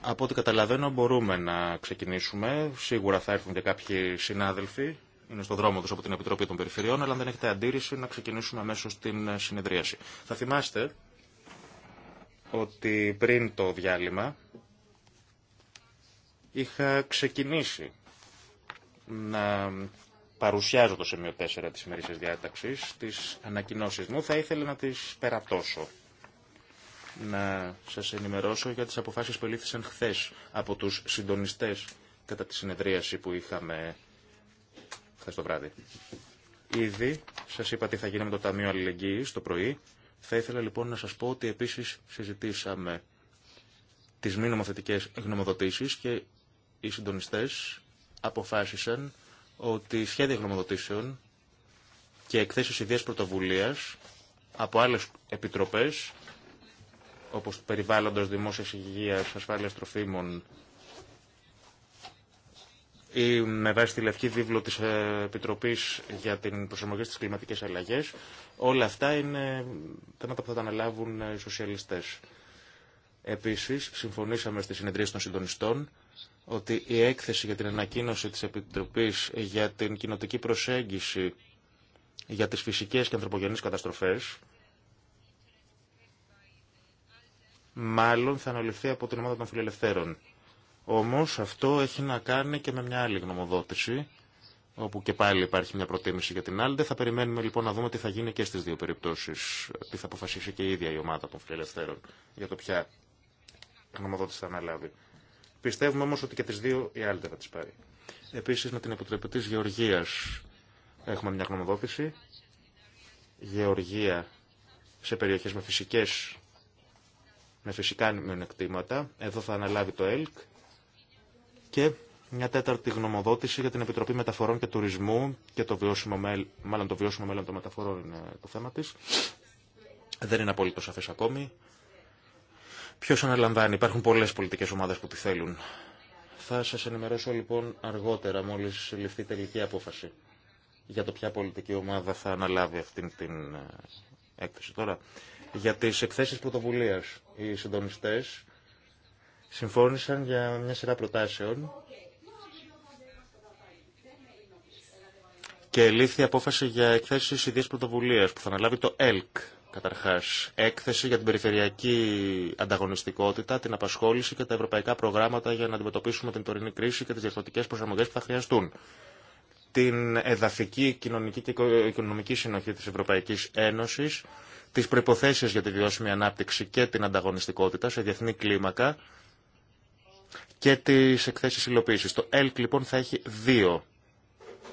Από ό,τι καταλαβαίνω μπορούμε να ξεκινήσουμε. Σίγουρα θα έρθουν και κάποιοι συνάδελφοι. Είναι στο δρόμο τους από την Επιτροπή των Περιφερειών, αλλά δεν έχετε αντίρρηση να ξεκινήσουμε αμέσως την ε, συνεδρίαση. Θα θυμάστε ότι πριν το διάλειμμα είχα ξεκινήσει να παρουσιάζω το σημείο 4 της ημερήσιας διάταξης, τις ανακοινώσεις μου, θα ήθελα να τις περατώσω να σας ενημερώσω για τις αποφάσεις που ελήφθησαν χθες από τους συντονιστές κατά τη συνεδρίαση που είχαμε χθες το βράδυ. Ήδη σας είπα τι θα γίνει με το Ταμείο Αλληλεγγύης το πρωί. Θα ήθελα λοιπόν να σας πω ότι επίσης συζητήσαμε τις μη νομοθετικές γνωμοδοτήσεις και οι συντονιστές αποφάσισαν ότι σχέδια γνωμοδοτήσεων και εκθέσεις ιδέας πρωτοβουλίας από άλλες επιτροπές όπως περιβάλλοντος δημόσιας υγείας, ασφάλεια τροφίμων ή με βάση τη λευκή βίβλο της ε, Επιτροπής για την προσαρμογή στις κλιματικές αλλαγές. Όλα αυτά είναι θέματα που θα τα αναλάβουν ε, οι σοσιαλιστές. Επίσης, συμφωνήσαμε στη συνεδρία των συντονιστών ότι η έκθεση για την ανακοίνωση της Επιτροπής για την κοινοτική προσέγγιση για τις φυσικές και ανθρωπογενείς καταστροφές μάλλον θα αναλυθεί από την ομάδα των φιλελευθέρων. Όμως αυτό έχει να κάνει και με μια άλλη γνωμοδότηση, όπου και πάλι υπάρχει μια προτίμηση για την άλλη. Θα περιμένουμε λοιπόν να δούμε τι θα γίνει και στις δύο περιπτώσεις, τι θα αποφασίσει και η ίδια η ομάδα των φιλελευθέρων για το ποια γνωμοδότηση θα αναλάβει. Πιστεύουμε όμως ότι και τις δύο η Άλντε θα τις πάρει. Επίσης με την Επιτροπή της Γεωργίας έχουμε μια γνωμοδότηση. Γεωργία σε περιοχές με φυσικές με φυσικά μειονεκτήματα. Εδώ θα αναλάβει το ΕΛΚ και μια τέταρτη γνωμοδότηση για την Επιτροπή Μεταφορών και Τουρισμού και το βιώσιμο, μάλλον το βιώσιμο μέλλον των μεταφορών είναι το θέμα της. Δεν είναι απόλυτο σαφέ ακόμη. Ποιο αναλαμβάνει, υπάρχουν πολλέ πολιτικέ ομάδε που τη θέλουν. Θα σα ενημερώσω λοιπόν αργότερα, μόλι ληφθεί τελική απόφαση, για το ποια πολιτική ομάδα θα αναλάβει αυτήν την ε, έκθεση. Τώρα, για τι εκθέσει πρωτοβουλία οι συντονιστές συμφώνησαν για μια σειρά προτάσεων και λήφθη απόφαση για εκθέσει ιδίας πρωτοβουλία που θα αναλάβει το ΕΛΚ καταρχάς. Έκθεση για την περιφερειακή ανταγωνιστικότητα, την απασχόληση και τα ευρωπαϊκά προγράμματα για να αντιμετωπίσουμε την τωρινή κρίση και τις διαφορετικέ προσαρμογές που θα χρειαστούν την εδαφική, κοινωνική και οικονομική συνοχή της Ευρωπαϊκής Ένωσης τις προποθέσει για τη βιώσιμη ανάπτυξη και την ανταγωνιστικότητα σε διεθνή κλίμακα και τις εκθέσει υλοποίησης. Το ΕΛΚ λοιπόν θα έχει δύο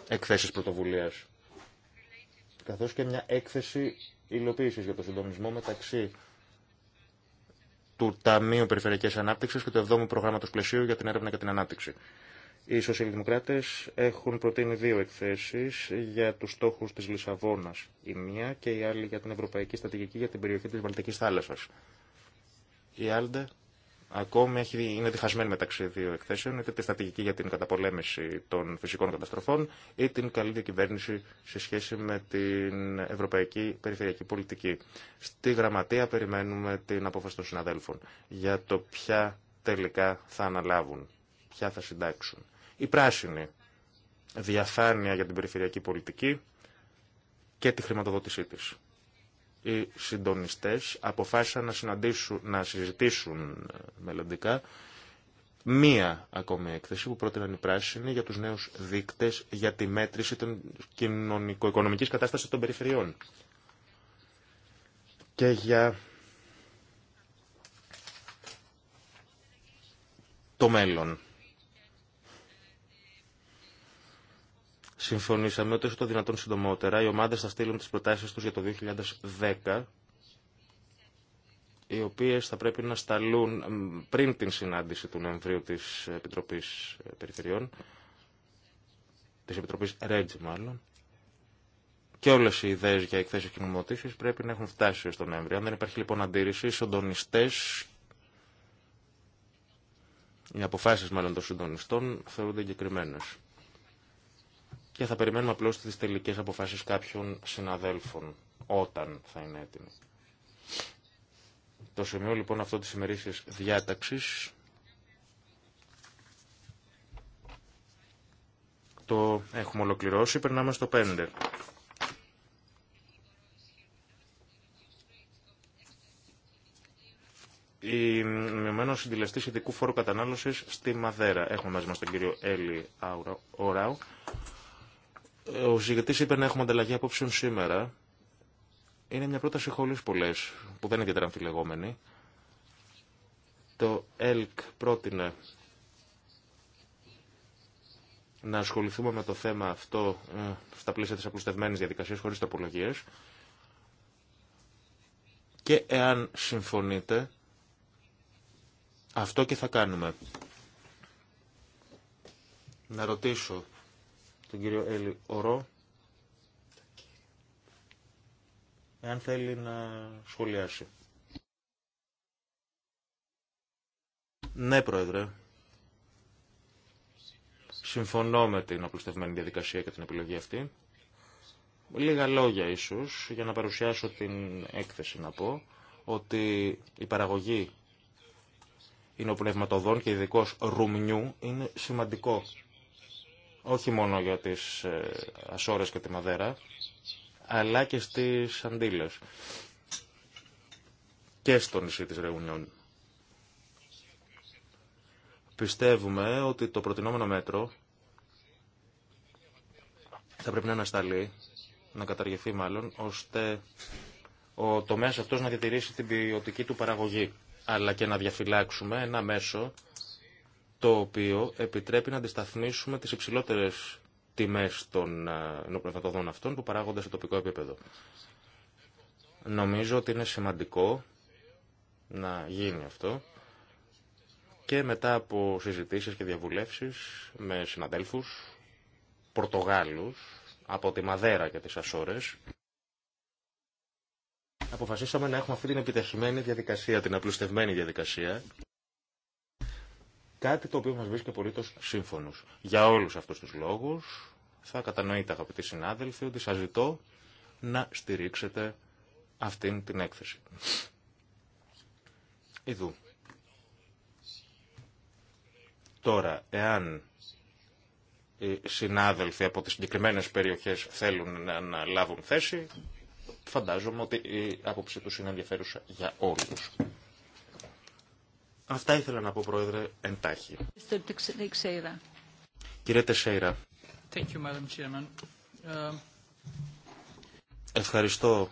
εκθέσει πρωτοβουλίας, καθώς και μια έκθεση υλοποίησης για το συντονισμό μεταξύ του Ταμείου Περιφερειακής Ανάπτυξης και του 7ου Προγράμματος Πλαισίου για την Έρευνα και την Ανάπτυξη. Οι Σοσιαλδημοκράτε έχουν προτείνει δύο εκθέσει για του στόχου τη Λισαβόνα η μία και η άλλη για την Ευρωπαϊκή στρατηγική για την περιοχή τη Βαλτική θάλασσας. Η Άλντε ακόμη έχει, είναι διχασμένη μεταξύ δύο εκθέσεων, είτε τη στρατηγική για την καταπολέμηση των φυσικών καταστροφών ή την καλή διακυβέρνηση σε σχέση με την ευρωπαϊκή περιφερειακή πολιτική. Στη γραμματεία περιμένουμε την απόφαση των συναδέλφων για το ποια τελικά θα αναλάβουν, ποια θα συντάξουν. Η πράσινη διαφάνεια για την περιφερειακή πολιτική και τη χρηματοδότησή της. Οι συντονιστές αποφάσισαν να, συναντήσουν, να συζητήσουν ε, μελλοντικά μία ακόμη έκθεση που πρότειναν οι πράσινοι για τους νέους δείκτες για τη μέτρηση των κοινωνικο-οικονομικής κατάστασης των περιφερειών και για το μέλλον. συμφωνήσαμε ότι όσο το δυνατόν συντομότερα οι ομάδες θα στείλουν τις προτάσεις τους για το 2010 οι οποίες θα πρέπει να σταλούν πριν την συνάντηση του Νοεμβρίου της Επιτροπής Περιφερειών, της Επιτροπής Ρέτζη μάλλον, και όλες οι ιδέες για εκθέσεις νομοτήσεις πρέπει να έχουν φτάσει στο Νοέμβριο. Αν δεν υπάρχει λοιπόν αντίρρηση, οι συντονιστές, οι αποφάσεις μάλλον των συντονιστών θεωρούνται εγκεκριμένες και θα περιμένουμε απλώς τις τελικές αποφάσεις κάποιων συναδέλφων όταν θα είναι έτοιμοι. Το σημείο λοιπόν αυτό της ημερήσιας διάταξης το έχουμε ολοκληρώσει, περνάμε στο 5. Η μειωμένο συντηλεστή ειδικού φόρου κατανάλωση στη Μαδέρα. Έχουμε μαζί μα τον κύριο Έλλη Ωράου, ο συγκεκριτής είπε να έχουμε ανταλλαγή απόψεων σήμερα. Είναι μια πρόταση χωρί πολλέ που δεν είναι ιδιαίτερα αμφιλεγόμενη. Το ΕΛΚ πρότεινε να ασχοληθούμε με το θέμα αυτό ε, στα πλαίσια της απλουστευμένης διαδικασίας χωρίς τροπολογίες. Και εάν συμφωνείτε, αυτό και θα κάνουμε. Να ρωτήσω τον κύριο Έλλη Ορό εάν θέλει να σχολιάσει. Ναι, Πρόεδρε. Συμφωνώ με την απλουστευμένη διαδικασία και την επιλογή αυτή. Λίγα λόγια ίσως για να παρουσιάσω την έκθεση να πω ότι η παραγωγή είναι ο πνευματοδόν και ειδικό ρουμνιού είναι σημαντικό όχι μόνο για τις ε, Ασόρες και τη Μαδέρα, αλλά και στις Αντίλες και στο νησί της Ρεουνιών. Πιστεύουμε ότι το προτινόμενο μέτρο θα πρέπει να ανασταλεί, να καταργηθεί μάλλον, ώστε ο τομέας αυτός να διατηρήσει την ποιοτική του παραγωγή, αλλά και να διαφυλάξουμε ένα μέσο το οποίο επιτρέπει να αντισταθμίσουμε τις υψηλότερες τιμές των ε, ενοπνευματοδών αυτών που παράγονται σε τοπικό επίπεδο. Νομίζω ότι είναι σημαντικό να γίνει αυτό και μετά από συζητήσεις και διαβουλεύσεις με συναδέλφους Πορτογάλους από τη Μαδέρα και τις Ασόρες αποφασίσαμε να έχουμε αυτή την επιτεχημένη διαδικασία, την απλουστευμένη διαδικασία Κάτι το οποίο μας βρίσκει απολύτω σύμφωνος. Για όλους αυτούς τους λόγους θα κατανοείτε αγαπητοί συνάδελφοι ότι σας ζητώ να στηρίξετε αυτήν την έκθεση. Ιδού. Τώρα, εάν οι συνάδελφοι από τις συγκεκριμένε περιοχές θέλουν να λάβουν θέση, φαντάζομαι ότι η άποψή τους είναι ενδιαφέρουσα για όλους. Αυτά ήθελα να πω, Πρόεδρε, εντάχει. Κύριε Τεσέιρα. Uh, ευχαριστώ,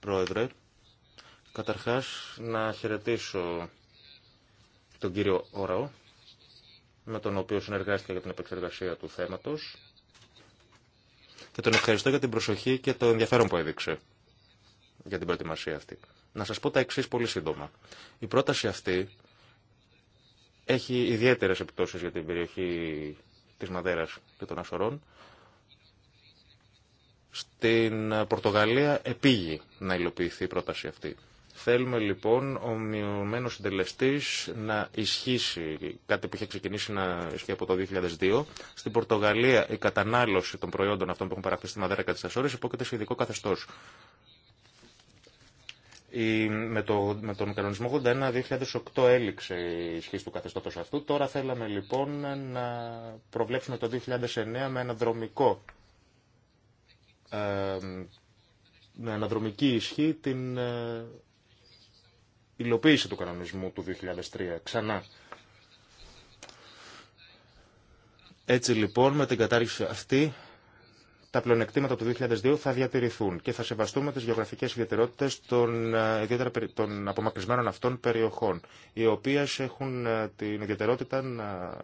Πρόεδρε. Καταρχάς, να χαιρετήσω τον κύριο Όραο, με τον οποίο συνεργάστηκα για την επεξεργασία του θέματος και τον ευχαριστώ για την προσοχή και το ενδιαφέρον που έδειξε για την προετοιμασία αυτή. Να σας πω τα εξής πολύ σύντομα. Η πρόταση αυτή έχει ιδιαίτερες επιπτώσεις για την περιοχή της Μαδέρας και των Ασορών. Στην Πορτογαλία επήγει να υλοποιηθεί η πρόταση αυτή. Θέλουμε λοιπόν ο μειωμένος συντελεστής να ισχύσει κάτι που είχε ξεκινήσει να ισχύει από το 2002. Στην Πορτογαλία η κατανάλωση των προϊόντων αυτών που έχουν παραχθεί στη Μαδέρα και τις Ασόρες υπόκειται σε ειδικό καθεστώς. Η, με, το, με τον κανονισμό 81-2008 έληξε η ισχύ του καθεστώτος αυτού. Τώρα θέλαμε λοιπόν να προβλέψουμε το 2009 με ένα δρομικό ε, με αναδρομική ισχύ την ε, υλοποίηση του κανονισμού του 2003 ξανά. Έτσι λοιπόν με την κατάργηση αυτή τα πλεονεκτήματα του 2002 θα διατηρηθούν και θα σεβαστούμε τις γεωγραφικές ιδιαιτερότητε των, ε, των απομακρυσμένων αυτών περιοχών, οι οποίες έχουν ε, την ιδιαιτερότητα να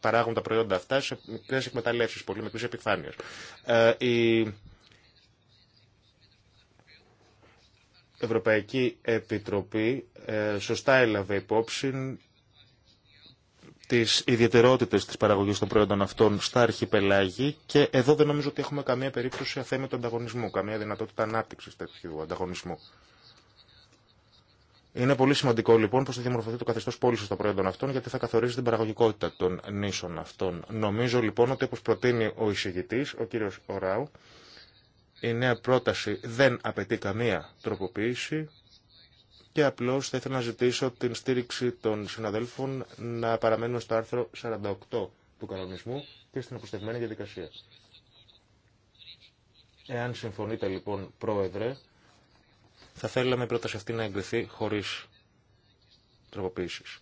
παράγουν τα προϊόντα αυτά σε μικρέ εκμεταλλεύσει, πολύ μικρές επιφάνειες. Ε, η Ευρωπαϊκή Επιτροπή σωστά έλαβε υπόψη τι ιδιαίτερότητε τη παραγωγή των προϊόντων αυτών στα αρχιπελάγη και εδώ δεν νομίζω ότι έχουμε καμία περίπτωση αθέμη ανταγωνισμού, καμία δυνατότητα ανάπτυξη τέτοιου ανταγωνισμού. Είναι πολύ σημαντικό λοιπόν πώ θα διαμορφωθεί το καθεστώ πώληση των προϊόντων αυτών, γιατί θα καθορίζει την παραγωγικότητα των νήσων αυτών. Νομίζω λοιπόν ότι όπω προτείνει ο εισηγητή, ο κύριο Οράου, η νέα πρόταση δεν απαιτεί καμία τροποποίηση και απλώς θα ήθελα να ζητήσω την στήριξη των συναδέλφων να παραμένουν στο άρθρο 48 του κανονισμού και στην αποστευμένη διαδικασία. Εάν συμφωνείτε λοιπόν, Πρόεδρε, θα θέλαμε η πρόταση αυτή να εγκριθεί χωρίς τροποποίησης.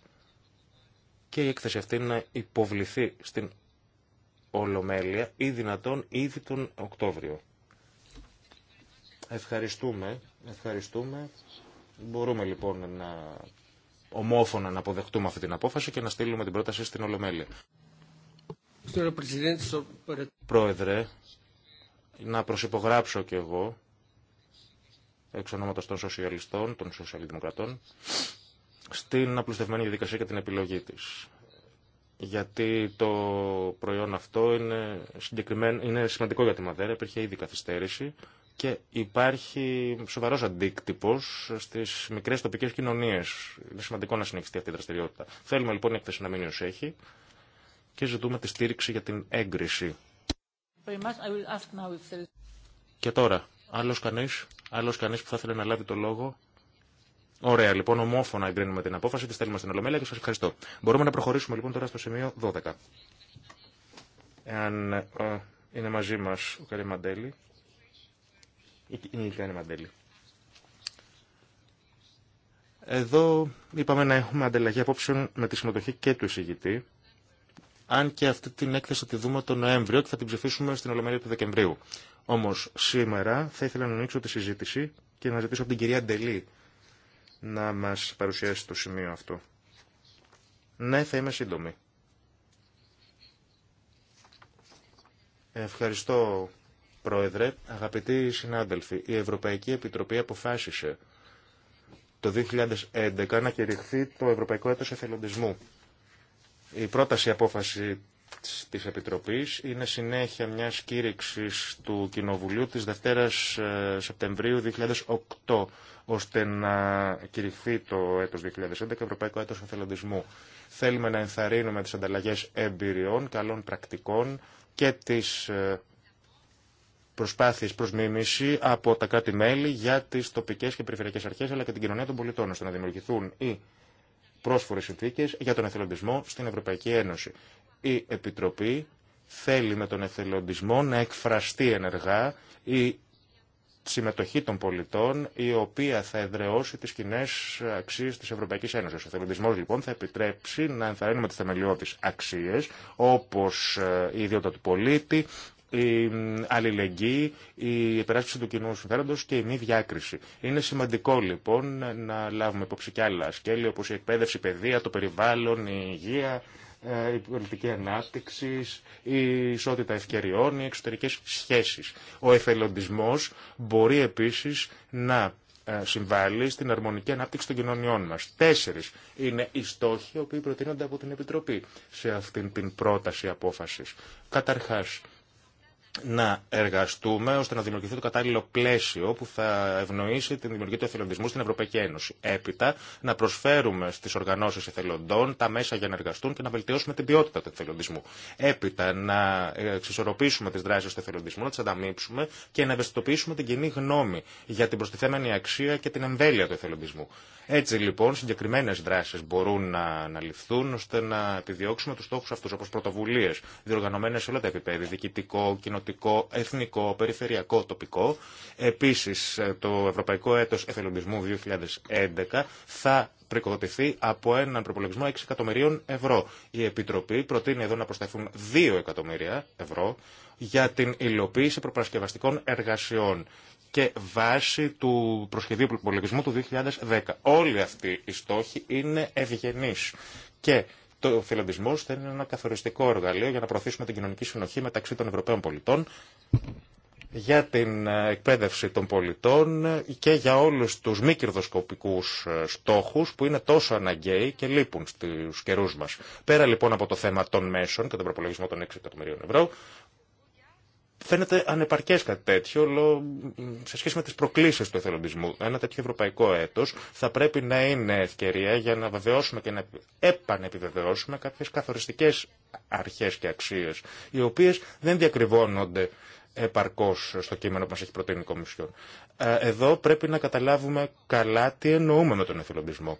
Και η έκθεση αυτή να υποβληθεί στην Ολομέλεια ή δυνατόν ήδη τον Οκτώβριο. Ευχαριστούμε, ευχαριστούμε. Μπορούμε λοιπόν να ομόφωνα να αποδεχτούμε αυτή την απόφαση και να στείλουμε την πρόταση στην Ολομέλεια. Πρόεδρε, να προσυπογράψω και εγώ εξ ονόματος των σοσιαλιστών, των σοσιαλδημοκρατών, στην απλουστευμένη διαδικασία και την επιλογή της. Γιατί το προϊόν αυτό είναι, είναι σημαντικό για τη Μαδέρα, υπήρχε ήδη καθυστέρηση και υπάρχει σοβαρό αντίκτυπο στι μικρέ τοπικέ κοινωνίε. Είναι σημαντικό να συνεχιστεί αυτή η δραστηριότητα. Θέλουμε λοιπόν η έκθεση να μείνει ω έχει και ζητούμε τη στήριξη για την έγκριση. Και τώρα, άλλο κανεί άλλος κανείς που θα ήθελε να λάβει το λόγο. Ωραία, λοιπόν, ομόφωνα εγκρίνουμε την απόφαση, τη στέλνουμε στην Ολομέλεια και σα ευχαριστώ. Μπορούμε να προχωρήσουμε λοιπόν τώρα στο σημείο 12. Εάν ε, είναι μαζί μα, ο Καρή Μαντέλη η Μαντέλη. Εδώ είπαμε να έχουμε ανταλλαγή απόψεων με τη συμμετοχή και του εισηγητή, αν και αυτή την έκθεση τη δούμε τον Νοέμβριο και θα την ψηφίσουμε στην Ολομέλεια του Δεκεμβρίου. Όμω σήμερα θα ήθελα να ανοίξω τη συζήτηση και να ζητήσω από την κυρία Ντελή να μα παρουσιάσει το σημείο αυτό. Ναι, θα είμαι σύντομη. Ευχαριστώ, Πρόεδρε, αγαπητοί συνάδελφοι, η Ευρωπαϊκή Επιτροπή αποφάσισε το 2011 να κηρυχθεί το Ευρωπαϊκό Έτος Εθελοντισμού. Η πρόταση απόφαση της Επιτροπής είναι συνέχεια μιας κήρυξης του Κοινοβουλίου της Δευτέρας ε, Σεπτεμβρίου 2008 ώστε να κηρυχθεί το έτος 2011 Ευρωπαϊκό Έτος Εθελοντισμού. Θέλουμε να ενθαρρύνουμε τις ανταλλαγές εμπειριών, καλών πρακτικών και τις ε, προσπάθειες προς μίμηση από τα κράτη-μέλη για τις τοπικές και περιφερειακές αρχές αλλά και την κοινωνία των πολιτών ώστε να δημιουργηθούν οι πρόσφορες συνθήκες για τον εθελοντισμό στην Ευρωπαϊκή Ένωση. Η Επιτροπή θέλει με τον εθελοντισμό να εκφραστεί ενεργά η συμμετοχή των πολιτών η οποία θα εδραιώσει τις κοινέ αξίες της Ευρωπαϊκής Ένωσης. Ο εθελοντισμός λοιπόν θα επιτρέψει να ενθαρρύνουμε τις θεμελιώδεις αξίες όπως ε, η ιδιότητα του πολίτη, η αλληλεγγύη, η υπεράσπιση του κοινού συμφέροντο και η μη διάκριση. Είναι σημαντικό λοιπόν να λάβουμε υπόψη και άλλα σκέλη όπω η εκπαίδευση, η παιδεία, το περιβάλλον, η υγεία, ε, η πολιτική ανάπτυξη, η ισότητα ευκαιριών, οι εξωτερικέ σχέσει. Ο εθελοντισμό μπορεί επίση να ε, συμβάλλει στην αρμονική ανάπτυξη των κοινωνιών μας. Τέσσερις είναι οι στόχοι οι οποίοι προτείνονται από την Επιτροπή σε αυτήν την πρόταση απόφασης. Καταρχάς, να εργαστούμε ώστε να δημιουργηθεί το κατάλληλο πλαίσιο που θα ευνοήσει την δημιουργία του εθελοντισμού στην Ευρωπαϊκή Ένωση. Έπειτα, να προσφέρουμε στι οργανώσει εθελοντών τα μέσα για να εργαστούν και να βελτιώσουμε την ποιότητα του εθελοντισμού. Έπειτα, να εξισορροπήσουμε τι δράσει του εθελοντισμού, να τι ανταμείψουμε και να ευαισθητοποιήσουμε την κοινή γνώμη για την προστιθέμενη αξία και την εμβέλεια του εθελοντισμού. Έτσι λοιπόν, συγκεκριμένε δράσει μπορούν να αναλυφθούν ώστε να επιδιώξουμε του στόχου αυτού, όπω πρωτοβουλίε διοργανωμένε σε όλα τα επίπεδα, διοικητικό, κοινοτικό δημοτικό, εθνικό, περιφερειακό, τοπικό. Επίσης, ε, το Ευρωπαϊκό Έτος Εθελοντισμού 2011 θα πρικοδοτηθεί από έναν προπολογισμό 6 εκατομμυρίων ευρώ. Η Επιτροπή προτείνει εδώ να προσταθούν 2 εκατομμύρια ευρώ για την υλοποίηση προπαρασκευαστικών εργασιών και βάση του προσχεδίου προπολογισμού του 2010. Όλοι αυτοί οι στόχοι είναι ευγενείς και ο φιλαντισμό θα είναι ένα καθοριστικό εργαλείο για να προωθήσουμε την κοινωνική συνοχή μεταξύ των Ευρωπαίων πολιτών για την ε, εκπαίδευση των πολιτών και για όλους τους μη κερδοσκοπικούς ε, στόχους που είναι τόσο αναγκαίοι και λείπουν στους καιρούς μας. Πέρα λοιπόν από το θέμα των μέσων και τον προπολογισμό των 6 εκατομμυρίων ευρώ, Φαίνεται ανεπαρκέ κάτι τέτοιο σε σχέση με τι προκλήσει του εθελοντισμού. Ένα τέτοιο ευρωπαϊκό έτο θα πρέπει να είναι ευκαιρία για να βεβαιώσουμε και να επανεπιβεβαιώσουμε κάποιε καθοριστικέ αρχέ και αξίε, οι οποίε δεν διακριβώνονται επαρκώ στο κείμενο που μα έχει προτείνει η Κομισιόν. Ε, εδώ πρέπει να καταλάβουμε καλά τι εννοούμε με τον εθελοντισμό.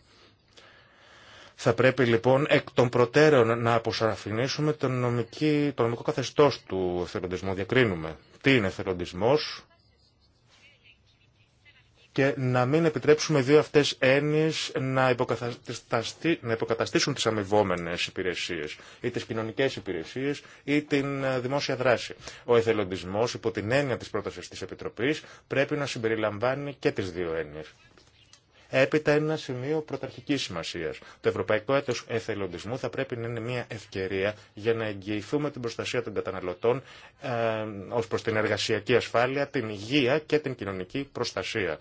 Θα πρέπει λοιπόν εκ των προτέρων να αποσαφηνίσουμε το, νομικό καθεστώς του εθελοντισμού. Διακρίνουμε τι είναι εθελοντισμός και να μην επιτρέψουμε δύο αυτές έννοιες να, να υποκαταστήσουν τις αμοιβόμενες υπηρεσίες ή τις κοινωνικές υπηρεσίες ή την ε, δημόσια δράση. Ο εθελοντισμός υπό την έννοια της πρότασης της Επιτροπής πρέπει να συμπεριλαμβάνει και τις δύο έννοιες. Έπειτα ένα σημείο πρωταρχική σημασία. Το Ευρωπαϊκό Έτο Εθελοντισμού θα πρέπει να είναι μια ευκαιρία για να εγγυηθούμε την προστασία των καταναλωτών ε, ω προ την εργασιακή ασφάλεια, την υγεία και την κοινωνική προστασία.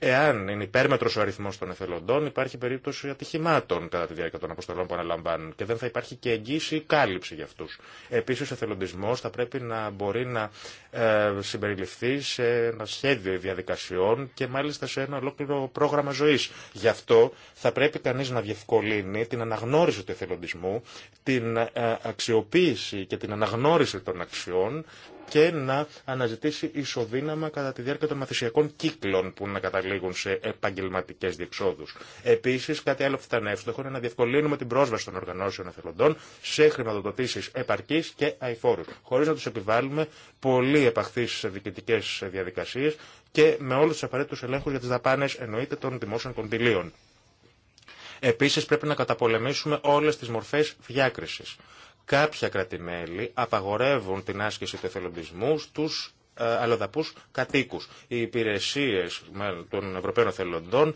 Εάν είναι υπέρμετρο ο αριθμό των εθελοντών, υπάρχει περίπτωση ατυχημάτων κατά τη διάρκεια των αποστολών που αναλαμβάνουν και δεν θα υπάρχει και εγγύηση ή κάλυψη για αυτού. Επίση, ο εθελοντισμό θα πρέπει να μπορεί να ε, συμπεριληφθεί σε ένα σχέδιο διαδικασιών και μάλιστα σε ένα ολόκληρο πρόγραμμα ζωή. Γι' αυτό θα πρέπει κανεί να διευκολύνει την αναγνώριση του εθελοντισμού, την ε, αξιοποίηση και την αναγνώριση των αξιών και να αναζητήσει ισοδύναμα κατά τη διάρκεια των μαθησιακών κύκλων που να καταλήγουν σε επαγγελματικέ διεξόδου. Επίση, κάτι άλλο που θα είναι εύστοχο είναι να διευκολύνουμε την πρόσβαση των οργανώσεων εθελοντών σε χρηματοδοτήσει επαρκή και αηφόρου, χωρί να του επιβάλλουμε πολύ επαχθεί διοικητικέ διαδικασίε και με όλου του απαραίτητου ελέγχου για τι δαπάνε εννοείται των δημόσιων κοντιλίων. Επίση, πρέπει να καταπολεμήσουμε όλε τι μορφέ διάκριση κάποια κρατημέλη απαγορεύουν την άσκηση του εθελοντισμού στους ε, αλλοδαπούς κατοίκους. Οι υπηρεσίες των Ευρωπαίων Εθελοντών ε,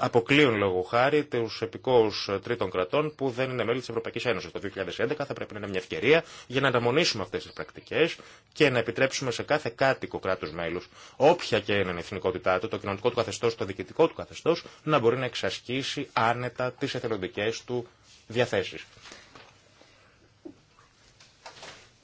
αποκλείουν λόγω χάρη τους επικούς ε, τρίτων κρατών που δεν είναι μέλη της Ευρωπαϊκής Ένωσης. Το 2011 θα πρέπει να είναι μια ευκαιρία για να αναμονήσουμε αυτές τις πρακτικές και να επιτρέψουμε σε κάθε κάτοικο κράτους μέλους, όποια και είναι η εθνικότητά του, το κοινωνικό του καθεστώς, το διοικητικό του καθεστώς, να μπορεί να εξασκήσει άνετα τις εθελοντικέ του διαθέσεις.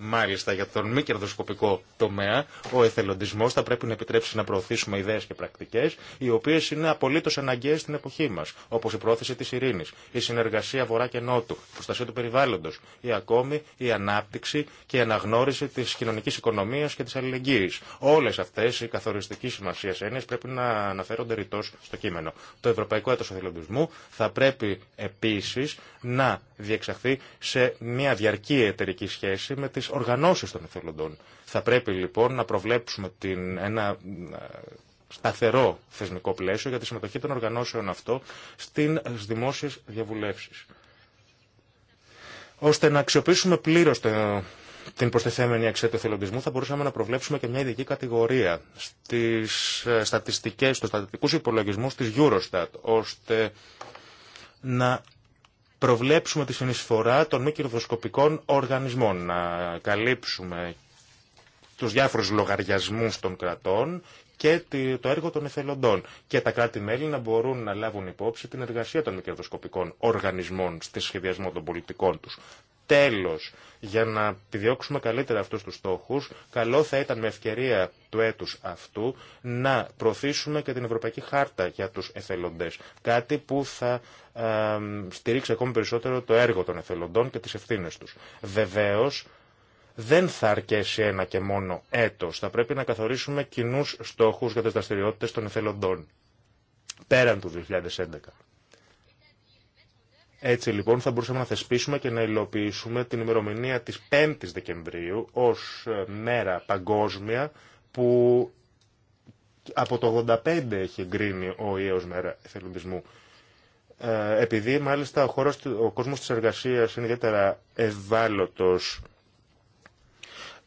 Μάλιστα, για τον μη κερδοσκοπικό τομέα, ο εθελοντισμό θα πρέπει να επιτρέψει να προωθήσουμε ιδέε και πρακτικέ, οι οποίε είναι απολύτω αναγκαίε στην εποχή μα, όπω η πρόθεση τη ειρήνη, η συνεργασία βορρά και νότου, η προστασία του περιβάλλοντο, ή ακόμη η ανάπτυξη και η αναγνώριση τη κοινωνική οικονομία και τη αλληλεγγύη. Όλε αυτέ οι καθοριστικέ σημασία έννοιε πρέπει να αναφέρονται ρητό στο κείμενο. Το Ευρωπαϊκό Έτο Εθελοντισμού θα πρέπει επίση να διεξαχθεί σε μια διαρκή εταιρική σχέση με τις οργανώσεις των εθελοντών. Θα πρέπει λοιπόν να προβλέψουμε την, ένα ε, σταθερό θεσμικό πλαίσιο για τη συμμετοχή των οργανώσεων αυτό στην δημόσιες διαβουλεύσεις. Ώστε να αξιοποιήσουμε πλήρως την προστιθέμενη αξία του εθελοντισμού θα μπορούσαμε να προβλέψουμε και μια ειδική κατηγορία στις ε, στατιστικές, στους στατιστικούς υπολογισμούς της Eurostat, ώστε να προβλέψουμε τη συνεισφορά των μη κερδοσκοπικών οργανισμών, να καλύψουμε τους διάφορους λογαριασμούς των κρατών και το έργο των εθελοντών. Και τα κράτη-μέλη να μπορούν να λάβουν υπόψη την εργασία των μη κερδοσκοπικών οργανισμών στη σχεδιασμό των πολιτικών τους. Τέλος, για να επιδιώξουμε καλύτερα αυτούς τους στόχους, καλό θα ήταν με ευκαιρία του έτους αυτού να προωθήσουμε και την Ευρωπαϊκή Χάρτα για τους εθελοντές. Κάτι που θα στηρίξει ακόμη περισσότερο το έργο των εθελοντών και τις ευθύνες τους. Βεβαίως, δεν θα αρκέσει ένα και μόνο έτος. Θα πρέπει να καθορίσουμε κοινού στόχους για τις δραστηριότητες των εθελοντών. Πέραν του 2011. Έτσι λοιπόν θα μπορούσαμε να θεσπίσουμε και να υλοποιήσουμε την ημερομηνία της 5ης Δεκεμβρίου ως ε, μέρα παγκόσμια που από το 85 έχει εγκρίνει ο ΙΕΟΣ μέρα εθελοντισμού. Ε, επειδή μάλιστα ο, χώρος, ο κόσμος της εργασίας είναι ιδιαίτερα ευάλωτος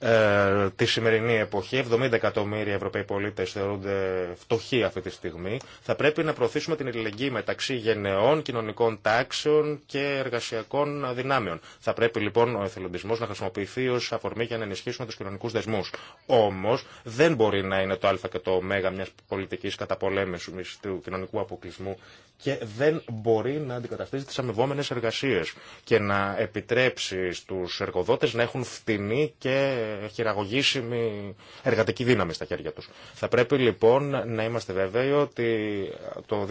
ε, τη σημερινή εποχή. 70 εκατομμύρια Ευρωπαίοι πολίτε θεωρούνται φτωχοί αυτή τη στιγμή. Θα πρέπει να προωθήσουμε την ελληνική μεταξύ γενεών, κοινωνικών τάξεων και εργασιακών δυνάμεων. Θα πρέπει λοιπόν ο εθελοντισμό να χρησιμοποιηθεί ω αφορμή για να ενισχύσουμε του κοινωνικού δεσμού. Όμω δεν μπορεί να είναι το α και το ω μια πολιτική καταπολέμηση του κοινωνικού αποκλεισμού και δεν μπορεί να αντικαταστήσει τις αμοιβόμενες εργασίες και να επιτρέψει στους εργοδότες να έχουν φτηνή και χειραγωγήσιμη εργατική δύναμη στα χέρια τους. Θα πρέπει λοιπόν να είμαστε βέβαιοι ότι το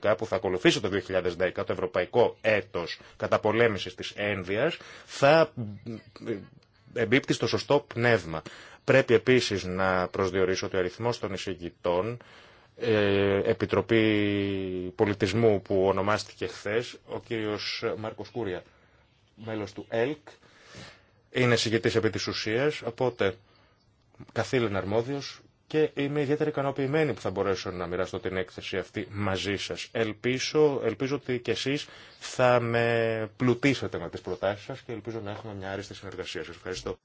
2011 που θα ακολουθήσει το 2010 το ευρωπαϊκό έτος καταπολέμησης της ένδυας θα εμπίπτει στο σωστό πνεύμα. Πρέπει επίσης να προσδιορίσω ότι ο αριθμός των εισηγητών ε, Επιτροπή Πολιτισμού που ονομάστηκε χθε, ο κύριος Μάρκος Κούρια, μέλος του ΕΛΚ, είναι συγκεκριτής επί της ουσίας, οπότε καθήλων αρμόδιος και είμαι ιδιαίτερα ικανοποιημένη που θα μπορέσω να μοιραστώ την έκθεση αυτή μαζί σας. Ελπίζω, ελπίζω ότι κι εσείς θα με πλουτίσετε με τις προτάσεις σας και ελπίζω να έχουμε μια άριστη συνεργασία σας. Ευχαριστώ.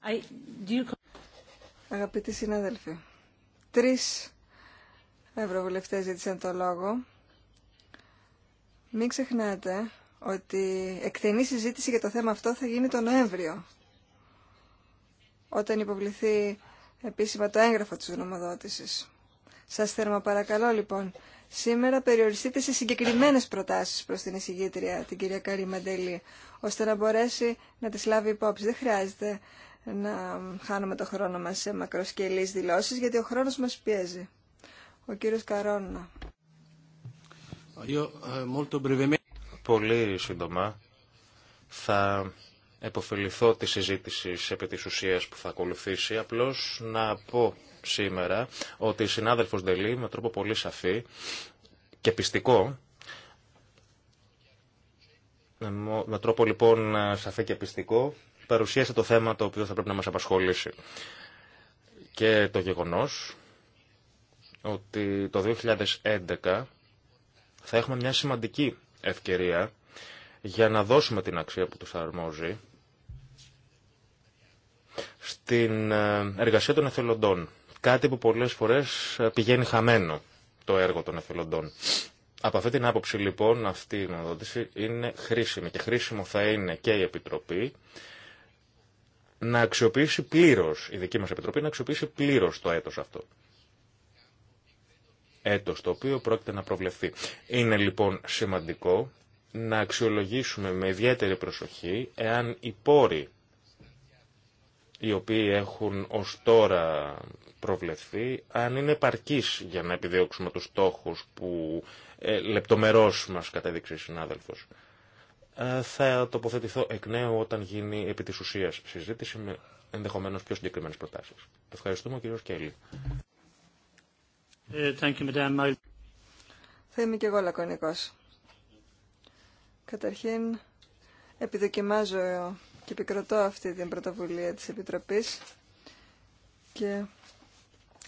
Αγαπητοί συνάδελφοι, τρεις ευρωβουλευτές ζήτησαν το λόγο. Μην ξεχνάτε ότι εκτενή συζήτηση για το θέμα αυτό θα γίνει το Νοέμβριο, όταν υποβληθεί επίσημα το έγγραφο της γνωμοδότησης. Σας θέρμα παρακαλώ λοιπόν, σήμερα περιοριστείτε σε συγκεκριμένες προτάσεις προς την εισηγήτρια, την κυρία Καρή Μαντελή, ώστε να μπορέσει να τις λάβει υπόψη. Δεν χρειάζεται να χάνουμε το χρόνο μας σε μακροσκελείς δηλώσεις, γιατί ο χρόνος μας πιέζει. Ο κύριος Καρόνα. Ε, πολύ σύντομα θα επωφεληθώ τη συζήτηση επί της ουσίας που θα ακολουθήσει. Απλώς να πω σήμερα ότι η συνάδελφος Ντελή με τρόπο πολύ σαφή και πιστικό με τρόπο λοιπόν ε, σαφή και πιστικό παρουσίασε το θέμα το οποίο θα πρέπει να μας απασχολήσει. Και το γεγονός ότι το 2011 θα έχουμε μια σημαντική ευκαιρία για να δώσουμε την αξία που τους αρμόζει στην ε, εργασία των εθελοντών. Κάτι που πολλές φορές ε, πηγαίνει χαμένο το έργο των εθελοντών. Από αυτή την άποψη λοιπόν αυτή η γνωδότηση είναι χρήσιμη και χρήσιμο θα είναι και η Επιτροπή να αξιοποιήσει πλήρως, η δική μας Επιτροπή να αξιοποιήσει πλήρως το έτος αυτό έτος, το οποίο πρόκειται να προβλεφθεί. Είναι λοιπόν σημαντικό να αξιολογήσουμε με ιδιαίτερη προσοχή εάν οι πόροι οι οποίοι έχουν ως τώρα προβλεφθεί, αν είναι επαρκής για να επιδιώξουμε τους στόχους που ε, λεπτομερώς μας κατέδειξε η συνάδελφος. Ε, θα τοποθετηθώ εκ νέου όταν γίνει επί της ουσίας συζήτηση με ενδεχομένως πιο συγκεκριμένες προτάσεις. Ευχαριστούμε ο κύριος ε, Θα είμαι και εγώ λακωνικός. Καταρχήν, επιδοκιμάζω και επικροτώ αυτή την πρωτοβουλία της Επιτροπής και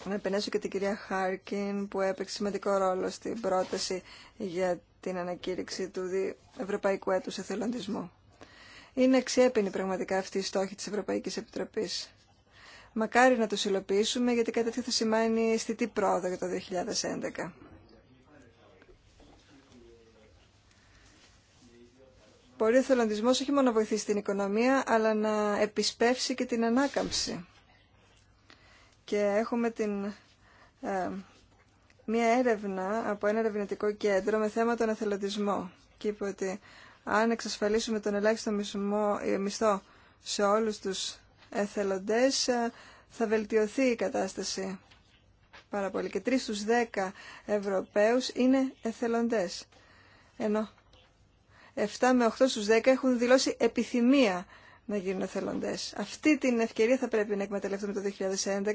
να επενέσω και την κυρία Χάρκιν που έπαιξε σημαντικό ρόλο στην πρόταση για την ανακήρυξη του Ευρωπαϊκού Έτους Εθελοντισμού. Είναι αξιέπινη πραγματικά αυτή η στόχη της Ευρωπαϊκής Επιτροπής. Μακάρι να το υλοποιήσουμε, γιατί κάτι τέτοιο θα σημαίνει αισθητή πρόοδο για το 2011. Μπορεί ο θελοντισμός όχι μόνο να βοηθήσει την οικονομία, αλλά να επισπεύσει και την ανάκαμψη. Και έχουμε την, ε, μία έρευνα από ένα ερευνητικό κέντρο με θέμα τον εθελοντισμό. Και είπε ότι αν εξασφαλίσουμε τον ελάχιστο μισμό, ε, μισθό σε όλους τους εθελοντές ε, θα βελτιωθεί η κατάσταση πάρα πολύ. Και 3 στους 10 Ευρωπαίους είναι εθελοντές. Ενώ 7 με 8 στους 10 έχουν δηλώσει επιθυμία να γίνουν εθελοντές. Αυτή την ευκαιρία θα πρέπει να εκμεταλλευτούμε το 2011,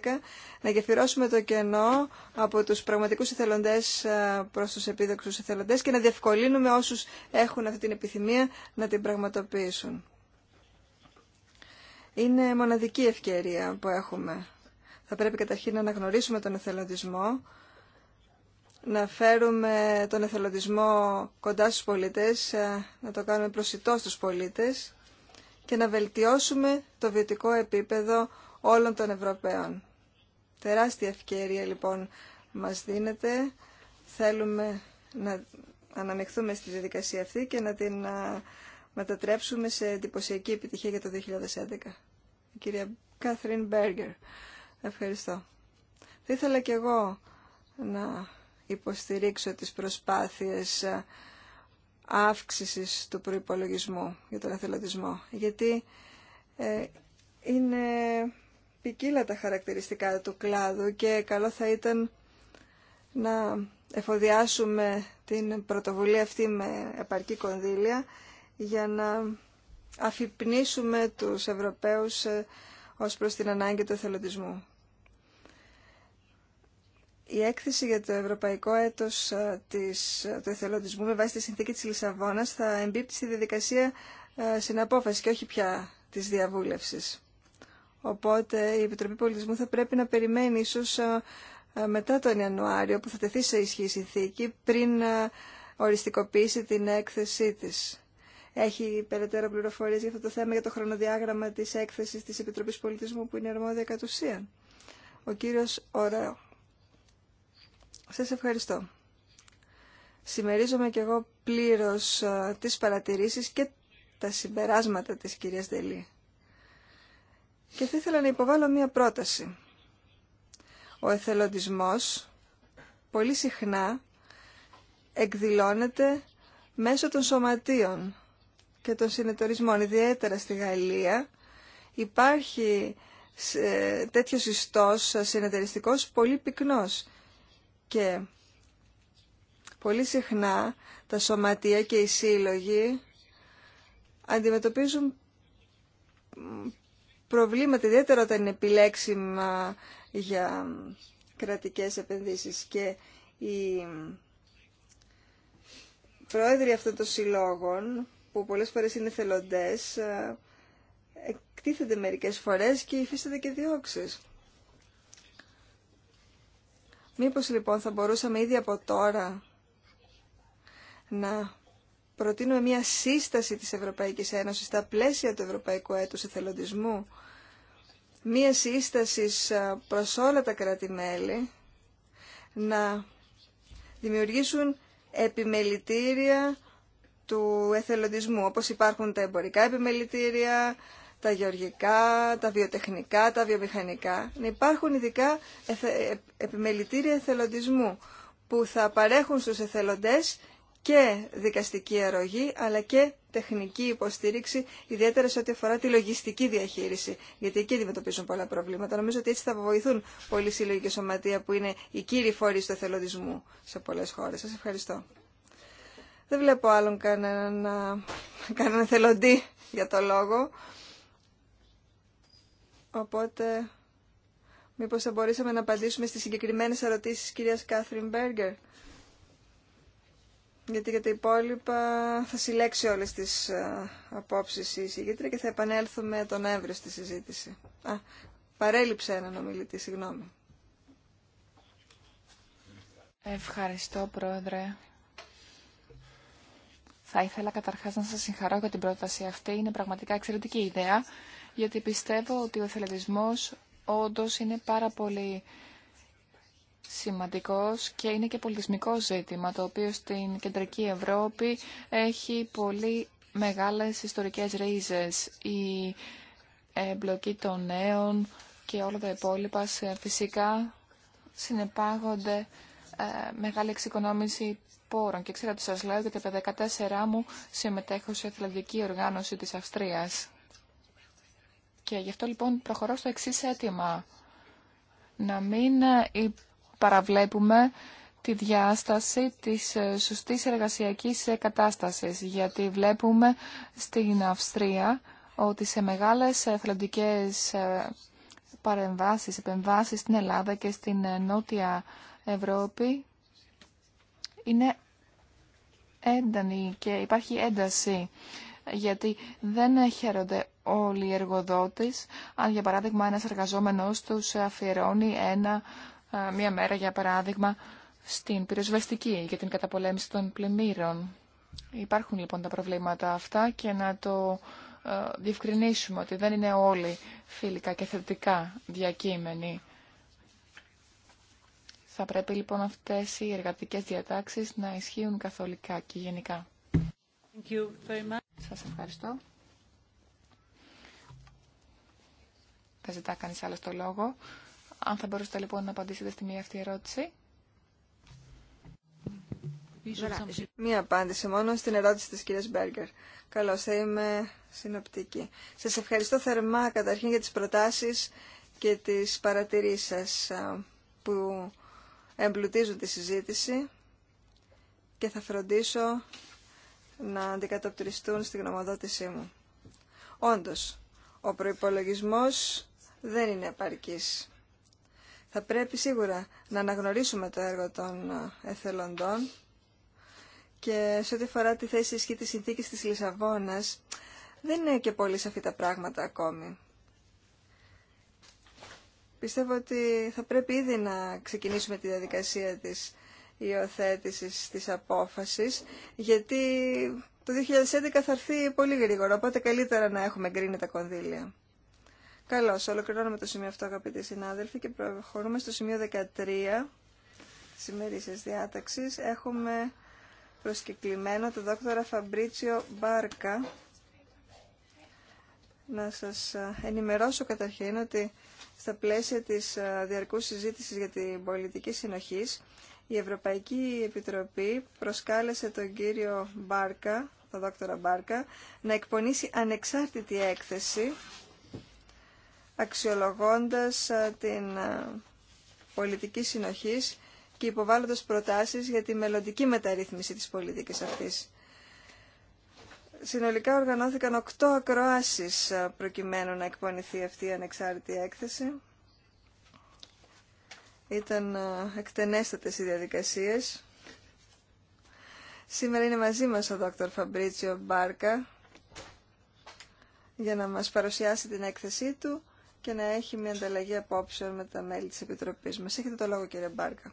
να γεφυρώσουμε το κενό από τους πραγματικούς εθελοντές ε, προς τους επίδοξους εθελοντές και να διευκολύνουμε όσους έχουν αυτή την επιθυμία να την πραγματοποιήσουν. Είναι μοναδική ευκαιρία που έχουμε. Θα πρέπει καταρχήν να αναγνωρίσουμε τον εθελοντισμό, να φέρουμε τον εθελοντισμό κοντά στους πολίτες, ε, να το κάνουμε προσιτό στους πολίτες και να βελτιώσουμε το βιωτικό επίπεδο όλων των Ευρωπαίων. Τεράστια ευκαιρία λοιπόν μας δίνεται. Θέλουμε να αναμειχθούμε στη διαδικασία αυτή και να την ε, μετατρέψουμε σε εντυπωσιακή επιτυχία για το 2011. κυρία Κάθριν Μπέργκερ. Ευχαριστώ. Θα ήθελα κι εγώ να υποστηρίξω τις προσπάθειες αύξησης του προϋπολογισμού για τον εθελοντισμό. Γιατί ε, είναι ποικίλα τα χαρακτηριστικά του κλάδου και καλό θα ήταν να εφοδιάσουμε την πρωτοβουλία αυτή με επαρκή κονδύλια για να αφυπνίσουμε τους Ευρωπαίους ε, ως προς την ανάγκη του εθελοντισμού. Η έκθεση για το ευρωπαϊκό έτος ε, της, ε, του εθελοντισμού με βάση τη συνθήκη της Λισαβόνας θα εμπίπτει στη διαδικασία συναπόφαση και όχι πια της διαβούλευσης. Οπότε η Επιτροπή Πολιτισμού θα πρέπει να περιμένει ίσως μετά τον Ιανουάριο που θα τεθεί σε ισχύ η συνθήκη πριν οριστικοποιήσει την έκθεσή της έχει περαιτέρω πληροφορίες για αυτό το θέμα, για το χρονοδιάγραμμα της έκθεσης της Επιτροπής Πολιτισμού που είναι αρμόδια κατ' ουσίαν. Ο κύριος Ωραίο. Σας ευχαριστώ. Συμμερίζομαι κι εγώ πλήρω τις παρατηρήσεις και τα συμπεράσματα της κυρίας Δελή. Και θα ήθελα να υποβάλω μία πρόταση. Ο εθελοντισμός πολύ συχνά εκδηλώνεται μέσω των σωματείων και των συνεταιρισμών, ιδιαίτερα στη Γαλλία, υπάρχει ε, τέτοιος ιστός ε, συνεταιριστικός πολύ πυκνός και πολύ συχνά τα σωματεία και οι σύλλογοι αντιμετωπίζουν προβλήματα, ιδιαίτερα όταν είναι επιλέξιμα για κρατικές επενδύσεις και οι πρόεδροι αυτών των συλλόγων που πολλές φορές είναι θελοντές ε, εκτίθενται μερικές φορές και υφίστανται και διώξεις. Μήπως λοιπόν θα μπορούσαμε ήδη από τώρα να προτείνουμε μια σύσταση της Ευρωπαϊκής Ένωσης στα πλαίσια του Ευρωπαϊκού Έτους Εθελοντισμού, μια σύσταση ε, προς όλα τα κράτη-μέλη να δημιουργήσουν επιμελητήρια του εθελοντισμού, όπως υπάρχουν τα εμπορικά επιμελητήρια, τα γεωργικά, τα βιοτεχνικά, τα βιομηχανικά. Να υπάρχουν ειδικά επιμελητήρια εθελοντισμού που θα παρέχουν στους εθελοντές και δικαστική αρρωγή, αλλά και τεχνική υποστήριξη, ιδιαίτερα σε ό,τι αφορά τη λογιστική διαχείριση. Γιατί εκεί αντιμετωπίζουν πολλά προβλήματα. Νομίζω ότι έτσι θα βοηθούν πολλοί σύλλογοι και σωματεία που είναι οι κύριοι φορεί του εθελοντισμού σε πολλέ χώρε. Σα ευχαριστώ. Δεν βλέπω άλλον κανέναν κανένα θελοντή για το λόγο. Οπότε, μήπως θα μπορούσαμε να απαντήσουμε στις συγκεκριμένες ερωτήσεις της κυρίας Κάθριν Μπέργκερ. Γιατί για τα υπόλοιπα θα συλλέξει όλες τις ε, απόψεις η συγκεκριμένη και θα επανέλθουμε τον Νοέμβριο στη συζήτηση. Α, παρέλειψε έναν ομιλητή, συγγνώμη. Ευχαριστώ, Πρόεδρε. Θα ήθελα καταρχάς να σας συγχαρώ για την πρόταση αυτή. Είναι πραγματικά εξαιρετική ιδέα, γιατί πιστεύω ότι ο εθελετισμός όντω είναι πάρα πολύ σημαντικός και είναι και πολιτισμικό ζήτημα, το οποίο στην κεντρική Ευρώπη έχει πολύ μεγάλες ιστορικές ρίζες. Η εμπλοκή των νέων και όλα τα υπόλοιπα φυσικά συνεπάγονται ε, μεγάλη εξοικονόμηση σπόρων Και ξέρετε, σας λέω γιατί τα 14 μου συμμετέχω σε εθελοντική οργάνωση της Αυστρίας. Και γι' αυτό λοιπόν προχωρώ στο εξή αίτημα. Να μην ε, παραβλέπουμε τη διάσταση της ε, σωστής εργασιακής ε, κατάστασης, γιατί βλέπουμε στην Αυστρία ότι σε μεγάλες εθελοντικές παρεμβάσεις, επεμβάσεις στην Ελλάδα και στην Νότια Ευρώπη είναι έντανη και υπάρχει ένταση γιατί δεν χαίρονται όλοι οι εργοδότες αν για παράδειγμα ένας εργαζόμενος τους αφιερώνει ένα, ε, μία μέρα για παράδειγμα στην πυροσβεστική για την καταπολέμηση των πλημμύρων. Υπάρχουν λοιπόν τα προβλήματα αυτά και να το ε, διευκρινίσουμε ότι δεν είναι όλοι φιλικά και θετικά διακείμενοι. Θα πρέπει λοιπόν αυτές οι εργατικές διατάξεις να ισχύουν καθολικά και γενικά. Thank you Σας ευχαριστώ. Δεν ζητά κανείς άλλο το λόγο. Αν θα μπορούσατε λοιπόν να απαντήσετε στη μία αυτή ερώτηση. Μία απάντηση μόνο στην ερώτηση της κυρίας Μπέργκερ. Καλώς, θα είμαι συνοπτική. Σας ευχαριστώ θερμά καταρχήν για τις προτάσεις και τις παρατηρήσεις σας που εμπλουτίζουν τη συζήτηση και θα φροντίσω να αντικατοπτριστούν στην γνωμοδότησή μου. Όντως, ο προϋπολογισμός δεν είναι επαρκής. Θα πρέπει σίγουρα να αναγνωρίσουμε το έργο των εθελοντών και σε ό,τι αφορά τη θέση ισχύ της συνθήκης της Λισαβόνας, δεν είναι και πολύ σαφή τα πράγματα ακόμη. Πιστεύω ότι θα πρέπει ήδη να ξεκινήσουμε τη διαδικασία της υιοθέτηση της απόφασης, γιατί το 2011 θα έρθει πολύ γρήγορα, οπότε καλύτερα να έχουμε γκρίνει τα κονδύλια. Καλώς, ολοκληρώνουμε το σημείο αυτό αγαπητοί συνάδελφοι και προχωρούμε στο σημείο 13 της ημερήσιας διάταξης. Έχουμε προσκεκλημένο τον δόκτωρα Φαμπρίτσιο Μπάρκα, να σας ε, ενημερώσω καταρχήν ότι στα πλαίσια της ε, διαρκούς συζήτησης για την πολιτική συνοχής η Ευρωπαϊκή Επιτροπή προσκάλεσε τον κύριο Μπάρκα, τον δόκτωρα Μπάρκα, να εκπονήσει ανεξάρτητη έκθεση αξιολογώντας ε, την πολιτική συνοχής και υποβάλλοντας προτάσεις για τη μελλοντική μεταρρύθμιση της πολιτικής αυτής. Συνολικά οργανώθηκαν οκτώ ακροάσεις προκειμένου να εκπονηθεί αυτή η ανεξάρτητη έκθεση. Ήταν εκτενέστατες οι διαδικασίες. Σήμερα είναι μαζί μας ο Δόκτωρ Φαμπρίτσιο Μπάρκα για να μας παρουσιάσει την έκθεσή του και να έχει μια ανταλλαγή απόψεων με τα μέλη της Επιτροπής μας. Έχετε το λόγο κύριε Μπάρκα.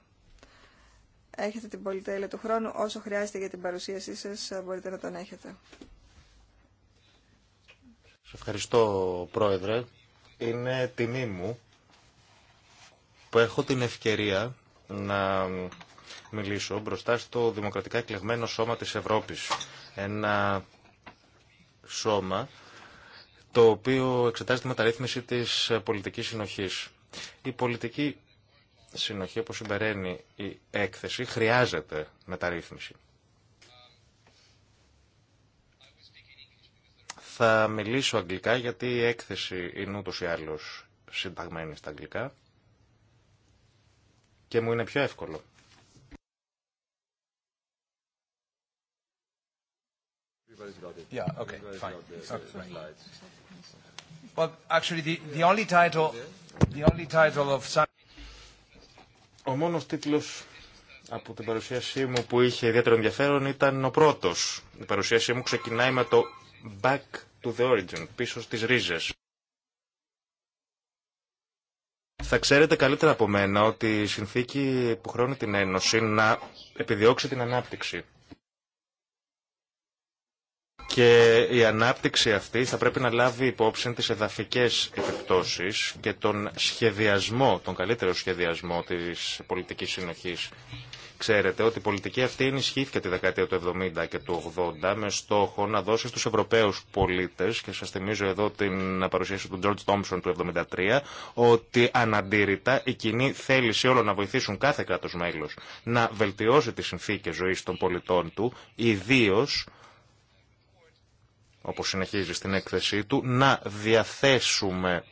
Έχετε την πολυτέλεια του χρόνου. Όσο χρειάζεται για την παρουσίασή σας μπορείτε να τον έχετε. Σε ευχαριστώ, Πρόεδρε. Είναι τιμή μου που έχω την ευκαιρία να μιλήσω μπροστά στο δημοκρατικά εκλεγμένο σώμα της Ευρώπης. Ένα σώμα το οποίο εξετάζει τη μεταρρύθμιση της πολιτικής συνοχής. Η πολιτική συνοχή, όπως συμπεραίνει η έκθεση, χρειάζεται μεταρρύθμιση. Θα μιλήσω αγγλικά γιατί η έκθεση είναι ούτως ή άλλως συνταγμένη στα αγγλικά και μου είναι πιο εύκολο. Yeah, okay, fine. Okay. actually, the, the only title, the only title of Ο μόνος τίτλος από την παρουσίασή μου που είχε ιδιαίτερο ενδιαφέρον ήταν ο πρώτος. Η παρουσίασή μου ξεκινάει με το Back to the origin, πίσω στις ρίζες. Θα ξέρετε καλύτερα από μένα ότι η συνθήκη που χρόνει την Ένωση να επιδιώξει την ανάπτυξη. Και η ανάπτυξη αυτή θα πρέπει να λάβει υπόψη τις εδαφικές επιπτώσεις και τον σχεδιασμό, τον καλύτερο σχεδιασμό της πολιτικής συνοχής. Ξέρετε ότι η πολιτική αυτή ενισχύθηκε τη δεκαετία του 70 και του 80 με στόχο να δώσει στους Ευρωπαίους πολίτες και σας θυμίζω εδώ την παρουσίαση του George Thompson του 73 ότι αναντήρητα η κοινή θέληση όλων να βοηθήσουν κάθε κράτος μέλος να βελτιώσει τις συνθήκες ζωής των πολιτών του ιδίω όπως συνεχίζει στην έκθεσή του, να διαθέσουμε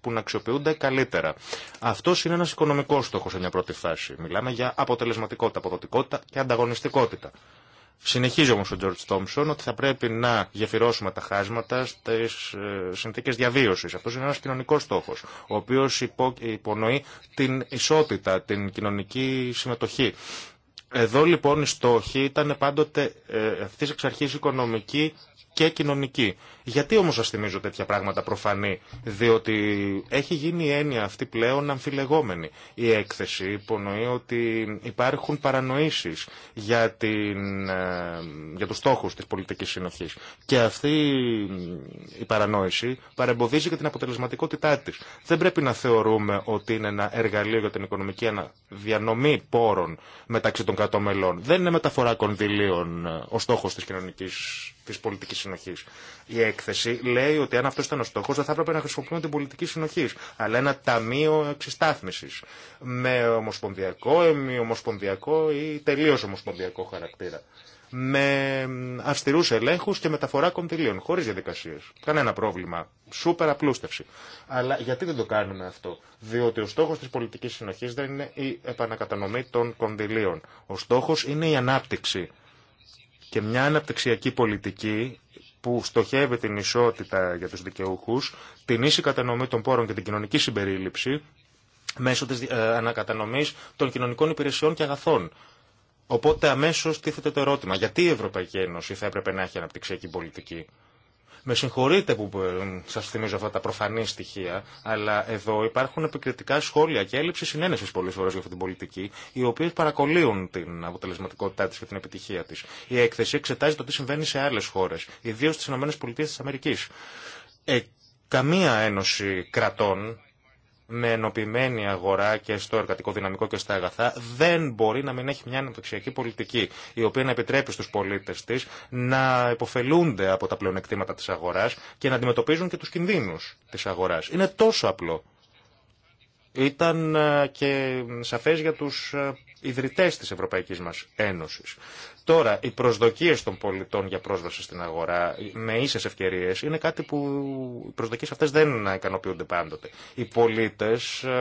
που να αξιοποιούνται καλύτερα. Αυτό είναι ένα οικονομικό στόχο σε μια πρώτη φάση. Μιλάμε για αποτελεσματικότητα, αποδοτικότητα και ανταγωνιστικότητα. Συνεχίζει όμω ο Τζορτ Τόμψον ότι θα πρέπει να γεφυρώσουμε τα χάσματα στι ε, συνθήκε διαβίωση. Αυτό είναι ένα κοινωνικό στόχο, ο οποίος υπονοεί την ισότητα, την κοινωνική συμμετοχή. Εδώ λοιπόν οι στόχοι ήταν πάντοτε ε, αυτή εξ αρχή οικονομική και κοινωνική. Γιατί όμως σα θυμίζω τέτοια πράγματα προφανή, διότι έχει γίνει η έννοια αυτή πλέον αμφιλεγόμενη. Η έκθεση υπονοεί ότι υπάρχουν παρανοήσεις για, την, ε, για τους στόχους της πολιτικής συνοχής και αυτή η παρανόηση παρεμποδίζει και την αποτελεσματικότητά της. Δεν πρέπει να θεωρούμε ότι είναι ένα εργαλείο για την οικονομική διανομή πόρων μεταξύ των κρατών Δεν είναι μεταφορά κονδυλίων ε, ο στόχος της κοινωνικής της πολιτικής συνοχή. Η έκθεση λέει ότι αν αυτό ήταν ο στόχο, δεν θα έπρεπε να χρησιμοποιούμε την πολιτική συνοχή, αλλά ένα ταμείο εξιστάθμιση. Με ομοσπονδιακό, ομοσπονδιακό ή τελείω ομοσπονδιακό χαρακτήρα. Με αυστηρού ελέγχου και μεταφορά κοντιλίων, χωρί διαδικασίε. Κανένα πρόβλημα. Σούπερα απλούστευση. Αλλά γιατί δεν το κάνουμε αυτό. Διότι ο στόχο τη πολιτική συνοχή δεν είναι η επανακατανομή των κονδυλίων. Ο στόχο είναι η ανάπτυξη και μια αναπτυξιακή πολιτική που στοχεύει την ισότητα για τους δικαιούχους, την ίση κατανομή των πόρων και την κοινωνική συμπερίληψη μέσω της ε, ανακατανομής των κοινωνικών υπηρεσιών και αγαθών. Οπότε αμέσως τίθεται το ερώτημα, γιατί η Ευρωπαϊκή Ένωση θα έπρεπε να έχει αναπτυξιακή πολιτική. Με συγχωρείτε που ε, σας θυμίζω αυτά τα προφανή στοιχεία, αλλά εδώ υπάρχουν επικριτικά σχόλια και έλλειψη συνένεση πολλέ φορέ για αυτή την πολιτική, οι οποίε παρακολύουν την αποτελεσματικότητά της και την επιτυχία της. Η έκθεση εξετάζει το τι συμβαίνει σε άλλες χώρες, ιδίω στις ΗΠΑ. Ε, καμία ένωση κρατών με ενωπημένη αγορά και στο εργατικό δυναμικό και στα αγαθά, δεν μπορεί να μην έχει μια αναπτυξιακή πολιτική, η οποία να επιτρέπει στου πολίτε τη να υποφελούνται από τα πλεονεκτήματα τη αγορά και να αντιμετωπίζουν και του κινδύνου τη αγορά. Είναι τόσο απλό. Ήταν ε, και σαφές για τους ε, ιδρυτές της Ευρωπαϊκής μας Ένωσης. Τώρα, οι προσδοκίε των πολιτών για πρόσβαση στην αγορά με ίσε ευκαιρίε είναι κάτι που οι προσδοκίε αυτέ δεν ικανοποιούνται πάντοτε. Οι πολίτε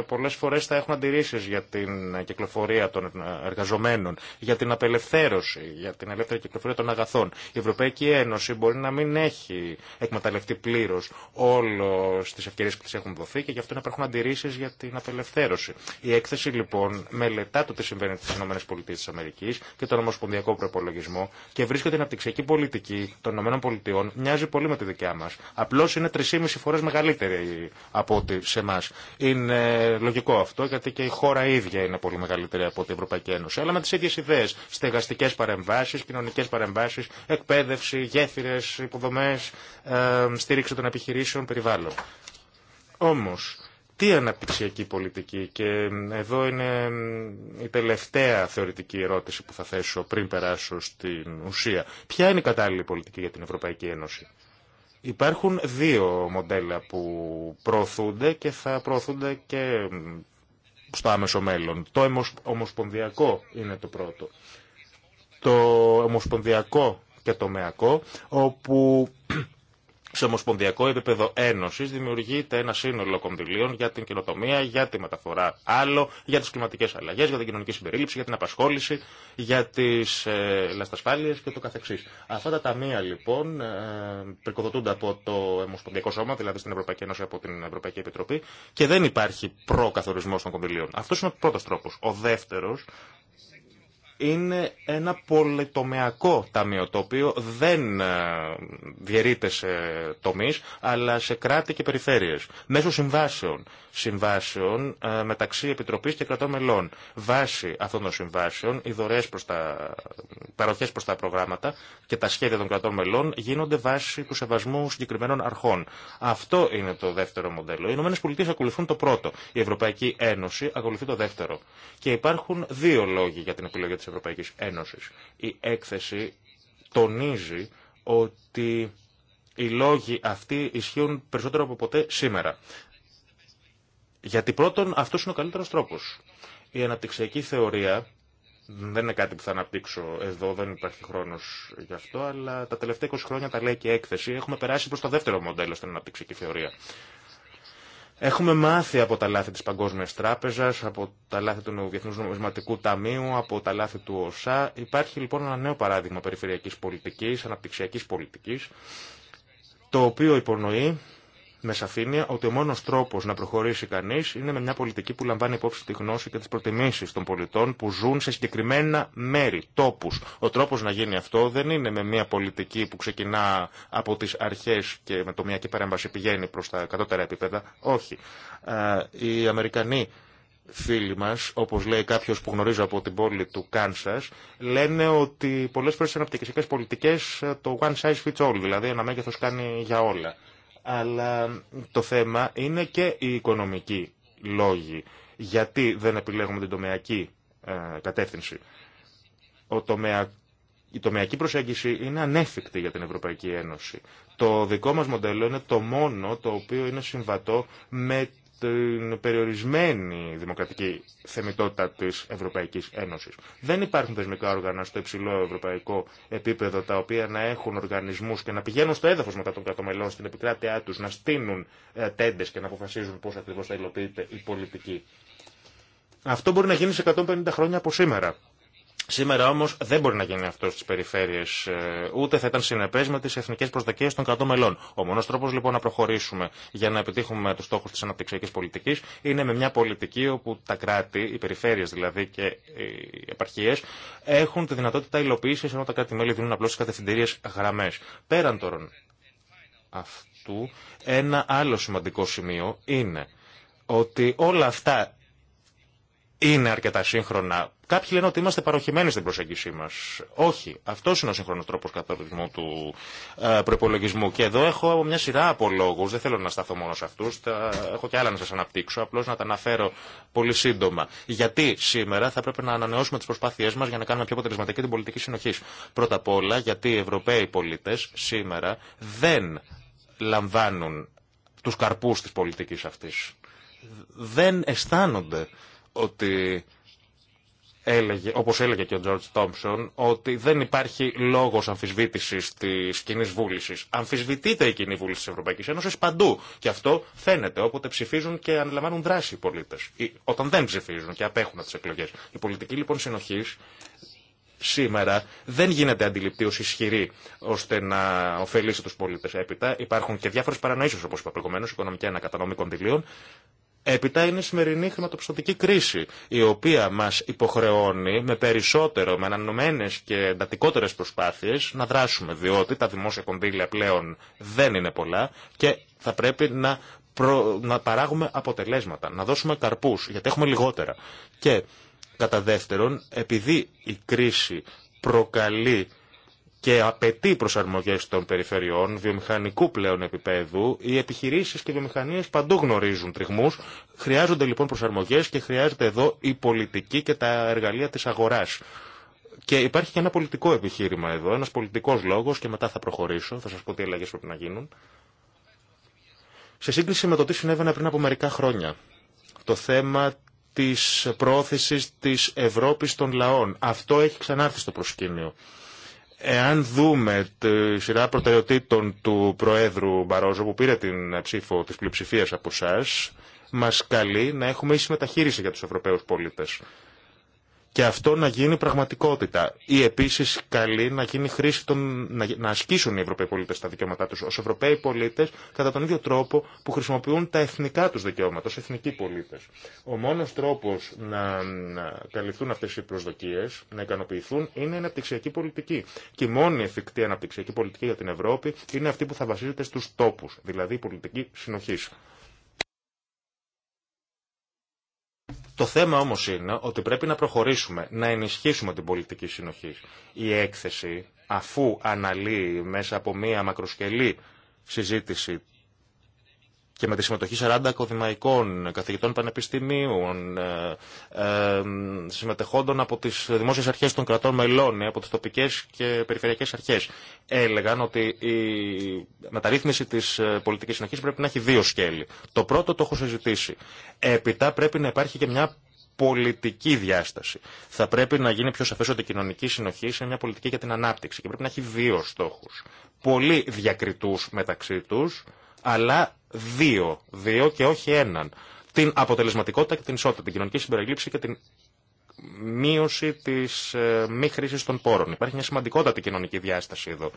πολλέ φορέ θα έχουν αντιρρήσει για την κυκλοφορία των εργαζομένων, για την απελευθέρωση, για την ελεύθερη κυκλοφορία των αγαθών. Η Ευρωπαϊκή Ένωση μπορεί να μην έχει εκμεταλλευτεί πλήρω όλε τι ευκαιρίε που τη έχουν δοθεί και γι' αυτό να υπάρχουν αντιρρήσει για την απελευθέρωση. Η έκθεση λοιπόν μελετά το τι συμβαίνει στι ΗΠΑ και το Ομοσπονδιακό Προπολογισμό υπολογισμό και βρίσκεται η αναπτυξιακή πολιτική των ΗΠΑ μοιάζει πολύ με τη δικιά μα. Απλώ είναι 3,5 φορέ μεγαλύτερη από ό,τι σε εμά. Είναι λογικό αυτό γιατί και η χώρα ίδια είναι πολύ μεγαλύτερη από την Ευρωπαϊκή Ένωση. Αλλά με τι ίδιε ιδέε. Στεγαστικέ παρεμβάσει, κοινωνικέ παρεμβάσει, εκπαίδευση, γέφυρε, υποδομέ, ε, στήριξη των επιχειρήσεων, περιβάλλον. Όμω, τι αναπτυξιακή πολιτική και εδώ είναι η τελευταία θεωρητική ερώτηση που θα θέσω πριν περάσω στην ουσία. Ποια είναι η κατάλληλη πολιτική για την Ευρωπαϊκή Ένωση. Υπάρχουν δύο μοντέλα που προωθούνται και θα προωθούνται και στο άμεσο μέλλον. Το ομοσπονδιακό είναι το πρώτο. Το ομοσπονδιακό και το μεακό όπου σε ομοσπονδιακό επίπεδο ένωση δημιουργείται ένα σύνολο κονδυλίων για την κοινοτομία, για τη μεταφορά άλλο, για τι κλιματικέ αλλαγέ, για την κοινωνική συμπερίληψη, για την απασχόληση, για τι ε, λαστασφάλειε και το καθεξή. Αυτά τα ταμεία λοιπόν ε, από το Ομοσπονδιακό Σώμα, δηλαδή στην Ευρωπαϊκή Ένωση από την Ευρωπαϊκή Επιτροπή και δεν υπάρχει προκαθορισμό των κονδυλίων. Αυτό είναι ο πρώτο τρόπο. Ο δεύτερο είναι ένα πολυτομεακό ταμείο το οποίο δεν ε, διαιρείται σε τομείς αλλά σε κράτη και περιφέρειες μέσω συμβάσεων συμβάσεων ε, μεταξύ Επιτροπής και κρατών μελών. Βάσει αυτών των συμβάσεων οι δωρεές προς τα παροχές προς τα προγράμματα και τα σχέδια των κρατών μελών γίνονται βάσει του σεβασμού συγκεκριμένων αρχών. Αυτό είναι το δεύτερο μοντέλο. Οι ΗΠΑ ακολουθούν το πρώτο. Η Ευρωπαϊκή Ένωση ακολουθεί το δεύτερο. Και υπάρχουν δύο λόγοι για την επιλογή της Ευρωπαϊκής Ένωσης. Η έκθεση τονίζει ότι οι λόγοι αυτοί ισχύουν περισσότερο από ποτέ σήμερα. Γιατί πρώτον αυτό είναι ο καλύτερος τρόπος. Η αναπτυξιακή θεωρία δεν είναι κάτι που θα αναπτύξω εδώ, δεν υπάρχει χρόνο γι' αυτό, αλλά τα τελευταία 20 χρόνια τα λέει και η έκθεση. Έχουμε περάσει προ το δεύτερο μοντέλο στην αναπτυξιακή θεωρία. Έχουμε μάθει από τα λάθη της Παγκόσμιας Τράπεζας, από τα λάθη του Διεθνούς Νομισματικού Ταμείου, από τα λάθη του ΟΣΑ. Υπάρχει λοιπόν ένα νέο παράδειγμα περιφερειακής πολιτικής, αναπτυξιακής πολιτικής, το οποίο υπονοεί με σαφήνεια ότι ο μόνο τρόπο να προχωρήσει κανεί είναι με μια πολιτική που λαμβάνει υπόψη τη γνώση και τι προτιμήσει των πολιτών που ζουν σε συγκεκριμένα μέρη, τόπου. Ο τρόπο να γίνει αυτό δεν είναι με μια πολιτική που ξεκινά από τι αρχέ και με τομιακή παρέμβαση πηγαίνει προ τα κατώτερα επίπεδα. Όχι. Οι Αμερικανοί φίλοι μα, όπω λέει κάποιο που γνωρίζω από την πόλη του Κάνσα, λένε ότι πολλέ φορέ στι αναπτυξιακέ πολιτικέ ε, το one size fits all, δηλαδή ένα μέγεθο κάνει για όλα αλλά το θέμα είναι και οι οικονομικοί λόγοι. Γιατί δεν επιλέγουμε την τομεακή ε, κατεύθυνση. Ο τομεα... Η τομεακή προσέγγιση είναι ανέφικτη για την Ευρωπαϊκή Ένωση. Το δικό μας μοντέλο είναι το μόνο το οποίο είναι συμβατό με την περιορισμένη δημοκρατική θεμητότητα τη Ευρωπαϊκή Ένωση. Δεν υπάρχουν θεσμικά όργανα στο υψηλό ευρωπαϊκό επίπεδο τα οποία να έχουν οργανισμού και να πηγαίνουν στο έδαφο μετά των κατομελών στην επικράτειά του, να στείλουν ε, τέντε και να αποφασίζουν πώ ακριβώ θα υλοποιείται η πολιτική. Αυτό μπορεί να γίνει σε 150 χρόνια από σήμερα. Σήμερα όμω δεν μπορεί να γίνει αυτό στι περιφέρειε, ε, ούτε θα ήταν συνεπέ με τι εθνικέ προσδοκίε των 100 μελών. Ο μόνο τρόπο λοιπόν να προχωρήσουμε για να επιτύχουμε του στόχου τη αναπτυξιακή πολιτική είναι με μια πολιτική όπου τα κράτη, οι περιφέρειε δηλαδή και οι επαρχίε έχουν τη δυνατότητα υλοποίηση ενώ τα κράτη-μέλη δίνουν απλώ τι κατευθυντηρίε γραμμέ. Πέραν τώρα αυτού, ένα άλλο σημαντικό σημείο είναι ότι όλα αυτά είναι αρκετά σύγχρονα. Κάποιοι λένε ότι είμαστε παροχημένοι στην προσέγγιση μα. Όχι. Αυτό είναι ο σύγχρονο τρόπο καθορισμού του ε, προπολογισμού. Και εδώ έχω μια σειρά από λόγου. Δεν θέλω να σταθώ μόνο σε αυτού. Έχω και άλλα να σα αναπτύξω. Απλώ να τα αναφέρω πολύ σύντομα. Γιατί σήμερα θα πρέπει να ανανεώσουμε τι προσπάθειέ μα για να κάνουμε πιο αποτελεσματική την πολιτική συνοχή. Πρώτα απ' όλα γιατί οι Ευρωπαίοι πολίτε σήμερα δεν λαμβάνουν του καρπού τη πολιτική αυτή. Δεν αισθάνονται ότι έλεγε, όπως έλεγε και ο Τζορτ Τόμψον, ότι δεν υπάρχει λόγος αμφισβήτησης της κοινή βούλησης. Αμφισβητείται η κοινή βούληση της Ευρωπαϊκής Ένωσης παντού. Και αυτό φαίνεται όποτε ψηφίζουν και αναλαμβάνουν δράση οι πολίτες. Ή, όταν δεν ψηφίζουν και απέχουν από τις εκλογές. Η πολιτική λοιπόν συνοχής σήμερα δεν γίνεται αντιληπτή ως ισχυρή ώστε να ωφελήσει τους πολίτες έπειτα. Υπάρχουν και διάφορες παρανοήσεις όπως είπα προηγουμένως, οικονομική ανακατανομή κονδυλίων Έπειτα είναι η σημερινή χρηματοπιστωτική κρίση, η οποία μας υποχρεώνει με περισσότερο, με ανανομένες και εντατικότερε προσπάθειες να δράσουμε, διότι τα δημόσια κονδύλια πλέον δεν είναι πολλά και θα πρέπει να, να παράγουμε αποτελέσματα, να δώσουμε καρπούς, γιατί έχουμε λιγότερα. Και κατά δεύτερον, επειδή η κρίση προκαλεί και απαιτεί προσαρμογέ των περιφερειών βιομηχανικού πλέον επίπεδου. Οι επιχειρήσει και οι βιομηχανίε παντού γνωρίζουν τριγμού. Χρειάζονται λοιπόν προσαρμογέ και χρειάζεται εδώ η πολιτική και τα εργαλεία τη αγορά. Και υπάρχει και ένα πολιτικό επιχείρημα εδώ, ένα πολιτικό λόγο και μετά θα προχωρήσω, θα σα πω τι αλλαγέ πρέπει να γίνουν. Σε σύγκριση με το τι συνέβαινε πριν από μερικά χρόνια, το θέμα της πρόθεσης της Ευρώπης των λαών, αυτό έχει ξανάρθει στο προσκήνιο. Εάν δούμε τη σειρά προτεραιοτήτων του Προέδρου Μπαρόζο που πήρε την ψήφο της πλειοψηφίας από εσά, μας καλεί να έχουμε ίση μεταχείριση για τους Ευρωπαίους πολίτες και αυτό να γίνει πραγματικότητα. Ή επίση καλή να γίνει χρήση των, να, ασκήσουν οι Ευρωπαίοι πολίτε τα δικαιώματά του ω Ευρωπαίοι πολίτε κατά τον ίδιο τρόπο που χρησιμοποιούν τα εθνικά του δικαιώματα ω εθνικοί πολίτε. Ο μόνο τρόπο να, να καλυφθούν αυτέ οι προσδοκίε, να ικανοποιηθούν, είναι η αναπτυξιακή πολιτική. Και η μόνη εφικτή αναπτυξιακή πολιτική για την Ευρώπη είναι αυτή που θα βασίζεται στου τόπου, δηλαδή η πολιτική συνοχή. Το θέμα όμως είναι ότι πρέπει να προχωρήσουμε, να ενισχύσουμε την πολιτική συνοχή. Η έκθεση, αφού αναλύει μέσα από μία μακροσκελή συζήτηση και με τη συμμετοχή 40 ακοδημαϊκών καθηγητών πανεπιστημίων, ε, ε, συμμετεχόντων από τις δημόσιες αρχές των κρατών μελών, ε, από τις τοπικές και περιφερειακές αρχές, έλεγαν ότι η μεταρρύθμιση της ε, πολιτικής συνοχής πρέπει να έχει δύο σκέλη. Το πρώτο το έχω συζητήσει. Έπειτα πρέπει να υπάρχει και μια πολιτική διάσταση. Θα πρέπει να γίνει πιο σαφέ ότι η κοινωνική συνοχή είναι μια πολιτική για την ανάπτυξη και πρέπει να έχει δύο στόχου. Πολύ διακριτού μεταξύ του, αλλά δύο, δύο και όχι έναν. Την αποτελεσματικότητα και την ισότητα, την κοινωνική συμπεριλήψη και την μείωση τη ε, μη χρήση των πόρων. Υπάρχει μια σημαντικότατη κοινωνική διάσταση εδώ.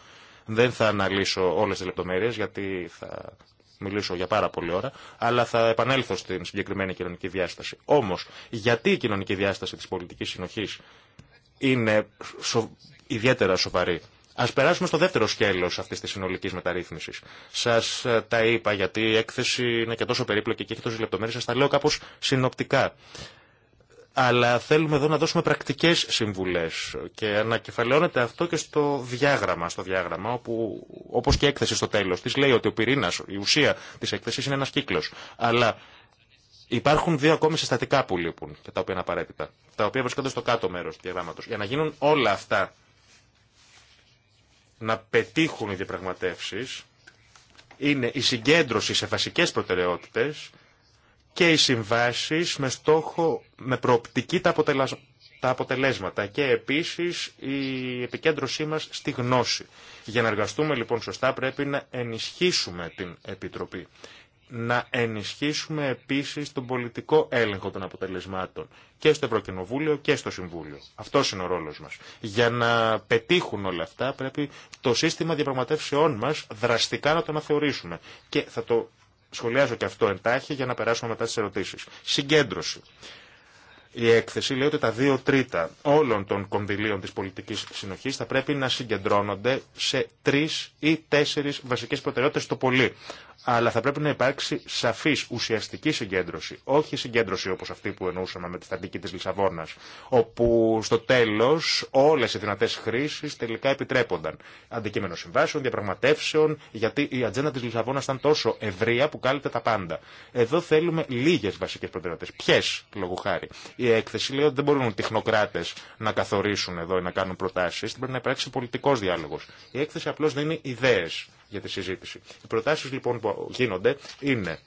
Δεν θα αναλύσω όλε τι λεπτομέρειε γιατί θα μιλήσω για πάρα πολλή ώρα, αλλά θα επανέλθω στην συγκεκριμένη κοινωνική διάσταση. Όμω, γιατί η κοινωνική διάσταση τη πολιτική συνοχή είναι ιδιαίτερα σοβαρή Α περάσουμε στο δεύτερο σκέλο αυτή τη συνολική μεταρρύθμιση. Σα ε, τα είπα γιατί η έκθεση είναι και τόσο περίπλοκη και έχει τόσε λεπτομέρειε. Σα τα λέω κάπω συνοπτικά. Αλλά θέλουμε εδώ να δώσουμε πρακτικέ συμβουλέ και ανακεφαλαιώνεται αυτό και στο διάγραμμα. Στο διάγραμμα όπου, όπω και η έκθεση στο τέλο τη, λέει ότι ο πυρήνα, η ουσία τη έκθεση είναι ένα κύκλο. Αλλά Υπάρχουν δύο ακόμη συστατικά που λείπουν και τα οποία είναι απαραίτητα. Τα οποία βρίσκονται στο κάτω μέρο του διαγράμματο. Για να γίνουν όλα αυτά να πετύχουν οι διαπραγματεύσεις είναι η συγκέντρωση σε βασικές προτεραιότητες και οι συμβάσεις με στόχο, με προοπτική τα, τα αποτελέσματα και επίσης η επικέντρωσή μας στη γνώση. Για να εργαστούμε λοιπόν σωστά πρέπει να ενισχύσουμε την Επιτροπή να ενισχύσουμε επίσης τον πολιτικό έλεγχο των αποτελεσμάτων και στο Ευρωκοινοβούλιο και στο Συμβούλιο. Αυτό είναι ο ρόλος μας. Για να πετύχουν όλα αυτά πρέπει το σύστημα διαπραγματεύσεών μας δραστικά να το αναθεωρήσουμε. Και θα το σχολιάζω και αυτό εντάχει για να περάσουμε μετά τις ερωτήσεις. Συγκέντρωση. Η έκθεση λέει ότι τα δύο τρίτα όλων των κονδυλίων της πολιτικής συνοχής θα πρέπει να συγκεντρώνονται σε τρεις ή τέσσερις βασικές προτεραιότητες το πολύ αλλά θα πρέπει να υπάρξει σαφή ουσιαστική συγκέντρωση, όχι συγκέντρωση όπω αυτή που εννοούσαμε με τη στατική τη Λισαβόνα, όπου στο τέλο όλε οι δυνατέ χρήσει τελικά επιτρέπονταν. Αντικείμενο συμβάσεων, διαπραγματεύσεων, γιατί η ατζέντα τη Λισαβόνα ήταν τόσο ευρεία που κάλυπτε τα πάντα. Εδώ θέλουμε λίγε βασικέ προτεραιότητε. Ποιε, λόγου χάρη. Η έκθεση λέει ότι δεν μπορούν οι τεχνοκράτε να καθορίσουν εδώ ή να κάνουν προτάσει, πρέπει να υπάρξει πολιτικό διάλογο. Η έκθεση απλώ δίνει ιδέε για τη συζήτηση. Οι προτάσει λοιπόν που γίνονται είναι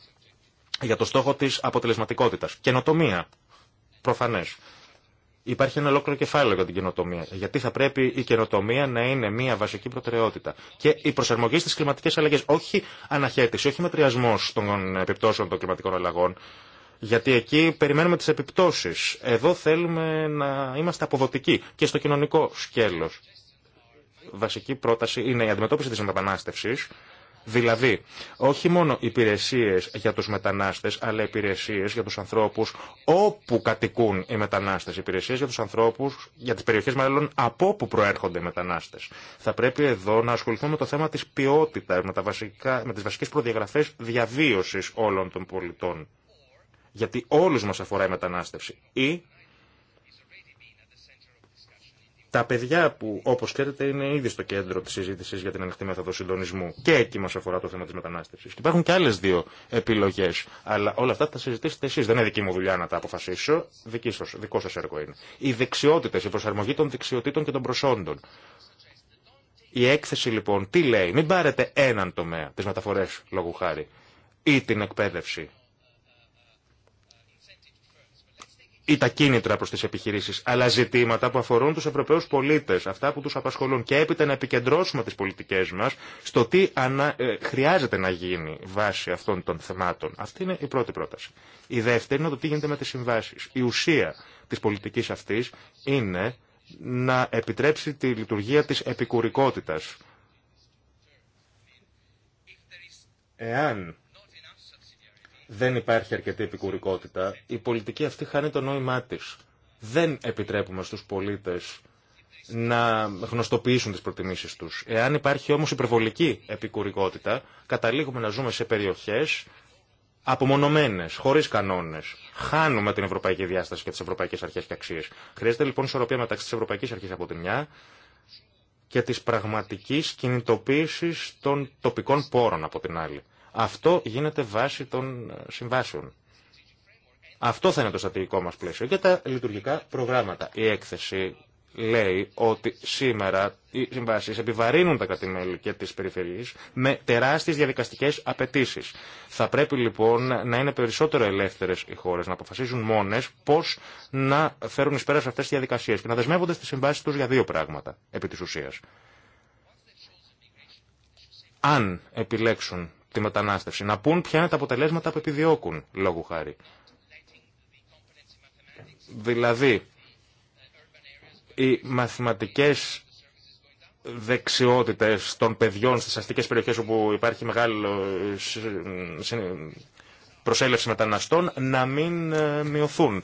για το στόχο τη αποτελεσματικότητα. Καινοτομία, προφανέ. Υπάρχει ένα ολόκληρο κεφάλαιο για την καινοτομία. Γιατί θα πρέπει η καινοτομία να είναι μια βασική προτεραιότητα. Και η προσαρμογή στι κλιματικέ αλλαγέ. Όχι αναχέτηση, όχι μετριασμό των επιπτώσεων των κλιματικών αλλαγών. Γιατί εκεί περιμένουμε τις επιπτώσεις. Εδώ θέλουμε να είμαστε αποδοτικοί και στο κοινωνικό σκέλος βασική πρόταση είναι η αντιμετώπιση της μετανάστευσης, δηλαδή όχι μόνο υπηρεσίε για τους μετανάστες, αλλά υπηρεσίε για τους ανθρώπους όπου κατοικούν οι μετανάστες, υπηρεσίε για τους ανθρώπους, για τις περιοχές μάλλον από όπου προέρχονται οι μετανάστες. Θα πρέπει εδώ να ασχοληθούμε με το θέμα τη ποιότητα με, με τις βασικές προδιαγραφές διαβίωσης όλων των πολιτών. Γιατί όλου μα αφορά η μετανάστευση. Ή τα παιδιά που, όπως ξέρετε, είναι ήδη στο κέντρο της συζήτησης για την ανοιχτή μέθοδο συντονισμού και εκεί μας αφορά το θέμα της μετανάστευσης. Και υπάρχουν και άλλες δύο επιλογές, αλλά όλα αυτά τα συζητήσετε εσείς. Δεν είναι δική μου δουλειά να τα αποφασίσω, δική σας, δικό σας έργο είναι. Οι δεξιότητες, η προσαρμογή των δεξιοτήτων και των προσόντων. Η έκθεση λοιπόν τι λέει, μην πάρετε έναν τομέα, τις μεταφορές λόγου χάρη, ή την εκπαίδευση ή τα κίνητρα προς τις επιχειρήσεις, αλλά ζητήματα που αφορούν τους Ευρωπαίους πολίτες, αυτά που τους απασχολούν και έπειτα να επικεντρώσουμε τις πολιτικές μας στο τι ε, χρειάζεται να γίνει βάσει αυτών των θεμάτων. Αυτή είναι η πρώτη πρόταση. Η δεύτερη είναι το τι γίνεται με τις συμβάσεις. Η ουσία της πολιτική αυτής είναι να επιτρέψει τη λειτουργία της επικουρικότητας. Εάν δεν υπάρχει αρκετή επικουρικότητα, η πολιτική αυτή χάνει το νόημά τη. Δεν επιτρέπουμε στου πολίτε να γνωστοποιήσουν τι προτιμήσει του. Εάν υπάρχει όμω υπερβολική επικουρικότητα, καταλήγουμε να ζούμε σε περιοχέ απομονωμένε, χωρί κανόνε. Χάνουμε την ευρωπαϊκή διάσταση και τι ευρωπαϊκέ αρχέ και αξίε. Χρειάζεται λοιπόν ισορροπία μεταξύ τη ευρωπαϊκή αρχή από τη μια και τη πραγματική κινητοποίηση των τοπικών πόρων από την άλλη. Αυτό γίνεται βάση των συμβάσεων. Αυτό θα είναι το στρατηγικό μας πλαίσιο. Για τα λειτουργικά προγράμματα. Η έκθεση λέει ότι σήμερα οι συμβάσει επιβαρύνουν τα κρατημέλη και τις περιφερειές με τεράστιες διαδικαστικές απαιτήσει. Θα πρέπει λοιπόν να είναι περισσότερο ελεύθερες οι χώρες να αποφασίζουν μόνες πώς να φέρουν εις πέρα σε αυτέ τι διαδικασίε και να δεσμεύονται στις συμβάσει τους για δύο πράγματα επί τη ουσία. Αν επιλέξουν τη μετανάστευση. Να πούν ποια είναι τα αποτελέσματα που επιδιώκουν, λόγου χάρη. Δηλαδή, οι μαθηματικές δεξιότητες των παιδιών στις αστικές περιοχές όπου υπάρχει μεγάλη ε, προσέλευση μεταναστών να μην ε, μειωθούν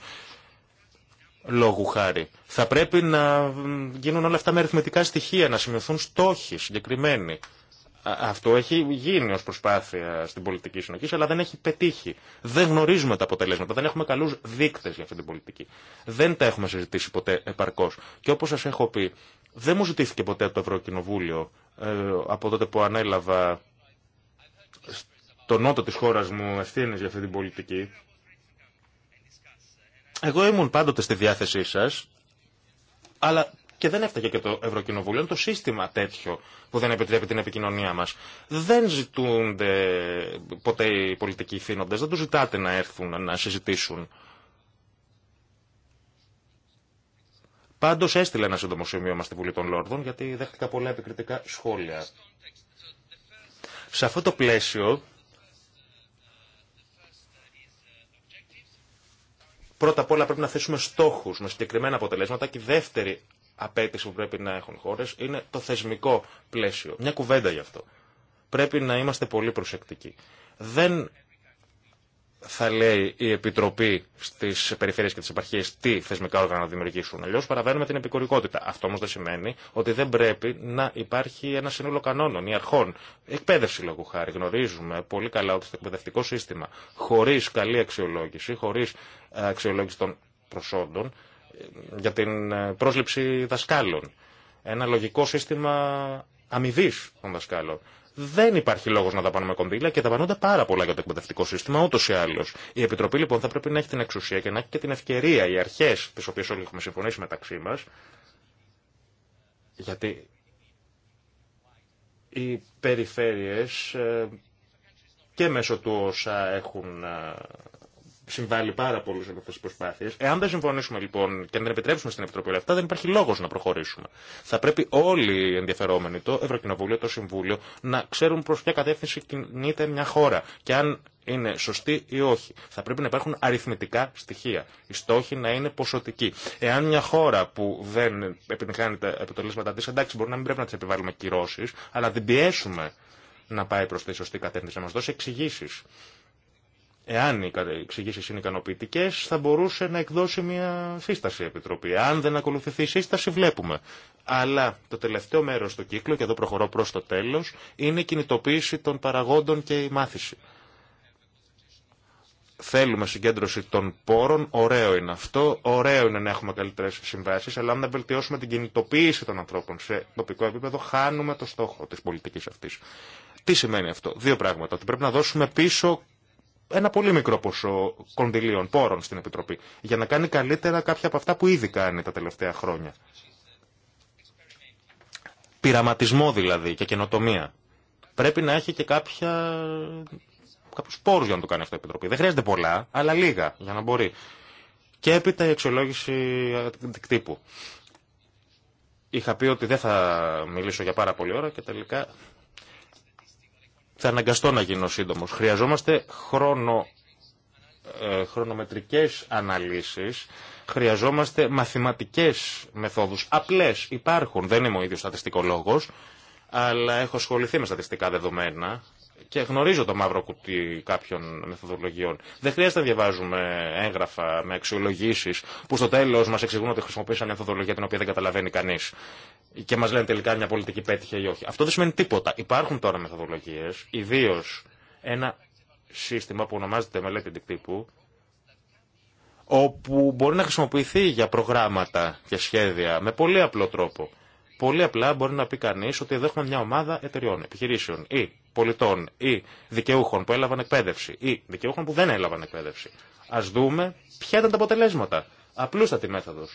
λόγου χάρη. Θα πρέπει να γίνουν όλα αυτά με αριθμητικά στοιχεία, να σημειωθούν στόχοι συγκεκριμένοι. Αυτό έχει γίνει ως προσπάθεια στην πολιτική συνοχή, αλλά δεν έχει πετύχει. Δεν γνωρίζουμε τα αποτελέσματα, δεν έχουμε καλούς δείκτες για αυτή την πολιτική. Δεν τα έχουμε συζητήσει ποτέ επαρκώς. Και όπως σας έχω πει, δεν μου ζητήθηκε ποτέ από το Ευρωκοινοβούλιο ε, από τότε που ανέλαβα στο νότο τη χώρα μου ευθύνε για αυτή την πολιτική. Εγώ ήμουν πάντοτε στη διάθεσή σα, αλλά και δεν έφταγε και το Ευρωκοινοβούλιο. Είναι το σύστημα τέτοιο που δεν επιτρέπει την επικοινωνία μα. Δεν ζητούνται ποτέ οι πολιτικοί θύνοντε. Δεν του ζητάτε να έρθουν να συζητήσουν. Πάντω έστειλε ένα σύντομο μας στη Βουλή των Λόρδων γιατί δέχτηκα πολλά επικριτικά σχόλια. Σε αυτό το πλαίσιο, πρώτα απ' όλα πρέπει να θέσουμε στόχους με συγκεκριμένα αποτελέσματα και δεύτερη απέτηση που πρέπει να έχουν χώρε είναι το θεσμικό πλαίσιο. Μια κουβέντα γι' αυτό. Πρέπει να είμαστε πολύ προσεκτικοί. Δεν θα λέει η Επιτροπή στι περιφέρειες και τι επαρχίε τι θεσμικά όργανα να δημιουργήσουν. Αλλιώ παραβαίνουμε την επικορικότητα. Αυτό όμω δεν σημαίνει ότι δεν πρέπει να υπάρχει ένα σύνολο κανόνων ή αρχών. Εκπαίδευση λόγου χάρη. Γνωρίζουμε πολύ καλά ότι στο εκπαιδευτικό σύστημα χωρί καλή αξιολόγηση, χωρί αξιολόγηση των προσόντων, για την ε, πρόσληψη δασκάλων. Ένα λογικό σύστημα αμοιβή των δασκάλων. Δεν υπάρχει λόγο να δαπανούμε κονδύλια και δαπανούνται πάρα πολλά για το εκπαιδευτικό σύστημα, ούτω ή άλλω. Η Επιτροπή λοιπόν θα πρέπει να έχει την εξουσία και να έχει και την ευκαιρία, οι αρχέ, τι οποίε όλοι έχουμε συμφωνήσει μεταξύ μα, γιατί οι περιφέρειες ε, και μέσω του όσα έχουν ε, συμβάλλει πάρα πολύ σε αυτέ τι προσπάθειε. Εάν δεν συμφωνήσουμε λοιπόν και αν δεν επιτρέψουμε στην Επιτροπή όλα αυτά, δεν υπάρχει λόγο να προχωρήσουμε. Θα πρέπει όλοι οι ενδιαφερόμενοι, το Ευρωκοινοβούλιο, το Συμβούλιο, να ξέρουν προ ποια κατεύθυνση κινείται μια χώρα και αν είναι σωστή ή όχι. Θα πρέπει να υπάρχουν αριθμητικά στοιχεία. Οι στόχοι να είναι ποσοτικοί. Εάν μια χώρα που δεν επιτυγχάνει τα επιτελέσματά τη, εντάξει, μπορεί να μην πρέπει να τη επιβάλλουμε κυρώσει, αλλά την πιέσουμε να πάει προ τη σωστή κατεύθυνση, να μα δώσει εξηγήσει Εάν οι εξηγήσει είναι ικανοποιητικέ, θα μπορούσε να εκδώσει μια σύσταση η Επιτροπή. Αν δεν ακολουθηθεί η σύσταση, βλέπουμε. Αλλά το τελευταίο μέρο του κύκλου, και εδώ προχωρώ προ το τέλο, είναι η κινητοποίηση των παραγόντων και η μάθηση. Θέλουμε συγκέντρωση των πόρων, ωραίο είναι αυτό, ωραίο είναι να έχουμε καλύτερε συμβάσει, αλλά αν δεν βελτιώσουμε την κινητοποίηση των ανθρώπων σε τοπικό επίπεδο, χάνουμε το στόχο τη πολιτική αυτή. Τι σημαίνει αυτό, δύο πράγματα. Ότι πρέπει να δώσουμε πίσω ένα πολύ μικρό ποσό κονδυλίων, πόρων στην Επιτροπή, για να κάνει καλύτερα κάποια από αυτά που ήδη κάνει τα τελευταία χρόνια. Πειραματισμό δηλαδή και καινοτομία. Πρέπει να έχει και κάποια... κάποιου πόρου για να το κάνει αυτό η Επιτροπή. Δεν χρειάζεται πολλά, αλλά λίγα για να μπορεί. Και έπειτα η αξιολόγηση τύπου Είχα πει ότι δεν θα μιλήσω για πάρα πολλή ώρα και τελικά θα αναγκαστώ να γίνω σύντομο. Χρειαζόμαστε χρόνο, ε, χρονομετρικές αναλύσεις, χρειαζόμαστε μαθηματικές μεθόδους. Απλές υπάρχουν, δεν είμαι ο ίδιος στατιστικολόγος, αλλά έχω ασχοληθεί με στατιστικά δεδομένα και γνωρίζω το μαύρο κουτί κάποιων μεθοδολογιών. Δεν χρειάζεται να διαβάζουμε έγγραφα με αξιολογήσει που στο τέλο μα εξηγούν ότι χρησιμοποίησαν μεθοδολογία την οποία δεν καταλαβαίνει κανεί και μα λένε τελικά μια πολιτική πέτυχε ή όχι. Αυτό δεν σημαίνει τίποτα. Υπάρχουν τώρα μεθοδολογίε, ιδίω ένα σύστημα που ονομάζεται μελέτη αντικτύπου, όπου μπορεί να χρησιμοποιηθεί για προγράμματα και σχέδια με πολύ απλό τρόπο. Πολύ απλά μπορεί να πει κανεί ότι εδώ έχουμε μια ομάδα εταιριών, επιχειρήσεων ή πολιτών ή δικαιούχων που έλαβαν εκπαίδευση ή δικαιούχων που δεν έλαβαν εκπαίδευση. Α δούμε ποια ήταν τα αποτελέσματα. Απλούστατη μέθοδο.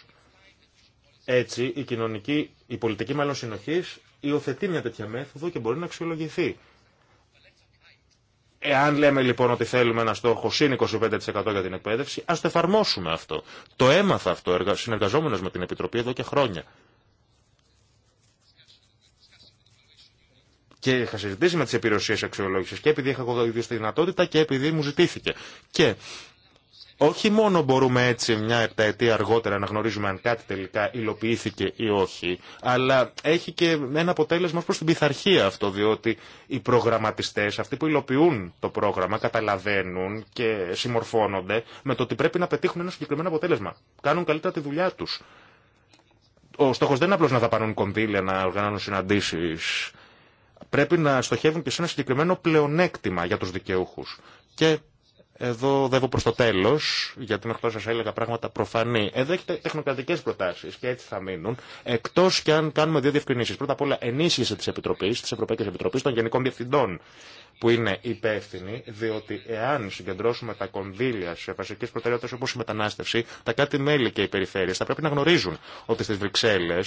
Έτσι, η, κοινωνική, η πολιτική μάλλον συνοχή υιοθετεί μια τέτοια μέθοδο και μπορεί να αξιολογηθεί. Εάν λέμε λοιπόν ότι θέλουμε ένα στόχο συν 25% για την εκπαίδευση, α το εφαρμόσουμε αυτό. Το έμαθα αυτό συνεργαζόμενο με την Επιτροπή εδώ και χρόνια. Και είχα συζητήσει με τι υπηρεσίε αξιολόγηση και επειδή είχα εγώ ίδιο τη δυνατότητα και επειδή μου ζητήθηκε. Και όχι μόνο μπορούμε έτσι μια επταετία αργότερα να γνωρίζουμε αν κάτι τελικά υλοποιήθηκε ή όχι, αλλά έχει και ένα αποτέλεσμα προ την πειθαρχία αυτό, διότι οι προγραμματιστέ αυτοί που υλοποιούν το πρόγραμμα, καταλαβαίνουν και συμμορφώνονται με το ότι πρέπει να πετύχουν ένα συγκεκριμένο αποτέλεσμα. Κάνουν καλύτερα τη δουλειά του. Ο στόχο δεν είναι απλώ να δαπανούν κονδύλια, να οργανώνουν συναντήσει πρέπει να στοχεύουν και σε ένα συγκεκριμένο πλεονέκτημα για τους δικαιούχους. Και εδώ δεύω προς το τέλος, γιατί μέχρι τώρα σας έλεγα πράγματα προφανή. Εδώ έχετε τεχνοκρατικές προτάσεις και έτσι θα μείνουν, εκτός και αν κάνουμε δύο διευκρινήσεις. Πρώτα απ' όλα ενίσχυση της Επιτροπής, της Ευρωπαϊκής Επιτροπής των Γενικών Διευθυντών που είναι υπεύθυνη, διότι εάν συγκεντρώσουμε τα κονδύλια σε βασικέ προτεραιότητε όπω η μετανάστευση, τα κάτι μέλη και οι περιφέρειε θα πρέπει να γνωρίζουν ότι στι Βρυξέλλε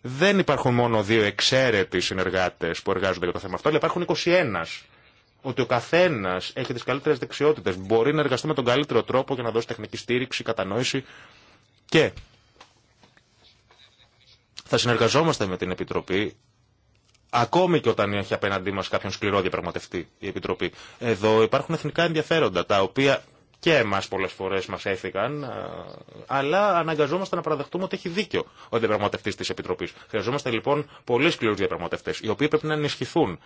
δεν υπάρχουν μόνο δύο εξαίρετοι συνεργάτε που εργάζονται για το θέμα αυτό, αλλά υπάρχουν 21. Ότι ο καθένα έχει τι καλύτερε δεξιότητε, μπορεί να εργαστεί με τον καλύτερο τρόπο για να δώσει τεχνική στήριξη, κατανόηση και θα συνεργαζόμαστε με την Επιτροπή ακόμη και όταν έχει απέναντί μα κάποιον σκληρό διαπραγματευτή η Επιτροπή. Εδώ υπάρχουν εθνικά ενδιαφέροντα, τα οποία και εμά πολλέ φορέ μα έφυγαν, ε, αλλά αναγκαζόμαστε να παραδεχτούμε ότι έχει δίκιο ο διαπραγματευτή τη Επιτροπή. Χρειαζόμαστε λοιπόν πολύ σκληρού διαπραγματευτέ, οι οποίοι πρέπει να ενισχυθούν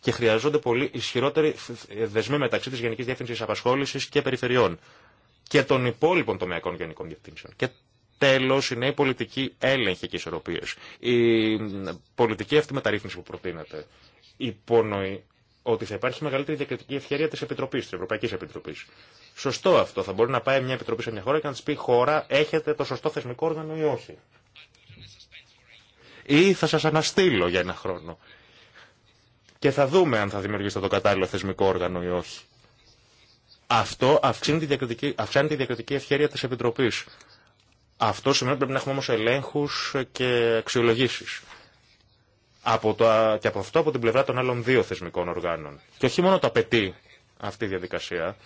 και χρειαζόνται πολύ ισχυρότεροι δεσμοί μεταξύ τη Γενική Διεύθυνση Απασχόληση και Περιφερειών και των υπόλοιπων τομεακών γενικών διευθύνσεων. Και τέλο είναι η πολιτική έλεγχη και ισορροπίε. Η πολιτική αυτή μεταρρύθμιση που προτείνεται υπονοεί ότι θα υπάρχει μεγαλύτερη διακριτική ευχαίρεια τη Επιτροπή, τη Ευρωπαϊκή Επιτροπή. Σωστό αυτό. Θα μπορεί να πάει μια Επιτροπή σε μια χώρα και να τη πει χώρα, έχετε το σωστό θεσμικό όργανο ή όχι. Ή θα σα αναστείλω για ένα χρόνο. Και θα δούμε αν θα δημιουργήσετε το κατάλληλο θεσμικό όργανο ή όχι. Αυτό αυξάνει τη διακριτική, αυξάνει τη διακριτική ευχαίρεια τη Επιτροπή. Αυτό σημαίνει ότι πρέπει να έχουμε όμω ελέγχου και αξιολογήσει από το, και από αυτό από την πλευρά των άλλων δύο θεσμικών οργάνων. Και όχι μόνο το απαιτεί αυτή η διαδικασία,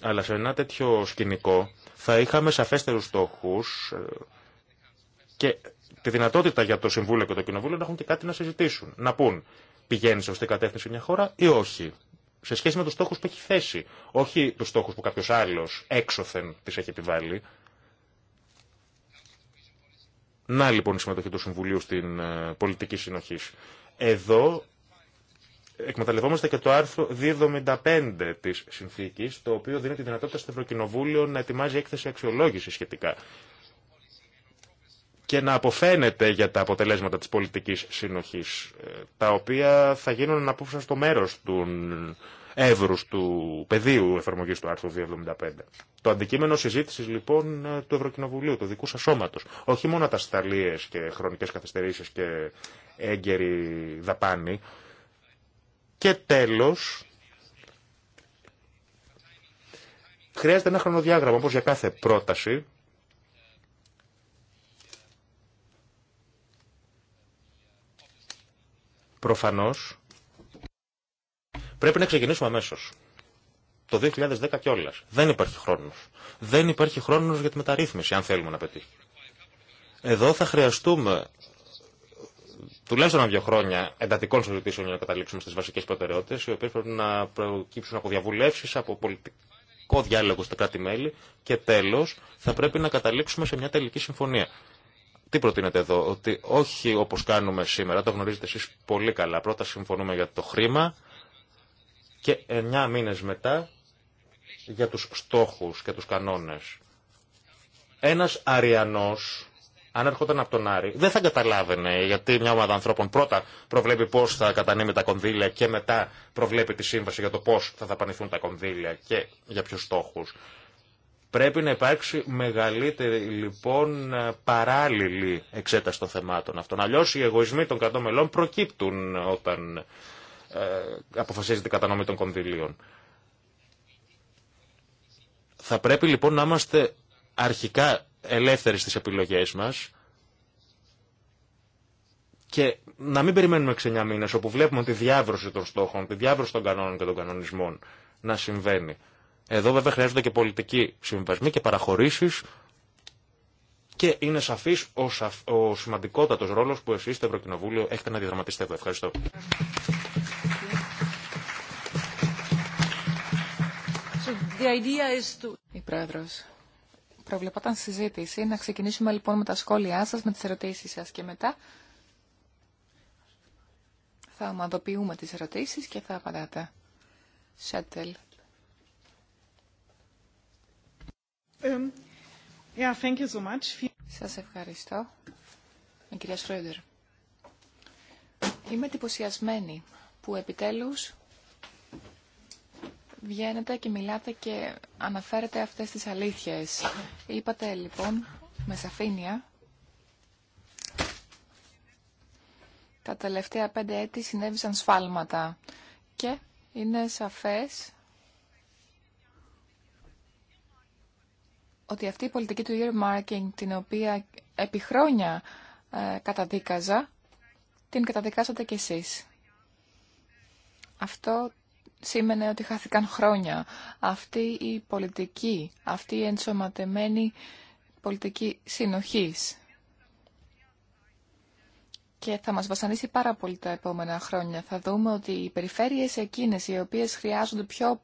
αλλά σε ένα τέτοιο σκηνικό θα είχαμε σαφέστερους στόχους ε, και τη δυνατότητα για το Συμβούλιο και το Κοινοβούλιο να έχουν και κάτι να συζητήσουν. Να πούν πηγαίνει σωστή κατεύθυνση μια χώρα ή όχι. Σε σχέση με τους στόχους που έχει θέσει. Όχι τους στόχους που κάποιος άλλος έξωθεν τις έχει επιβάλει. Να λοιπόν η συμμετοχή του Συμβουλίου στην ε, πολιτική συνοχή. Εδώ εκμεταλλευόμαστε και το άρθρο 275 της συνθήκης, το οποίο δίνει τη δυνατότητα στο Ευρωκοινοβούλιο να ετοιμάζει έκθεση αξιολόγηση σχετικά και να αποφαίνεται για τα αποτελέσματα της πολιτικής συνοχής, ε, τα οποία θα γίνουν αναπόφευκτα στο μέρος των Εύρου του πεδίου εφαρμογής του άρθρου 275. Το αντικείμενο συζήτηση λοιπόν του Ευρωκοινοβουλίου, του δικού σα σώματο. όχι μόνο τα σταλίε και χρονικές καθυστερήσει και έγκαιρη δαπάνη, και τέλος, χρειάζεται ένα χρονοδιάγραμμα, όπως για κάθε πρόταση, προφανώς Πρέπει να ξεκινήσουμε αμέσω. Το 2010 κιόλα. Δεν υπάρχει χρόνο. Δεν υπάρχει χρόνο για τη μεταρρύθμιση, αν θέλουμε να πετύχει. Εδώ θα χρειαστούμε τουλάχιστον ένα-δύο χρόνια εντατικών συζητήσεων για να καταλήξουμε στι βασικέ προτεραιότητε, οι οποίε πρέπει να προκύψουν από διαβουλεύσει, από πολιτικό διάλογο στα κράτη-μέλη και τέλο θα πρέπει να καταλήξουμε σε μια τελική συμφωνία. Τι προτείνετε εδώ, ότι όχι όπω κάνουμε σήμερα, το γνωρίζετε εσεί πολύ καλά. Πρώτα συμφωνούμε για το χρήμα, και εννιά μήνες μετά για τους στόχους και τους κανόνες. Ένας αριανός, αν έρχονταν από τον Άρη, δεν θα καταλάβαινε γιατί μια ομάδα ανθρώπων πρώτα προβλέπει πώς θα κατανέμει τα κονδύλια και μετά προβλέπει τη σύμβαση για το πώς θα δαπανηθούν τα κονδύλια και για ποιους στόχους. Πρέπει να υπάρξει μεγαλύτερη λοιπόν παράλληλη εξέταση των θεμάτων αυτών. Αλλιώς οι εγωισμοί των κρατών προκύπτουν όταν ε, αποφασίζεται η κατανομή των κονδυλίων. Θα πρέπει λοιπόν να είμαστε αρχικά ελεύθεροι στις επιλογές μας και να μην περιμένουμε 6-9 μήνες όπου βλέπουμε τη διάβρωση των στόχων, τη διάβρωση των κανόνων και των κανονισμών να συμβαίνει. Εδώ βέβαια χρειάζονται και πολιτικοί συμβασμοί και παραχωρήσεις και είναι σαφής ο, σαφ... ο σημαντικότατος ρόλος που εσείς στο Ευρωκοινοβούλιο έχετε να διαδραματίσετε εδώ. Ευχαριστώ. Η πρόεδρο. Προβλεπόταν συζήτηση. Να ξεκινήσουμε λοιπόν με τα σχόλιά σα με τι ερωτήσει σα και μετά θα ομαδοποιούμε τι ερωτήσει και θα απαντάτε. Σέτελ. Um, ευχαριστώ. κυρία Σρόιντερ, Είμαι εντυπωσιασμένη που επιτέλους βγαίνετε και μιλάτε και αναφέρετε αυτές τις αλήθειες. Είπατε λοιπόν με σαφήνεια τα τελευταία πέντε έτη συνέβησαν σφάλματα και είναι σαφές ότι αυτή η πολιτική του earmarking την οποία επί χρόνια ε, καταδίκαζα την καταδικάσατε κι εσείς. Αυτό σήμαινε ότι χάθηκαν χρόνια. Αυτή η πολιτική, αυτή η ενσωματεμένη πολιτική συνοχής και θα μας βασανίσει πάρα πολύ τα επόμενα χρόνια. Θα δούμε ότι οι περιφέρειες εκείνες οι οποίες χρειάζονται πιο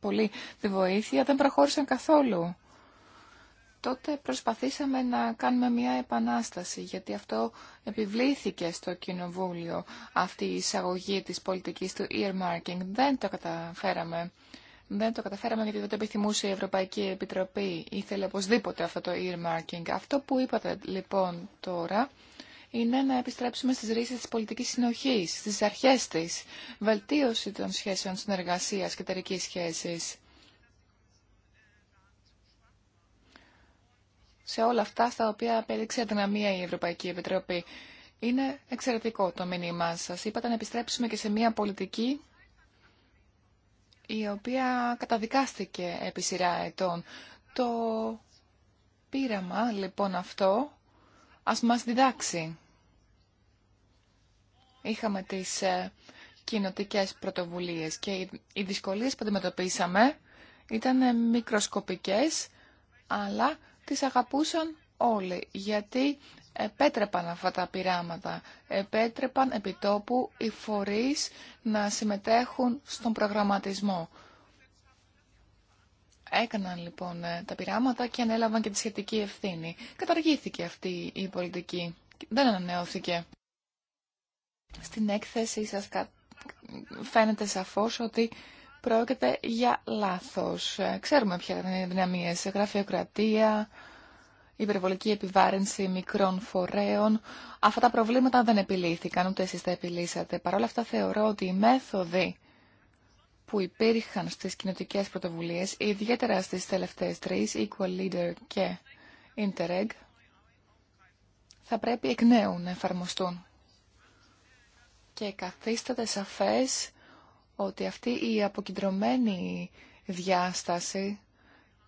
πολύ τη βοήθεια δεν προχώρησαν καθόλου τότε προσπαθήσαμε να κάνουμε μια επανάσταση, γιατί αυτό επιβλήθηκε στο Κοινοβούλιο, αυτή η εισαγωγή της πολιτικής του earmarking. Δεν το καταφέραμε. Δεν το καταφέραμε γιατί δεν το επιθυμούσε η Ευρωπαϊκή Επιτροπή. Ήθελε οπωσδήποτε αυτό το earmarking. Αυτό που είπατε λοιπόν τώρα είναι να επιστρέψουμε στις ρίζες της πολιτικής συνοχής, στις αρχές της, βελτίωση των σχέσεων συνεργασίας και εταιρικής σχέσης. σε όλα αυτά στα οποία απέδειξε αδυναμία η Ευρωπαϊκή Επιτροπή. Είναι εξαιρετικό το μήνυμά σας. Είπατε να επιστρέψουμε και σε μια πολιτική η οποία καταδικάστηκε επί σειρά ετών. Το πείραμα λοιπόν αυτό ας μας διδάξει. Είχαμε τις ε, κοινοτικές πρωτοβουλίες και οι δυσκολίες που αντιμετωπίσαμε ήταν ε, μικροσκοπικές αλλά τις αγαπούσαν όλοι, γιατί επέτρεπαν αυτά τα πειράματα, επέτρεπαν επιτόπου οι φορείς να συμμετέχουν στον προγραμματισμό. Έκαναν λοιπόν ε, τα πειράματα και ανέλαβαν και τη σχετική ευθύνη. Καταργήθηκε αυτή η πολιτική. Δεν ανανεώθηκε. Στην έκθεση σας φαίνεται σαφώς ότι πρόκειται για λάθος. Ξέρουμε ποια είναι οι δυναμίες. Γραφειοκρατία, υπερβολική επιβάρυνση μικρών φορέων. Αυτά τα προβλήματα δεν επιλύθηκαν, ούτε εσείς τα επιλύσατε. Παρ' όλα αυτά θεωρώ ότι οι μέθοδοι που υπήρχαν στις κοινοτικέ πρωτοβουλίες, ιδιαίτερα στις τελευταίες τρεις, Equal Leader και Interreg, θα πρέπει εκ νέου να εφαρμοστούν. Και καθίσταται σαφές ότι αυτή η αποκεντρωμένη διάσταση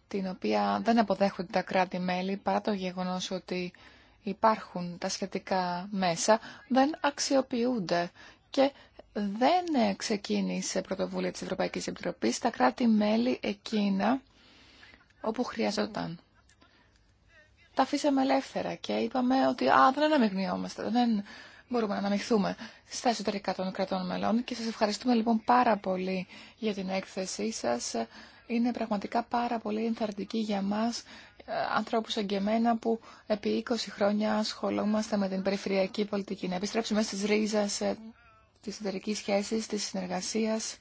την οποία δεν αποδέχονται τα κράτη-μέλη παρά το γεγονός ότι υπάρχουν τα σχετικά μέσα, δεν αξιοποιούνται και δεν ξεκίνησε πρωτοβουλία της Ευρωπαϊκής Επιτροπής τα κράτη-μέλη εκείνα όπου χρειαζόταν. Τα αφήσαμε ελεύθερα και είπαμε ότι α, δεν αναμειγνιόμαστε, δεν μπορούμε να αναμειχθούμε στα εσωτερικά των κρατών μελών και σας ευχαριστούμε λοιπόν πάρα πολύ για την έκθεσή σας. Είναι πραγματικά πάρα πολύ ενθαρρυντική για μας, ε, ανθρώπους εγκεμένα που επί 20 χρόνια ασχολούμαστε με την περιφερειακή πολιτική. Να επιστρέψουμε στις ρίζες ε, της εταιρική σχέσης, της συνεργασίας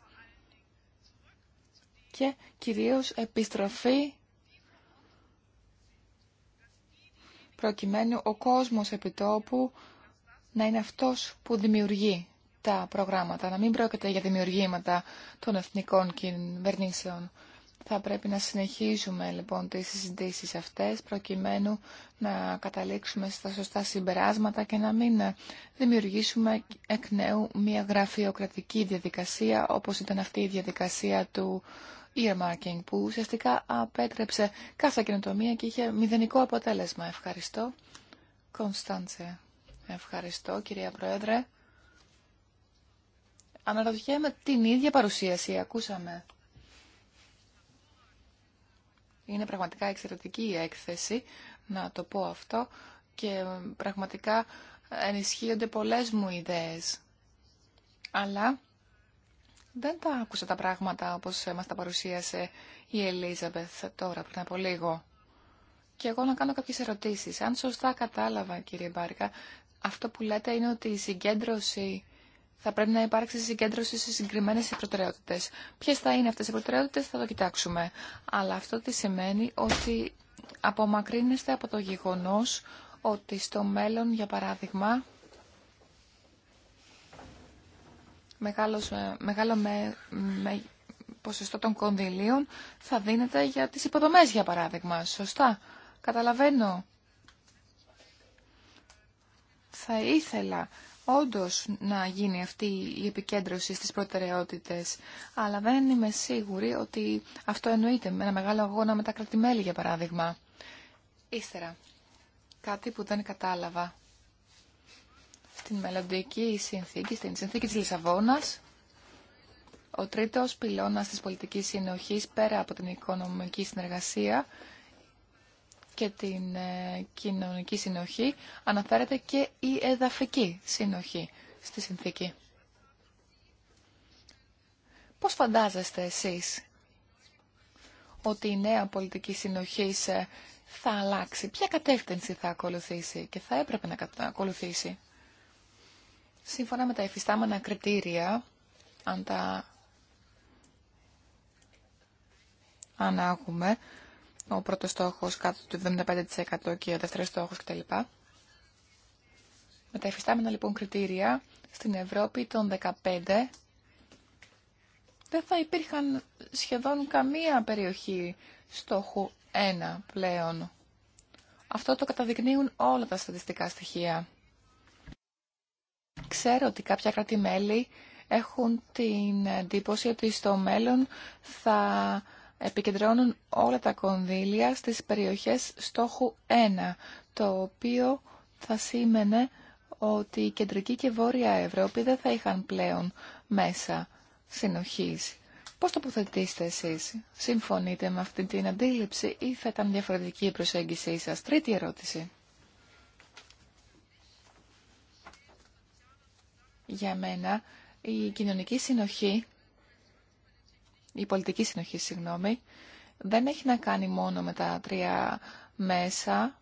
και κυρίως επιστροφή προκειμένου ο κόσμος επιτόπου να είναι αυτός που δημιουργεί τα προγράμματα, να μην πρόκειται για δημιουργήματα των εθνικών κυβερνήσεων. Θα πρέπει να συνεχίζουμε λοιπόν τις συζητήσεις αυτές προκειμένου να καταλήξουμε στα σωστά συμπεράσματα και να μην δημιουργήσουμε εκ νέου μια γραφειοκρατική διαδικασία όπως ήταν αυτή η διαδικασία του earmarking που ουσιαστικά απέτρεψε κάθε καινοτομία και είχε μηδενικό αποτέλεσμα. Ευχαριστώ. Κωνσταντσε. Ευχαριστώ κυρία Πρόεδρε. Αναρωτιέμαι την ίδια παρουσίαση, ακούσαμε. Είναι πραγματικά εξαιρετική η έκθεση, να το πω αυτό, και πραγματικά ενισχύονται πολλές μου ιδέες. Αλλά δεν τα άκουσα τα πράγματα όπως μας τα παρουσίασε η Ελίζαμπεθ τώρα πριν από λίγο. Και εγώ να κάνω κάποιες ερωτήσεις. Αν σωστά κατάλαβα κύριε Μπάρκα, αυτό που λέτε είναι ότι η συγκέντρωση θα πρέπει να υπάρξει συγκέντρωση σε συγκεκριμένε προτεραιότητε. Ποιε θα είναι αυτέ οι προτεραιότητε θα το κοιτάξουμε. Αλλά αυτό τι σημαίνει ότι απομακρύνεστε από το γεγονό ότι στο μέλλον, για παράδειγμα, μεγάλος, ε, μεγάλο με, με, ποσοστό των κονδυλίων θα δίνεται για τις υποδομές, για παράδειγμα. Σωστά. Καταλαβαίνω θα ήθελα όντως να γίνει αυτή η επικέντρωση στις προτεραιότητες, αλλά δεν είμαι σίγουρη ότι αυτό εννοείται με ένα μεγάλο αγώνα με τα κρατημέλη, για παράδειγμα. Ύστερα, κάτι που δεν κατάλαβα. Στην μελλοντική συνθήκη, στην συνθήκη της Λισαβόνας, ο τρίτος πυλώνας της πολιτικής συνοχής πέρα από την οικονομική συνεργασία και την ε, κοινωνική συνοχή αναφέρεται και η εδαφική συνοχή στη συνθήκη. Πώς φαντάζεστε εσείς ότι η νέα πολιτική συνοχή θα αλλάξει, ποια κατεύθυνση θα ακολουθήσει και θα έπρεπε να ακολουθήσει. Σύμφωνα με τα εφιστάμενα κριτήρια, αν τα ανάγουμε, ο πρώτος στόχος κάτω του 75% και ο δεύτερος στόχος κτλ. Με τα εφιστάμενα λοιπόν κριτήρια στην Ευρώπη των 15 δεν θα υπήρχαν σχεδόν καμία περιοχή στόχου 1 πλέον. Αυτό το καταδεικνύουν όλα τα στατιστικά στοιχεία. Ξέρω ότι κάποια κράτη-μέλη έχουν την εντύπωση ότι στο μέλλον θα επικεντρώνουν όλα τα κονδύλια στις περιοχές στόχου 1, το οποίο θα σήμαινε ότι η κεντρική και βόρεια Ευρώπη δεν θα είχαν πλέον μέσα συνοχής. Πώς τοποθετήσετε εσείς, συμφωνείτε με αυτή την αντίληψη ή θα ήταν διαφορετική η προσέγγιση σας. Τρίτη ερώτηση. Για μένα η κοινωνική συνοχή η πολιτική συνοχή, συγγνώμη, δεν έχει να κάνει μόνο με τα τρία μέσα,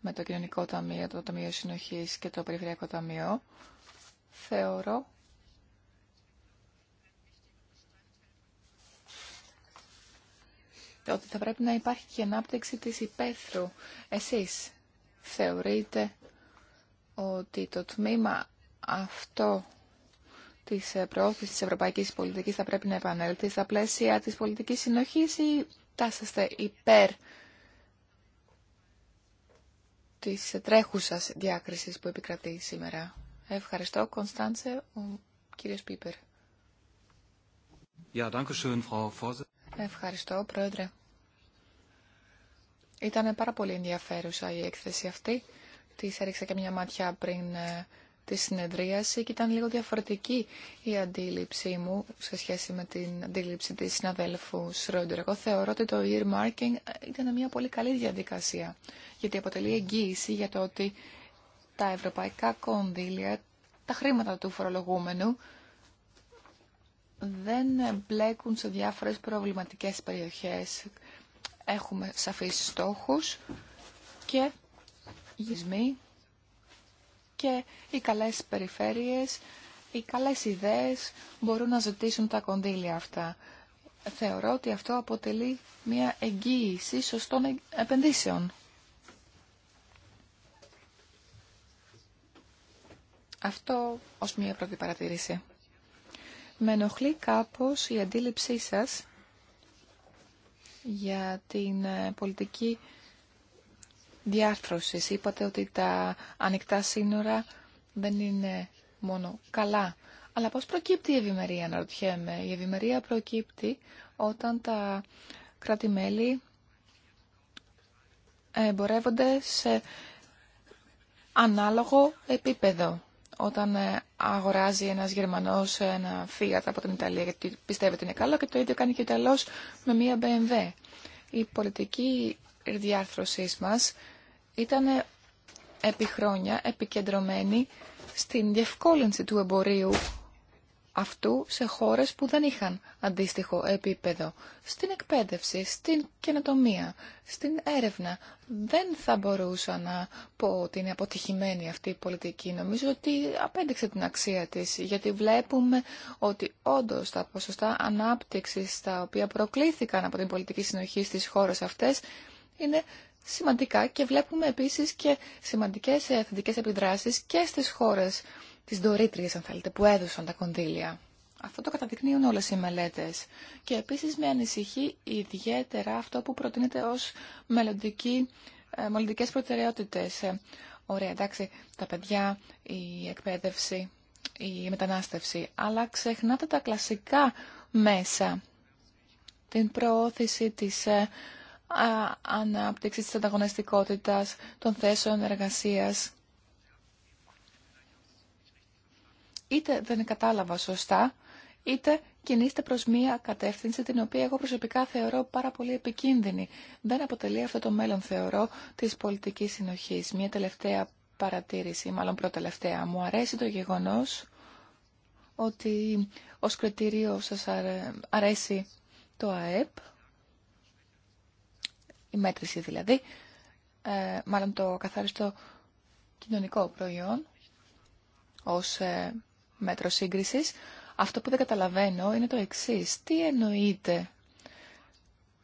με το Κοινωνικό Ταμείο, το Ταμείο Συνοχής και το Περιφερειακό Ταμείο. Θεωρώ ότι θα πρέπει να υπάρχει και ανάπτυξη της υπαίθρου. Εσείς θεωρείτε ότι το τμήμα αυτό της ε, προώθησης της ευρωπαϊκής πολιτικής θα πρέπει να επανέλθει στα πλαίσια της πολιτικής συνοχής ή τάσσεστε υπέρ της τρέχουσας διάκρισης που επικρατεί σήμερα. Ευχαριστώ, Κωνσταντσε, ο κύριος Πίπερ. Ευχαριστώ, Πρόεδρε. Ήταν πάρα πολύ ενδιαφέρουσα η έκθεση αυτή. Τη έριξα και μια μάτια πριν ε, τη συνεδρίαση και ήταν λίγο διαφορετική η αντίληψή μου σε σχέση με την αντίληψη της συναδέλφου Σρόντερ. Εγώ θεωρώ ότι το earmarking ήταν μια πολύ καλή διαδικασία, γιατί αποτελεί εγγύηση για το ότι τα ευρωπαϊκά κονδύλια, τα χρήματα του φορολογούμενου, δεν μπλέκουν σε διάφορες προβληματικές περιοχές. Έχουμε σαφείς στόχους και γυσμοί και οι καλές περιφέρειες, οι καλές ιδέες μπορούν να ζητήσουν τα κονδύλια αυτά. Θεωρώ ότι αυτό αποτελεί μια εγγύηση σωστών επενδύσεων. Αυτό ως μια πρώτη παρατήρηση. Με ενοχλεί κάπως η αντίληψή σας για την πολιτική διάρθρωσης. Είπατε ότι τα ανοιχτά σύνορα δεν είναι μόνο καλά. Αλλά πώς προκύπτει η ευημερία, να ρωτιέμαι. Η ευημερία προκύπτει όταν τα κράτη-μέλη ε, εμπορεύονται σε ανάλογο επίπεδο. Όταν ε, αγοράζει ένας Γερμανός ε, ένα Fiat από την Ιταλία γιατί πιστεύει ότι είναι καλό και το ίδιο κάνει και ο Ιταλός με μία BMW. Η πολιτική διάρθρωσής μας ήταν επί χρόνια επικεντρωμένη στην διευκόλυνση του εμπορίου αυτού σε χώρες που δεν είχαν αντίστοιχο επίπεδο. Στην εκπαίδευση, στην καινοτομία, στην έρευνα. Δεν θα μπορούσα να πω ότι είναι αποτυχημένη αυτή η πολιτική. Νομίζω ότι απέδειξε την αξία της, γιατί βλέπουμε ότι όντως τα ποσοστά ανάπτυξης τα οποία προκλήθηκαν από την πολιτική συνοχή στις χώρες αυτές είναι σημαντικά και βλέπουμε επίσης και σημαντικές θετικές επιδράσεις και στις χώρες της δωρήτριες, αν θέλετε, που έδωσαν τα κονδύλια. Αυτό το καταδεικνύουν όλες οι μελέτες. Και επίσης με ανησυχεί ιδιαίτερα αυτό που προτείνεται ως ε, μελλοντικές προτεραιότητες. Ε, ωραία, εντάξει, τα παιδιά, η εκπαίδευση, η μετανάστευση. Αλλά ξεχνάτε τα κλασικά μέσα. Την προώθηση της ε, ανάπτυξης της ανταγωνιστικότητας των θέσεων εργασίας. Είτε δεν κατάλαβα σωστά, είτε κινείστε προς μία κατεύθυνση την οποία εγώ προσωπικά θεωρώ πάρα πολύ επικίνδυνη. Δεν αποτελεί αυτό το μέλλον, θεωρώ, της πολιτικής συνοχής. Μία τελευταία παρατήρηση, μάλλον προτελευταία. Μου αρέσει το γεγονός ότι ως κριτήριο σας αρέσει το ΑΕΠ, η μέτρηση δηλαδή, ε, μάλλον το καθάριστο κοινωνικό προϊόν ως ε, μέτρο σύγκρισης. Αυτό που δεν καταλαβαίνω είναι το εξής. Τι εννοείται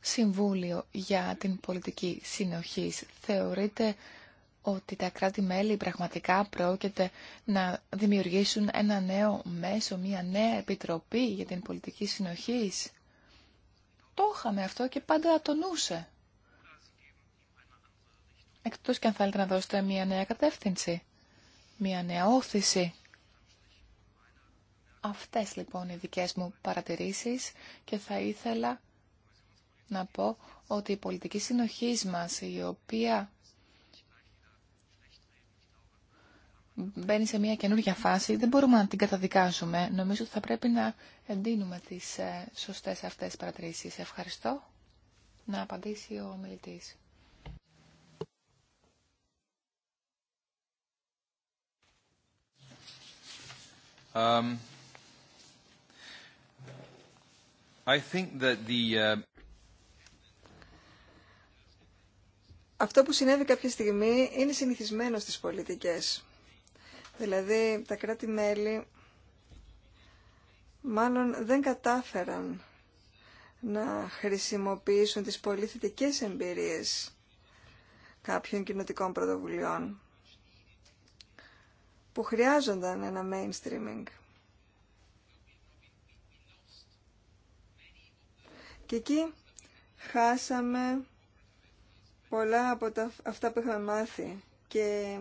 Συμβούλιο για την Πολιτική Συνοχής. Θεωρείτε ότι τα κράτη-μέλη πραγματικά πρόκειται να δημιουργήσουν ένα νέο μέσο, μια νέα επιτροπή για την πολιτική συνοχής. Το είχαμε αυτό και πάντα τονούσε εκτός και αν θέλετε να δώσετε μια νέα κατεύθυνση, μια νέα όθηση. Αυτές λοιπόν οι δικές μου παρατηρήσεις και θα ήθελα να πω ότι η πολιτική συνοχής μας, η οποία μπαίνει σε μια καινούργια φάση, δεν μπορούμε να την καταδικάσουμε. Νομίζω ότι θα πρέπει να εντείνουμε τις ε, σωστές αυτές παρατηρήσεις. Ευχαριστώ. Να απαντήσει ο μιλητής. Um, uh, Αυτό που συνέβη κάποια στιγμή είναι συνηθισμένο στις πολιτικές. Δηλαδή τα κράτη-μέλη μάλλον δεν κατάφεραν να χρησιμοποιήσουν τις πολύ θετικέ εμπειρίες κάποιων κοινοτικών πρωτοβουλειών που χρειάζονταν ένα mainstreaming. Και εκεί χάσαμε πολλά από τα, αυτά που είχαμε μάθει και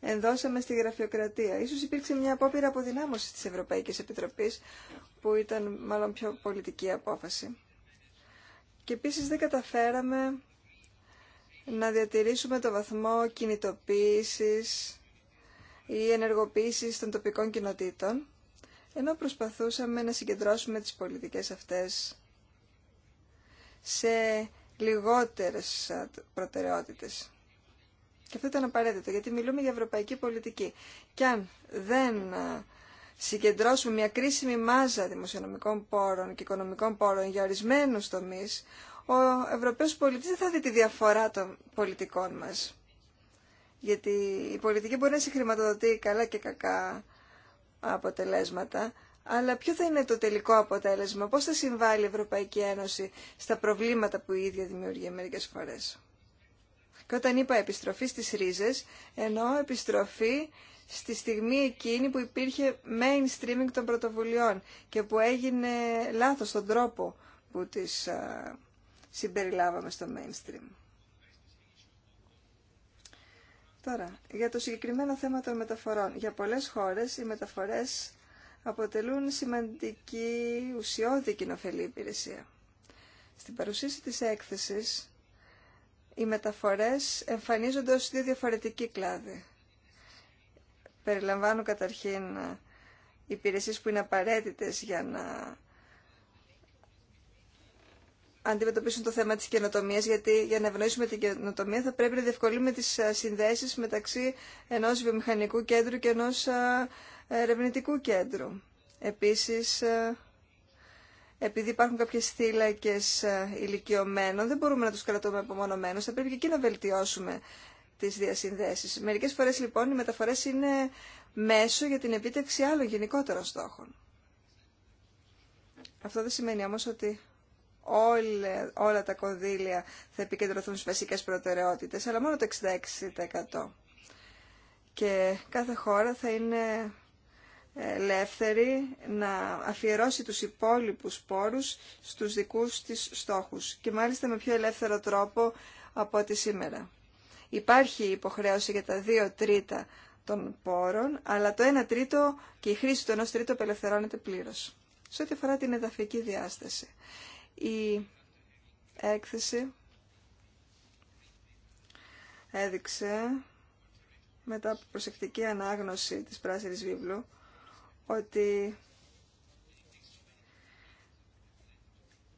ενδώσαμε στη γραφειοκρατία. Ίσως υπήρξε μια απόπειρα αποδυνάμωση της Ευρωπαϊκής Επιτροπής που ήταν μάλλον πιο πολιτική απόφαση. Και επίσης δεν καταφέραμε να διατηρήσουμε το βαθμό κινητοποίησης ή ενεργοποίηση των τοπικών κοινοτήτων, ενώ προσπαθούσαμε να συγκεντρώσουμε τις πολιτικές αυτές σε λιγότερες προτεραιότητες. Και αυτό ήταν απαραίτητο, γιατί μιλούμε για ευρωπαϊκή πολιτική. Και αν δεν συγκεντρώσουμε μια κρίσιμη μάζα δημοσιονομικών πόρων και οικονομικών πόρων για ορισμένους τομείς, ο Ευρωπαίος πολίτης δεν θα δει τη διαφορά των πολιτικών μας γιατί η πολιτική μπορεί να συγχρηματοδοτεί καλά και κακά αποτελέσματα, αλλά ποιο θα είναι το τελικό αποτέλεσμα, πώς θα συμβάλλει η Ευρωπαϊκή Ένωση στα προβλήματα που η ίδια δημιουργεί μερικές φορές. Και όταν είπα επιστροφή στις ρίζες, ενώ επιστροφή στη στιγμή εκείνη που υπήρχε mainstreaming των πρωτοβουλειών και που έγινε λάθος τον τρόπο που τις συμπεριλάβαμε στο mainstream. Τώρα, για το συγκεκριμένο θέμα των μεταφορών. Για πολλές χώρες οι μεταφορές αποτελούν σημαντική ουσιώδη κοινοφελή υπηρεσία. Στην παρουσίαση της έκθεσης, οι μεταφορές εμφανίζονται ως δύο διαφορετικοί κλάδοι. Περιλαμβάνουν καταρχήν υπηρεσίες που είναι απαραίτητες για να αντιμετωπίσουν το θέμα της καινοτομία, γιατί για να ευνοήσουμε την καινοτομία θα πρέπει να διευκολύνουμε τις συνδέσεις μεταξύ ενός βιομηχανικού κέντρου και ενός ερευνητικού κέντρου. Επίσης, επειδή υπάρχουν κάποιες θύλακες ηλικιωμένων, δεν μπορούμε να τους κρατούμε απομονωμένους, θα πρέπει και εκεί να βελτιώσουμε τις διασυνδέσεις. Μερικές φορές λοιπόν οι μεταφορές είναι μέσο για την επίτευξη άλλων γενικότερων στόχων. Αυτό δεν σημαίνει όμως ότι όλα, όλα τα κονδύλια θα επικεντρωθούν στις βασικές προτεραιότητες, αλλά μόνο το 66%. Και κάθε χώρα θα είναι ε, ελεύθερη να αφιερώσει τους υπόλοιπους πόρους στους δικούς της στόχους και μάλιστα με πιο ελεύθερο τρόπο από ό,τι σήμερα. Υπάρχει υποχρέωση για τα δύο τρίτα των πόρων, αλλά το ένα τρίτο και η χρήση του ενός τρίτου απελευθερώνεται πλήρως. Σε ό,τι αφορά την εδαφική διάσταση. Η έκθεση έδειξε μετά από προσεκτική ανάγνωση της Πράσινης Βίβλου ότι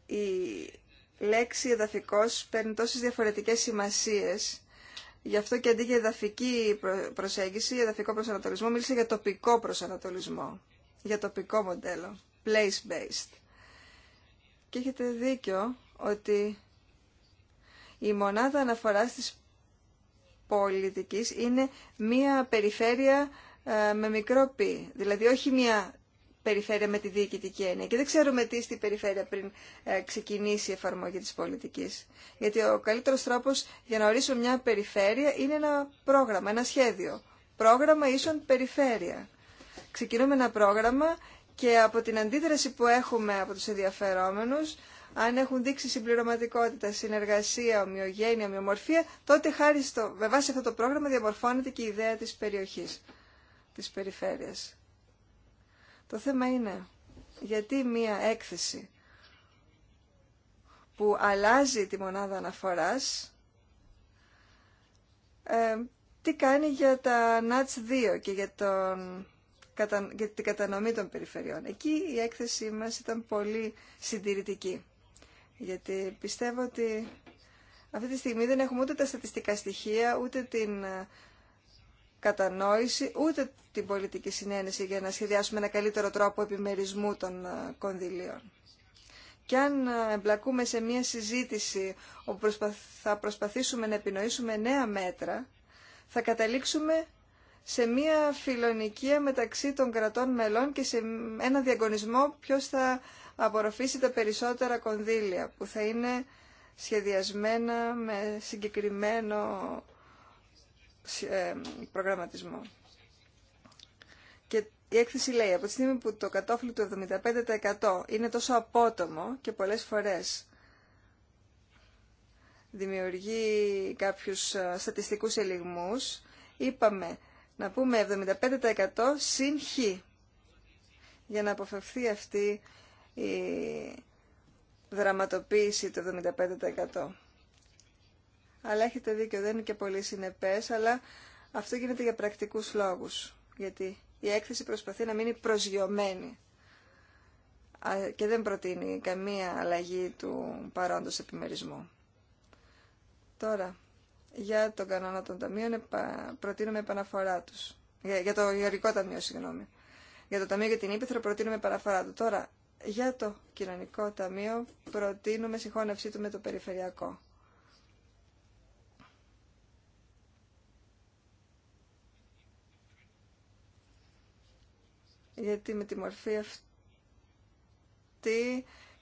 η λέξη εδαφικός παίρνει τόσες διαφορετικές σημασίες γι' αυτό και αντί για εδαφική προσέγγιση, εδαφικό προσανατολισμό μίλησε για τοπικό προσανατολισμό, για τοπικό μοντέλο, place-based. Και έχετε δίκιο ότι η μονάδα αναφοράς της πολιτικής είναι μία περιφέρεια ε, με μικρό πι. Δηλαδή όχι μία περιφέρεια με τη διοικητική έννοια. Και δεν ξέρουμε τι στη περιφέρεια πριν ε, ξεκινήσει η εφαρμογή της πολιτικής. Γιατί ο καλύτερος τρόπος για να ορίσουμε μια περιφέρεια είναι ένα πρόγραμμα, ένα σχέδιο. Πρόγραμμα ίσον περιφέρεια. Ξεκινούμε ένα πρόγραμμα και από την αντίδραση που έχουμε από τους ενδιαφερόμενους, αν έχουν δείξει συμπληρωματικότητα, συνεργασία, ομοιογένεια, ομοιομορφία, τότε χάρη στο, με βάση αυτό το πρόγραμμα διαμορφώνεται και η ιδέα της περιοχής, της περιφέρειας. Το θέμα είναι γιατί μία έκθεση που αλλάζει τη μονάδα αναφοράς, ε, τι κάνει για τα ΝΑΤΣ 2 και για τον για την κατανομή των περιφερειών. Εκεί η έκθεσή μας ήταν πολύ συντηρητική. Γιατί πιστεύω ότι αυτή τη στιγμή δεν έχουμε ούτε τα στατιστικά στοιχεία, ούτε την ε, κατανόηση, ούτε την πολιτική συνένεση για να σχεδιάσουμε ένα καλύτερο τρόπο επιμερισμού των ε, κονδυλίων. Και αν ε, εμπλακούμε σε μια συζήτηση όπου θα προσπαθήσουμε να επινοήσουμε νέα μέτρα, θα καταλήξουμε σε μία φιλονικία μεταξύ των κρατών μελών και σε ένα διαγωνισμό ποιος θα απορροφήσει τα περισσότερα κονδύλια που θα είναι σχεδιασμένα με συγκεκριμένο ε, προγραμματισμό. Και η έκθεση λέει, από τη στιγμή που το κατόφλι του 75% είναι τόσο απότομο και πολλές φορές δημιουργεί κάποιους ε, στατιστικούς ελιγμούς, είπαμε να πούμε 75% συν χ, για να αποφευθεί αυτή η δραματοποίηση του 75%. Αλλά έχετε δίκιο, δεν είναι και πολύ συνεπές, αλλά αυτό γίνεται για πρακτικούς λόγους, γιατί η έκθεση προσπαθεί να μείνει προσγειωμένη και δεν προτείνει καμία αλλαγή του παρόντος επιμερισμού. Τώρα, για τον κανόνα των ταμείων προτείνουμε επαναφορά τους. Για, για το γεωργικό ταμείο, συγγνώμη. Για το ταμείο για την Ήπειθρο προτείνουμε επαναφορά του. Τώρα, για το κοινωνικό ταμείο προτείνουμε συγχώνευσή του με το περιφερειακό. Γιατί με τη μορφή αυτή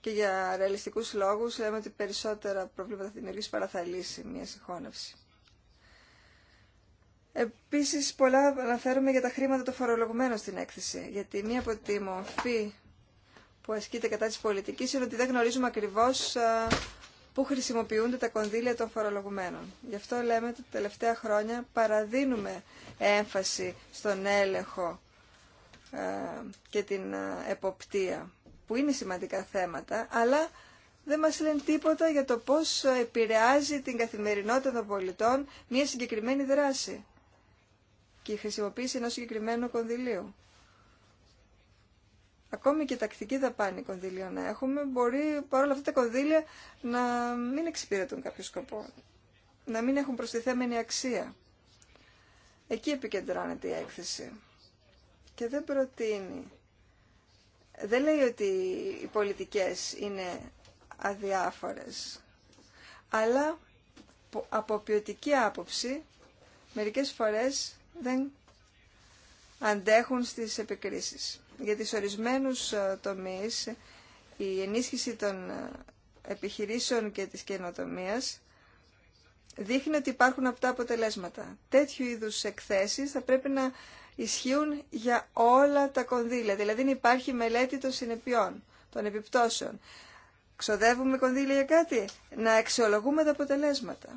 και για ρεαλιστικούς λόγους λέμε ότι περισσότερα προβλήματα θα δημιουργήσει παρά θα λύσει μια συγχώνευση. Επίσης πολλά αναφέρουμε για τα χρήματα των φορολογουμένων στην έκθεση, γιατί μία από τη μορφή που ασκείται κατά της πολιτικής είναι ότι δεν γνωρίζουμε ακριβώς πού χρησιμοποιούνται τα κονδύλια των φορολογουμένων. Γι' αυτό λέμε ότι τα τελευταία χρόνια παραδίνουμε έμφαση στον έλεγχο και την εποπτεία, που είναι σημαντικά θέματα, αλλά δεν μας λένε τίποτα για το πώς επηρεάζει την καθημερινότητα των πολιτών μια συγκεκριμένη δράση και η χρησιμοποίηση ενός συγκεκριμένου κονδυλίου. Ακόμη και τακτική δαπάνη κονδύλια να έχουμε, μπορεί παρόλα αυτά τα κονδύλια να μην εξυπηρετούν κάποιο σκοπό, να μην έχουν προστιθέμενη αξία. Εκεί επικεντρώνεται η έκθεση. Και δεν προτείνει. Δεν λέει ότι οι πολιτικές είναι αδιάφορες. Αλλά από ποιοτική άποψη, μερικές φορές δεν αντέχουν στις επικρίσεις. Για τις ορισμένους ε, τομείς, η ενίσχυση των ε, επιχειρήσεων και της καινοτομίας δείχνει ότι υπάρχουν αυτά αποτελέσματα. Τέτοιου είδους εκθέσεις θα πρέπει να ισχύουν για όλα τα κονδύλια. Δηλαδή υπάρχει μελέτη των συνεπειών, των επιπτώσεων. Ξοδεύουμε κονδύλια για κάτι, να αξιολογούμε τα αποτελέσματα.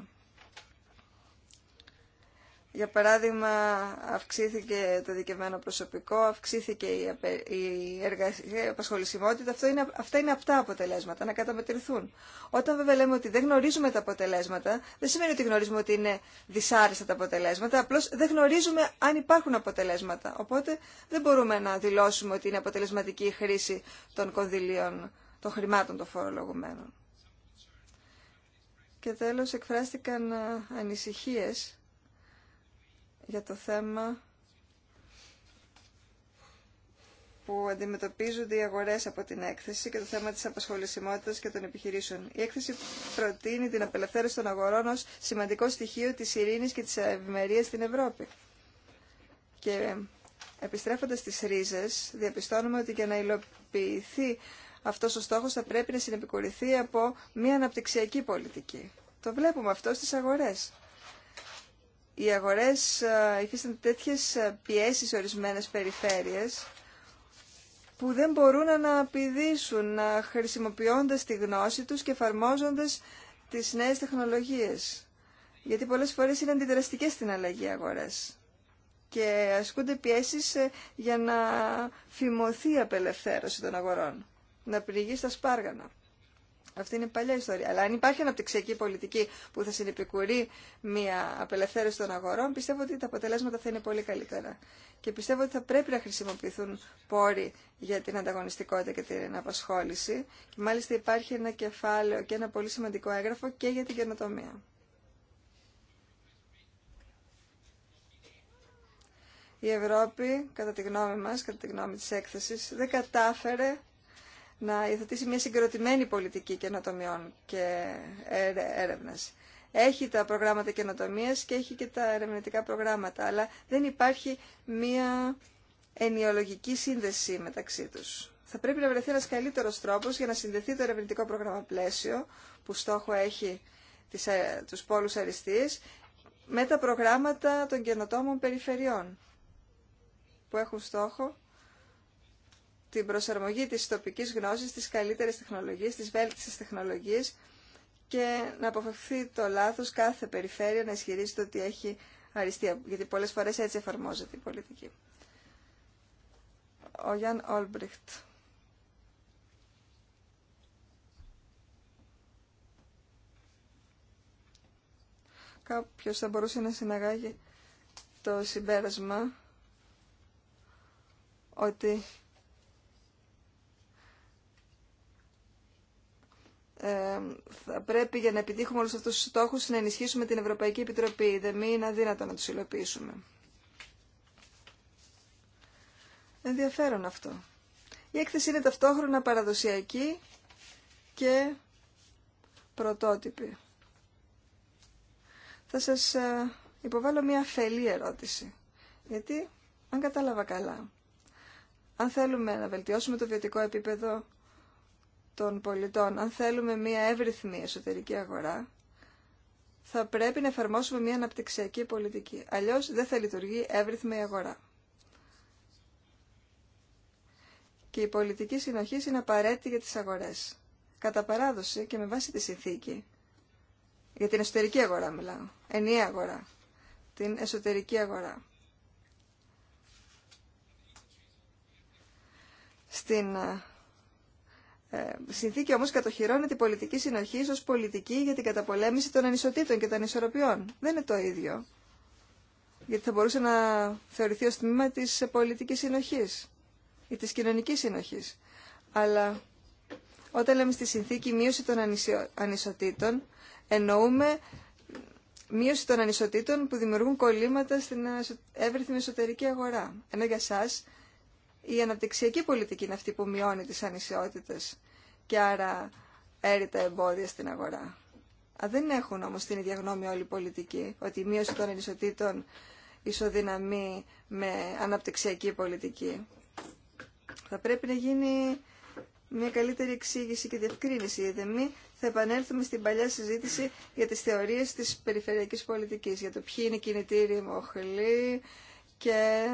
Για παράδειγμα, αυξήθηκε το δικαιωμένο προσωπικό, αυξήθηκε η, η, απασχολησιμότητα. Αυτό είναι, αυτά είναι απτά αποτελέσματα, να καταμετρηθούν. Όταν βέβαια λέμε ότι δεν γνωρίζουμε τα αποτελέσματα, δεν σημαίνει ότι γνωρίζουμε ότι είναι δυσάρεστα τα αποτελέσματα, απλώς δεν γνωρίζουμε αν υπάρχουν αποτελέσματα. Οπότε δεν μπορούμε να δηλώσουμε ότι είναι αποτελεσματική η χρήση των κονδυλίων, των χρημάτων των φορολογουμένων. Και τέλος εκφράστηκαν ε, ανησυχίες για το θέμα που αντιμετωπίζονται οι αγορές από την έκθεση και το θέμα της απασχολησιμότητας και των επιχειρήσεων. Η έκθεση προτείνει την απελευθέρωση των αγορών ως σημαντικό στοιχείο της ειρήνης και της ευημερίας στην Ευρώπη. Και επιστρέφοντας στις ρίζες, διαπιστώνουμε ότι για να υλοποιηθεί αυτός ο στόχος θα πρέπει να συνεπικουρηθεί από μια αναπτυξιακή πολιτική. Το βλέπουμε αυτό στις αγορές οι αγορές ε, υφίστανται τέτοιες ε, πιέσεις σε ορισμένες περιφέρειες που δεν μπορούν να να χρησιμοποιώντας τη γνώση τους και εφαρμόζοντας τις νέες τεχνολογίες. Γιατί πολλές φορές είναι αντιδραστικές στην αλλαγή αγορές και ασκούνται πιέσεις ε, για να φημωθεί η απελευθέρωση των αγορών, να πληγεί στα σπάργανα. Αυτή είναι η παλιά ιστορία. Αλλά αν υπάρχει αναπτυξιακή πολιτική που θα συνεπικουρεί μια απελευθέρωση των αγορών, πιστεύω ότι τα αποτελέσματα θα είναι πολύ καλύτερα. Και πιστεύω ότι θα πρέπει να χρησιμοποιηθούν πόροι για την ανταγωνιστικότητα και την απασχόληση. Και μάλιστα υπάρχει ένα κεφάλαιο και ένα πολύ σημαντικό έγγραφο και για την καινοτομία. Η Ευρώπη, κατά τη γνώμη μας, κατά τη γνώμη της έκθεσης, δεν κατάφερε να υιοθετήσει μια συγκροτημένη πολιτική καινοτομιών και έρευνα. Έχει τα προγράμματα καινοτομία και έχει και τα ερευνητικά προγράμματα, αλλά δεν υπάρχει μια ενιολογική σύνδεση μεταξύ του. Θα πρέπει να βρεθεί ένα καλύτερο τρόπο για να συνδεθεί το ερευνητικό πρόγραμμα πλαίσιο, που στόχο έχει ε, του πόλου αριστεί με τα προγράμματα των καινοτόμων περιφερειών, που έχουν στόχο την προσαρμογή της τοπικής γνώσης, της καλύτερης τεχνολογίας, της βέλτιστης τεχνολογίας και να αποφευθεί το λάθος κάθε περιφέρεια να ισχυρίζεται ότι έχει αριστεία, γιατί πολλές φορές έτσι εφαρμόζεται η πολιτική. Ο Γιάνν Όλμπριχτ. Κάποιος θα μπορούσε να συναγάγει το συμπέρασμα ότι θα πρέπει για να επιτύχουμε όλους αυτούς τους στόχους να ενισχύσουμε την Ευρωπαϊκή Επιτροπή. Δεν είναι αδύνατο να τους υλοποιήσουμε. Ενδιαφέρον αυτό. Η έκθεση είναι ταυτόχρονα παραδοσιακή και πρωτότυπη. Θα σας ε, υποβάλω μια αφελή ερώτηση. Γιατί, αν κατάλαβα καλά, αν θέλουμε να βελτιώσουμε το βιωτικό επίπεδο των πολιτών. Αν θέλουμε μια εύρυθμη εσωτερική αγορά, θα πρέπει να εφαρμόσουμε μια αναπτυξιακή πολιτική. Αλλιώς δεν θα λειτουργεί εύρυθμη αγορά. Και η πολιτική συνοχή είναι απαραίτητη για τις αγορές. Κατά παράδοση και με βάση τη συνθήκη, για την εσωτερική αγορά μιλάω, ενιαία αγορά, την εσωτερική αγορά. Στην ε, ε, συνθήκη όμως κατοχυρώνει την πολιτική συνοχή ω πολιτική για την καταπολέμηση των ανισοτήτων και των ισορροπιών. Δεν είναι το ίδιο. Γιατί θα μπορούσε να θεωρηθεί ως τμήμα τη πολιτικής συνοχής ή της κοινωνικής συνοχής. Αλλά όταν λέμε στη συνθήκη μείωση των ανισοτήτων, εννοούμε μείωση των ανισοτήτων που δημιουργούν κολλήματα στην εύρυθμη εσωτερική αγορά. Ενώ για εσά η αναπτυξιακή πολιτική είναι αυτή που μειώνει τις ανισότητε και άρα έρει τα εμπόδια στην αγορά. Α, δεν έχουν όμως την ίδια γνώμη όλοι οι πολιτικοί ότι η μείωση των ανισοτήτων ισοδυναμεί με αναπτυξιακή πολιτική. Θα πρέπει να γίνει μια καλύτερη εξήγηση και διευκρίνηση, γιατί μη θα επανέλθουμε στην παλιά συζήτηση για τις θεωρίες της περιφερειακής πολιτικής, για το ποιοι είναι κινητήριοι μοχλοί και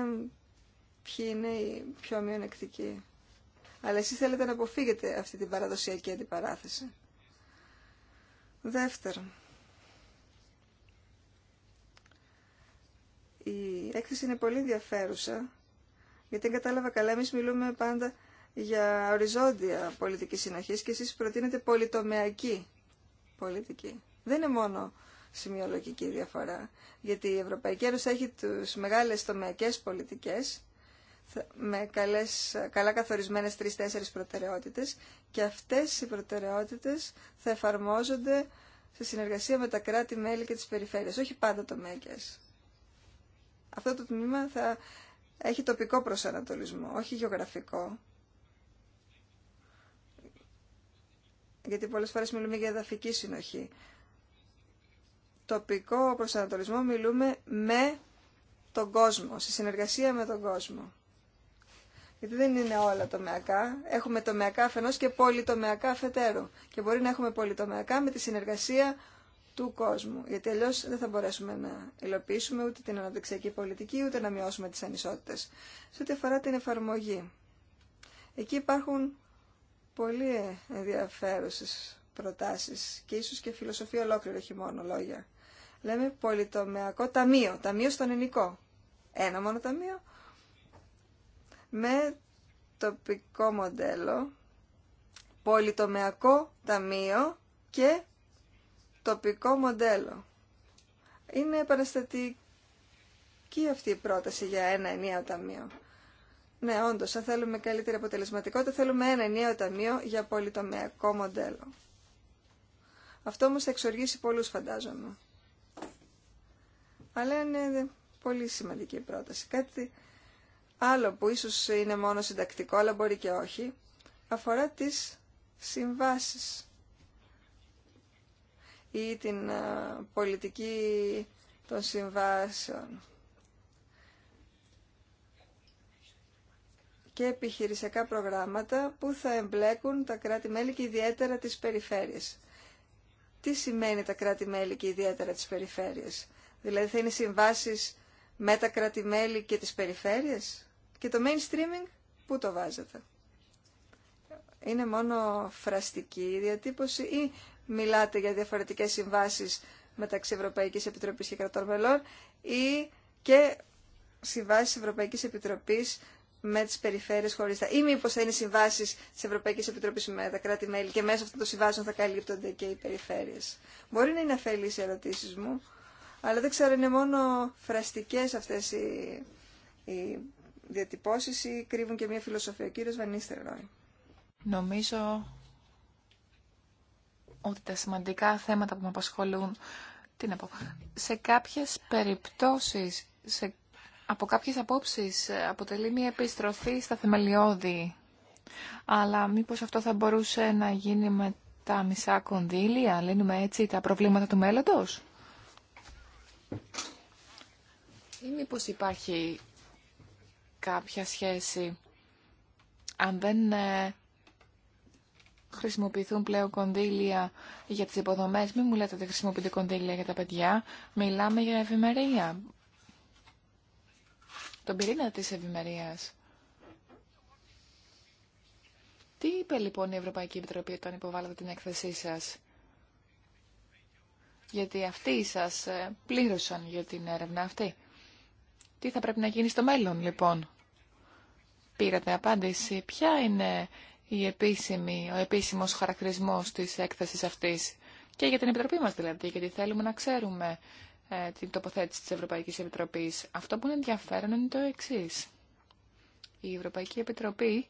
ποιοι είναι οι πιο μειονεκτικοί. Αλλά εσείς θέλετε να αποφύγετε αυτή την παραδοσιακή αντιπαράθεση. Δεύτερον, η έκθεση είναι πολύ ενδιαφέρουσα, γιατί κατάλαβα καλά, εμείς μιλούμε πάντα για οριζόντια πολιτική συνοχής και εσείς προτείνετε πολυτομεακή πολιτική. Δεν είναι μόνο σημειολογική διαφορά, γιατί η Ευρωπαϊκή Ένωση έχει τους μεγάλες τομεακές πολιτικές με καλές, καλά καθορισμένες τρεις-τέσσερις προτεραιότητες και αυτές οι προτεραιότητες θα εφαρμόζονται σε συνεργασία με τα κράτη-μέλη και τις περιφέρειες, όχι πάντα το ΜΕΚΕΣ. Αυτό το τμήμα θα έχει τοπικό προσανατολισμό, όχι γεωγραφικό. Γιατί πολλές φορές μιλούμε για εδαφική συνοχή. Τοπικό προσανατολισμό μιλούμε με τον κόσμο, σε συνεργασία με τον κόσμο. Γιατί δεν είναι όλα τομεακά. Έχουμε τομεακά αφενό και πολυτομεακά αφετέρου. Και μπορεί να έχουμε πολυτομεακά με τη συνεργασία του κόσμου. Γιατί αλλιώ δεν θα μπορέσουμε να υλοποιήσουμε ούτε την αναπτυξιακή πολιτική, ούτε να μειώσουμε τι ανισότητε. Σε ό,τι αφορά την εφαρμογή. Εκεί υπάρχουν πολύ ενδιαφέρουσε προτάσει. και ίσω και φιλοσοφία ολόκληρη, όχι μόνο λόγια. Λέμε πολυτομεακό ταμείο, ταμείο στον ελληνικό. Ένα μόνο ταμείο με τοπικό μοντέλο, πολυτομεακό ταμείο και τοπικό μοντέλο. Είναι παραστατική αυτή η πρόταση για ένα ενιαίο ταμείο. Ναι, όντως, αν θέλουμε καλύτερη αποτελεσματικότητα, θέλουμε ένα ενιαίο ταμείο για πολυτομεακό μοντέλο. Αυτό όμως θα εξοργήσει πολλούς, φαντάζομαι. Αλλά είναι πολύ σημαντική η πρόταση. Κάτι άλλο που ίσως είναι μόνο συντακτικό, αλλά μπορεί και όχι, αφορά τις συμβάσεις ή την ε, πολιτική των συμβάσεων και επιχειρησιακά προγράμματα που θα εμπλέκουν τα κράτη-μέλη και ιδιαίτερα τις περιφέρειες. Τι σημαίνει τα κράτη-μέλη και ιδιαίτερα τις περιφέρειες. Δηλαδή θα είναι συμβάσεις με τα κράτη-μέλη και τις περιφέρειες. Και το mainstreaming, πού το βάζετε. Είναι μόνο φραστική διατύπωση ή μιλάτε για διαφορετικές συμβάσεις μεταξύ Ευρωπαϊκής Επιτροπής και κρατών μελών ή και συμβάσεις Ευρωπαϊκής Επιτροπής με τις περιφέρειες τα... Ή μήπω θα είναι συμβάσεις της Ευρωπαϊκής Επιτροπής με τα κράτη-μέλη και μέσα αυτών των συμβάσεων θα καλύπτονται και οι περιφέρειες. Μπορεί να είναι αφελείς οι ερωτήσεις μου, αλλά δεν ξέρω, είναι μόνο φραστικές αυτές οι, οι διατυπώσεις ή κρύβουν και μια φιλοσοφία. Ο κύριος Βανίστερ Ρόι. Νομίζω ότι τα σημαντικά θέματα που με απασχολούν, τι να σε κάποιες περιπτώσεις, σε, από κάποιες απόψεις ε, αποτελεί μια επιστροφή στα θεμελιώδη. Αλλά μήπως αυτό θα μπορούσε να γίνει με τα μισά κονδύλια, λύνουμε έτσι τα προβλήματα του μέλλοντος. Ή μήπως υπάρχει κάποια σχέση. Αν δεν ε, χρησιμοποιηθούν πλέον κονδύλια για τις υποδομές, μην μου λέτε ότι χρησιμοποιείτε κονδύλια για τα παιδιά, μιλάμε για ευημερία. Τον πυρήνα της ευημερία. Τι είπε λοιπόν η Ευρωπαϊκή Επιτροπή όταν υποβάλλατε την έκθεσή σας. Γιατί αυτοί σας ε, πλήρωσαν για την έρευνα αυτή. Τι θα πρέπει να γίνει στο μέλλον, λοιπόν. Πήρατε απάντηση. Ποια είναι η επίσημη, ο επίσημος χαρακτηρισμός της έκθεσης αυτής και για την Επιτροπή μας δηλαδή, γιατί θέλουμε να ξέρουμε ε, την τοποθέτηση της Ευρωπαϊκής Επιτροπής. Αυτό που είναι ενδιαφέρον είναι το εξή. Η Ευρωπαϊκή Επιτροπή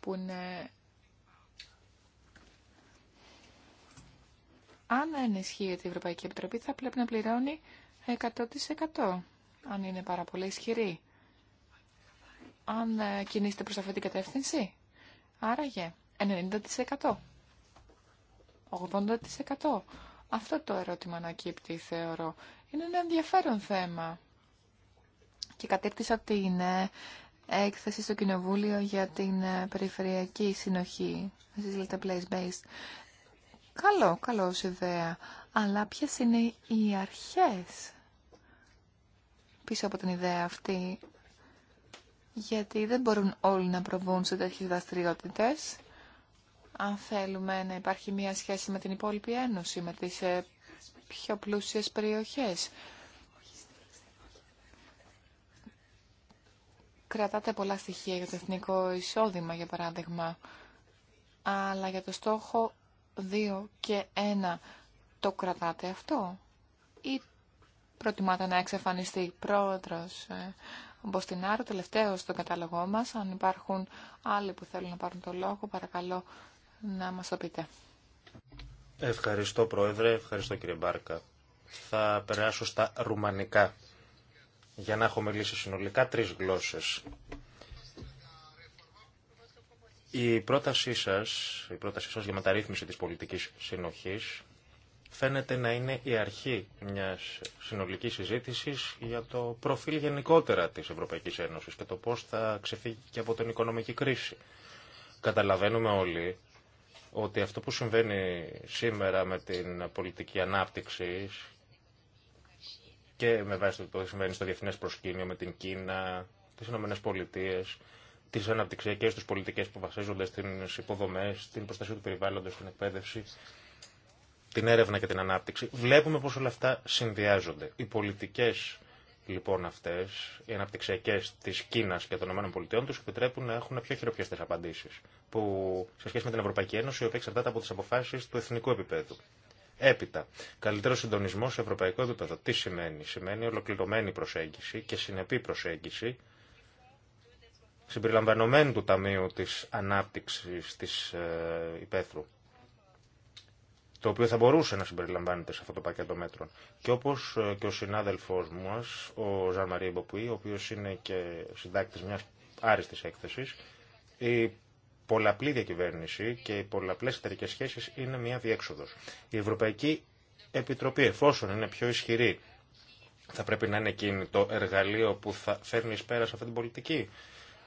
που είναι... Αν ενισχύεται η Ευρωπαϊκή Επιτροπή θα πρέπει να πληρώνει 100% αν είναι πάρα πολύ ισχυρή, αν ε, κινείστε προς αυτή την κατεύθυνση. Άραγε, 90%. 80%. Αυτό το ερώτημα να ανακύπτει, θεωρώ. Είναι ένα ενδιαφέρον θέμα. Και ότι είναι έκθεση στο Κοινοβούλιο για την ε, περιφερειακή συνοχή. Εσείς λέτε place-based. Καλό, καλό ιδέα. Αλλά ποιες είναι οι αρχές πίσω από την ιδέα αυτή, γιατί δεν μπορούν όλοι να προβούν σε τέτοιες δραστηριότητε. Αν θέλουμε να υπάρχει μία σχέση με την υπόλοιπη Ένωση, με τις ε, πιο πλούσιες περιοχές. Κρατάτε πολλά στοιχεία για το εθνικό εισόδημα, για παράδειγμα, αλλά για το στόχο 2 και 1 το κρατάτε αυτό ή προτιμάτε να εξαφανιστεί πρόεδρος την ε, Μποστινάρου, τελευταίο στον κατάλογό μας. Αν υπάρχουν άλλοι που θέλουν να πάρουν το λόγο, παρακαλώ να μας το πείτε. Ευχαριστώ Πρόεδρε, ευχαριστώ κύριε Μπάρκα. Θα περάσω στα ρουμανικά, για να έχω μιλήσει συνολικά τρεις γλώσσες. Η πρότασή σας, η πρότασή σας για μεταρρύθμιση της πολιτικής συνοχής φαίνεται να είναι η αρχή μιας συνολικής συζήτησης για το προφίλ γενικότερα της Ευρωπαϊκής Ένωσης και το πώς θα ξεφύγει και από την οικονομική κρίση. Καταλαβαίνουμε όλοι ότι αυτό που συμβαίνει σήμερα με την πολιτική ανάπτυξη και με βάση το τι συμβαίνει στο διεθνές προσκήνιο με την Κίνα, τις Ηνωμένες Πολιτείες, τι αναπτυξιακέ του πολιτικέ που βασίζονται στι υποδομέ, στην προστασία του περιβάλλοντο, στην εκπαίδευση, την έρευνα και την ανάπτυξη. Βλέπουμε πως όλα αυτά συνδυάζονται. Οι πολιτικές λοιπόν αυτές, οι αναπτυξιακές της Κίνας και των ΗΠΑ τους επιτρέπουν να έχουν πιο χειροπιαστές απαντήσεις που σε σχέση με την Ευρωπαϊκή Ένωση η οποία εξαρτάται από τις αποφάσεις του εθνικού επίπεδου. Έπειτα, καλύτερο συντονισμό σε ευρωπαϊκό επίπεδο. Τι σημαίνει, Σημαίνει ολοκληρωμένη προσέγγιση και συνεπή προσέγγιση συμπεριλαμβανομένου του Ταμείου της Ανάπτυξης της ε, το οποίο θα μπορούσε να συμπεριλαμβάνεται σε αυτό το πακέτο μέτρων. Και όπω ε, και ο συνάδελφό μα, ο Ζαν Μποπουή, ο οποίο είναι και συντάκτη μια άριστη έκθεση, η πολλαπλή διακυβέρνηση και οι πολλαπλέ εταιρικέ σχέσει είναι μια διέξοδο. Η Ευρωπαϊκή Επιτροπή, εφόσον είναι πιο ισχυρή, θα πρέπει να είναι εκείνη το εργαλείο που θα φέρνει πέρα σε αυτή την πολιτική.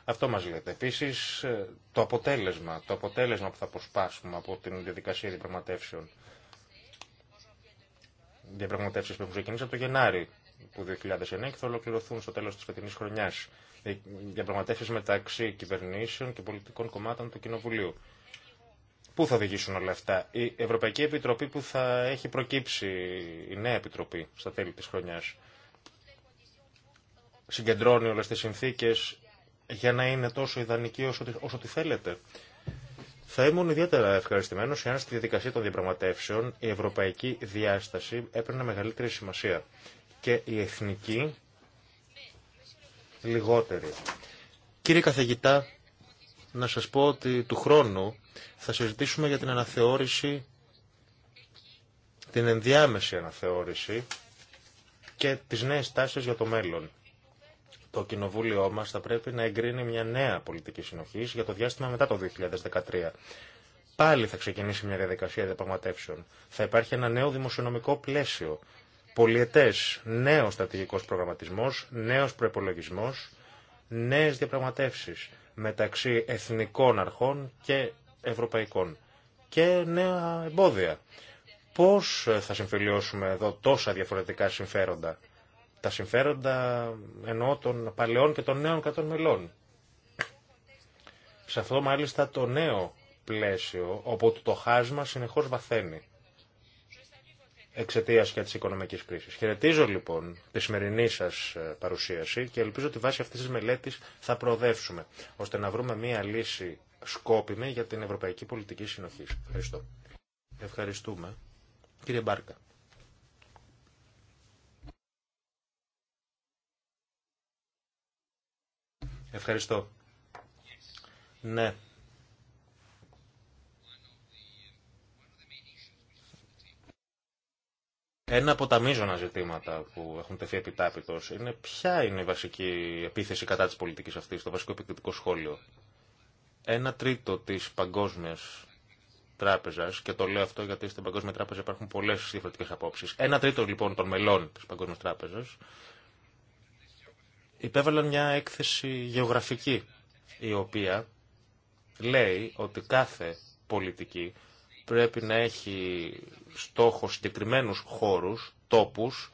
Αυτό μας λέτε. Επίσης, ε, το αποτέλεσμα, το αποτέλεσμα που θα αποσπάσουμε από την διαδικασία διαπραγματεύσεων, διαπραγματεύσεις που έχουν ξεκινήσει από το Γενάρη του 2009 και θα ολοκληρωθούν στο τέλος της φετινής χρονιάς. Διαπραγματεύσεις μεταξύ κυβερνήσεων και πολιτικών κομμάτων του Κοινοβουλίου. Πού θα οδηγήσουν όλα αυτά. Η Ευρωπαϊκή Επιτροπή που θα έχει προκύψει, η νέα Επιτροπή, στα τέλη της χρονιάς, συγκεντρώνει όλες τις συνθήκες για να είναι τόσο ιδανική όσο, όσο τη θέλετε. Θα ήμουν ιδιαίτερα ευχαριστημένο εάν στη διαδικασία των διαπραγματεύσεων η ευρωπαϊκή διάσταση έπαιρνε μεγαλύτερη σημασία και η εθνική λιγότερη. Κύριε καθηγητά, να σας πω ότι του χρόνου θα συζητήσουμε για την αναθεώρηση, την ενδιάμεση αναθεώρηση και τις νέες τάσεις για το μέλλον το κοινοβούλιο μα θα πρέπει να εγκρίνει μια νέα πολιτική συνοχής για το διάστημα μετά το 2013. Πάλι θα ξεκινήσει μια διαδικασία διαπραγματεύσεων. Θα υπάρχει ένα νέο δημοσιονομικό πλαίσιο. Πολιετές, νέος στρατηγικός προγραμματισμός, νέος προπολογισμό, νέες διαπραγματεύσεις μεταξύ εθνικών αρχών και ευρωπαϊκών και νέα εμπόδια. Πώς θα συμφιλιώσουμε εδώ τόσα διαφορετικά συμφέροντα τα συμφέροντα εννοώ των παλαιών και των νέων κατών μελών. Σε αυτό μάλιστα το νέο πλαίσιο, όπου το χάσμα συνεχώς βαθαίνει εξαιτία και τη οικονομική κρίση. Χαιρετίζω λοιπόν τη σημερινή σα ε, παρουσίαση και ελπίζω ότι βάσει αυτή τη μελέτη θα προοδεύσουμε ώστε να βρούμε μία λύση σκόπιμη για την ευρωπαϊκή πολιτική συνοχή. Ευχαριστώ. Ευχαριστούμε. Κύριε Μπάρκα. Ευχαριστώ. Ναι. Ένα από τα μείζωνα ζητήματα που έχουν τεθεί επιτάπητο είναι ποια είναι η βασική επίθεση κατά τη πολιτική αυτή, το βασικό επικριτικό σχόλιο. Ένα τρίτο τη παγκόσμια τράπεζα, και το λέω αυτό γιατί στην παγκόσμια τράπεζα υπάρχουν πολλέ διαφορετικέ απόψει. Ένα τρίτο λοιπόν των μελών τη παγκόσμια τράπεζα υπέβαλαν μια έκθεση γεωγραφική, η οποία λέει ότι κάθε πολιτική πρέπει να έχει στόχο συγκεκριμένους χώρους, τόπους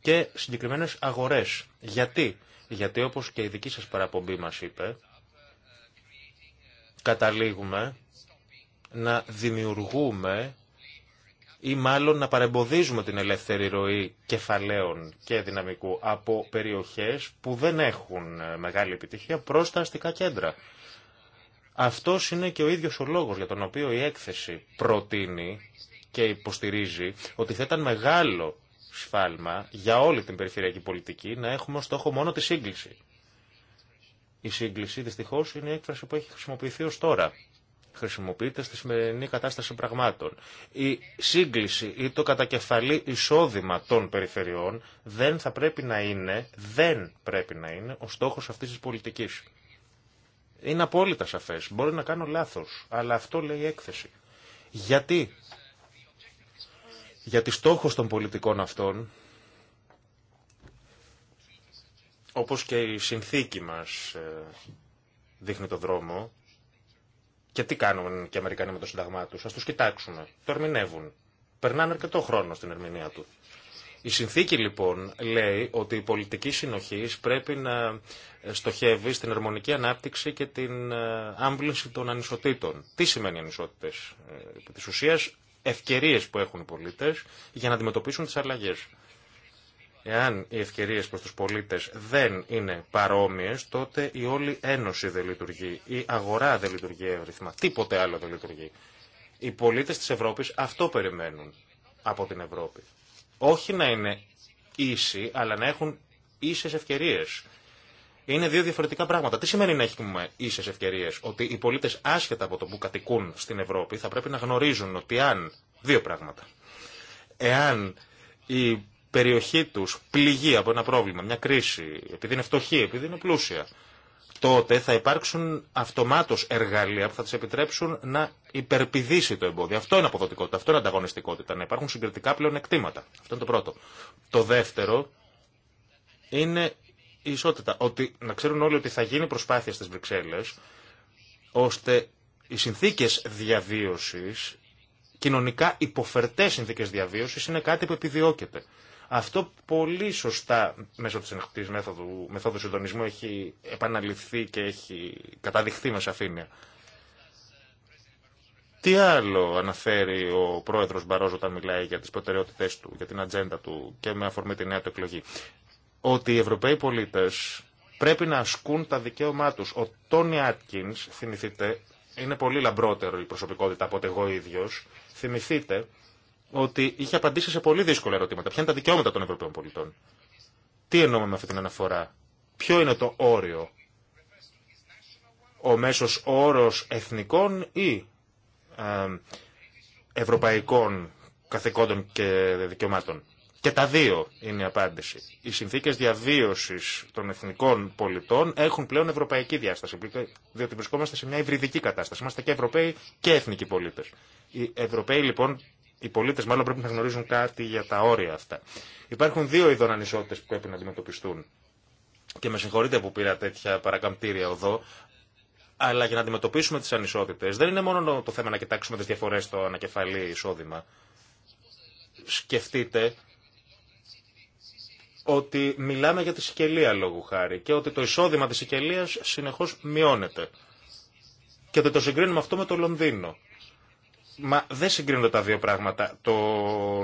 και συγκεκριμένες αγορές. Γιατί, γιατί όπως και η δική σας παραπομπή μας είπε, καταλήγουμε να δημιουργούμε ή μάλλον να παρεμποδίζουμε την ελεύθερη ροή κεφαλαίων και δυναμικού από περιοχές που δεν έχουν ε, μεγάλη επιτυχία προς τα αστικά κέντρα. Αυτό είναι και ο ίδιος ο λόγος για τον οποίο η έκθεση προτείνει και υποστηρίζει ότι θα ήταν μεγάλο σφάλμα για όλη την περιφερειακή πολιτική να έχουμε στόχο μόνο τη σύγκληση. Η σύγκληση δυστυχώς είναι η έκφραση που έχει χρησιμοποιηθεί ως τώρα χρησιμοποιείται στη σημερινή κατάσταση πραγμάτων. Η σύγκληση ή το κατακεφαλή εισόδημα των περιφερειών δεν θα πρέπει να είναι, δεν πρέπει να είναι ο στόχος αυτής της πολιτικής. Είναι απόλυτα σαφές. Μπορεί να κάνω λάθος, αλλά αυτό λέει η έκθεση. Γιατί? Γιατί στόχος των πολιτικών αυτών, όπως και η συνθήκη μας ε, δείχνει το δρόμο, και τι κάνουν και οι Αμερικανοί με το Σύνταγμά του. Α του κοιτάξουμε. Το ερμηνεύουν. Περνάνε αρκετό χρόνο στην ερμηνεία του. Η συνθήκη λοιπόν λέει ότι η πολιτική συνοχή πρέπει να στοχεύει στην ερμονική ανάπτυξη και την ε, άμπλυνση των ανισοτήτων. Τι σημαίνει ανισότητε. Ε, επί τη ουσία ευκαιρίε που έχουν οι πολίτε για να αντιμετωπίσουν τι αλλαγέ. Εάν οι ευκαιρίε προ του πολίτε δεν είναι παρόμοιε, τότε η όλη ένωση δεν λειτουργεί. Η αγορά δεν λειτουργεί εύρυθμα. Τίποτε άλλο δεν λειτουργεί. Οι πολίτε τη Ευρώπη αυτό περιμένουν από την Ευρώπη. Όχι να είναι ίσοι, αλλά να έχουν ίσες ευκαιρίε. Είναι δύο διαφορετικά πράγματα. Τι σημαίνει να έχουμε ίσε ευκαιρίε, Ότι οι πολίτε άσχετα από το που κατοικούν στην Ευρώπη θα πρέπει να γνωρίζουν ότι αν... Δύο πράγματα. Εάν οι περιοχή τους πληγεί από ένα πρόβλημα, μια κρίση, επειδή είναι φτωχή, επειδή είναι πλούσια, τότε θα υπάρξουν αυτομάτως εργαλεία που θα τις επιτρέψουν να υπερπηδήσει το εμπόδιο. Αυτό είναι αποδοτικότητα, αυτό είναι ανταγωνιστικότητα, να υπάρχουν συγκριτικά πλέον εκτήματα. Αυτό είναι το πρώτο. Το δεύτερο είναι η ισότητα. Ότι, να ξέρουν όλοι ότι θα γίνει προσπάθεια στις Βρυξέλλες, ώστε οι συνθήκες διαβίωσης, κοινωνικά υποφερτές συνθήκες διαβίωσης, είναι κάτι που επιδιώκεται. Αυτό πολύ σωστά μέσω της μέθοδου, μεθόδου συντονισμού έχει επαναληφθεί και έχει καταδειχθεί με σαφήνεια. Τι άλλο αναφέρει ο πρόεδρος Μπαρόζ όταν μιλάει για τις προτεραιότητες του, για την ατζέντα του και με αφορμή τη νέα του εκλογή. Ότι οι Ευρωπαίοι πολίτες πρέπει να ασκούν τα δικαίωμά τους. Ο Τόνι Άτκινς, θυμηθείτε, είναι πολύ λαμπρότερο η προσωπικότητα από ότι εγώ ίδιος. Θυμηθείτε ότι είχε απαντήσει σε πολύ δύσκολα ερωτήματα. Ποια είναι τα δικαιώματα των Ευρωπαίων πολιτών. Τι εννοούμε με αυτή την αναφορά. Ποιο είναι το όριο. Ο μέσος όρος εθνικών ή ευρωπαϊκών καθηκόντων και δικαιωμάτων. Και τα δύο είναι η απάντηση. Οι συνθήκε διαβίωση των εθνικών πολιτών έχουν πλέον ευρωπαϊκή διάσταση, διότι βρισκόμαστε σε μια υβριδική κατάσταση. Είμαστε και Ευρωπαίοι και εθνικοί πολίτε. Οι Ευρωπαίοι λοιπόν οι πολίτε μάλλον πρέπει να γνωρίζουν κάτι για τα όρια αυτά. Υπάρχουν δύο ειδών ανισότητε που πρέπει να αντιμετωπιστούν. Και με συγχωρείτε που πήρα τέτοια παρακαμπτήρια εδώ, αλλά για να αντιμετωπίσουμε τι ανισότητε δεν είναι μόνο το θέμα να κοιτάξουμε τι διαφορέ στο ανακεφαλή εισόδημα. Σκεφτείτε ότι μιλάμε για τη Σικελία λόγου χάρη και ότι το εισόδημα της Σικελίας συνεχώς μειώνεται. Και ότι το συγκρίνουμε αυτό με το Λονδίνο. Μα δεν συγκρίνονται τα δύο πράγματα. Το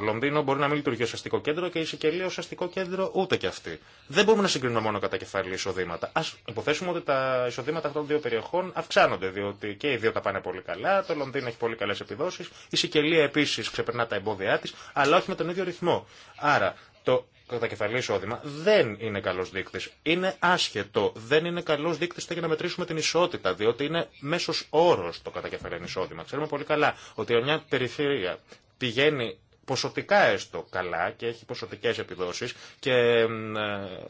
Λονδίνο μπορεί να μην λειτουργεί ω αστικό κέντρο και η Σικελία ω αστικό κέντρο ούτε και αυτή. Δεν μπορούμε να συγκρίνουμε μόνο κατά κεφάλι εισοδήματα. Α υποθέσουμε ότι τα εισοδήματα αυτών των δύο περιοχών αυξάνονται, διότι και οι δύο τα πάνε πολύ καλά. Το Λονδίνο έχει πολύ καλέ επιδόσει. Η Σικελία επίση ξεπερνά τα εμπόδια τη, αλλά όχι με τον ίδιο ρυθμό. Άρα το κατακεφαλή εισόδημα δεν είναι καλό δείκτη. Είναι άσχετο. Δεν είναι καλό δείκτη για να μετρήσουμε την ισότητα, διότι είναι μέσο όρο το κατακεφαλή εισόδημα. Ξέρουμε πολύ καλά ότι μια περιφέρεια πηγαίνει ποσοτικά έστω καλά και έχει ποσοτικέ επιδόσεις και ε,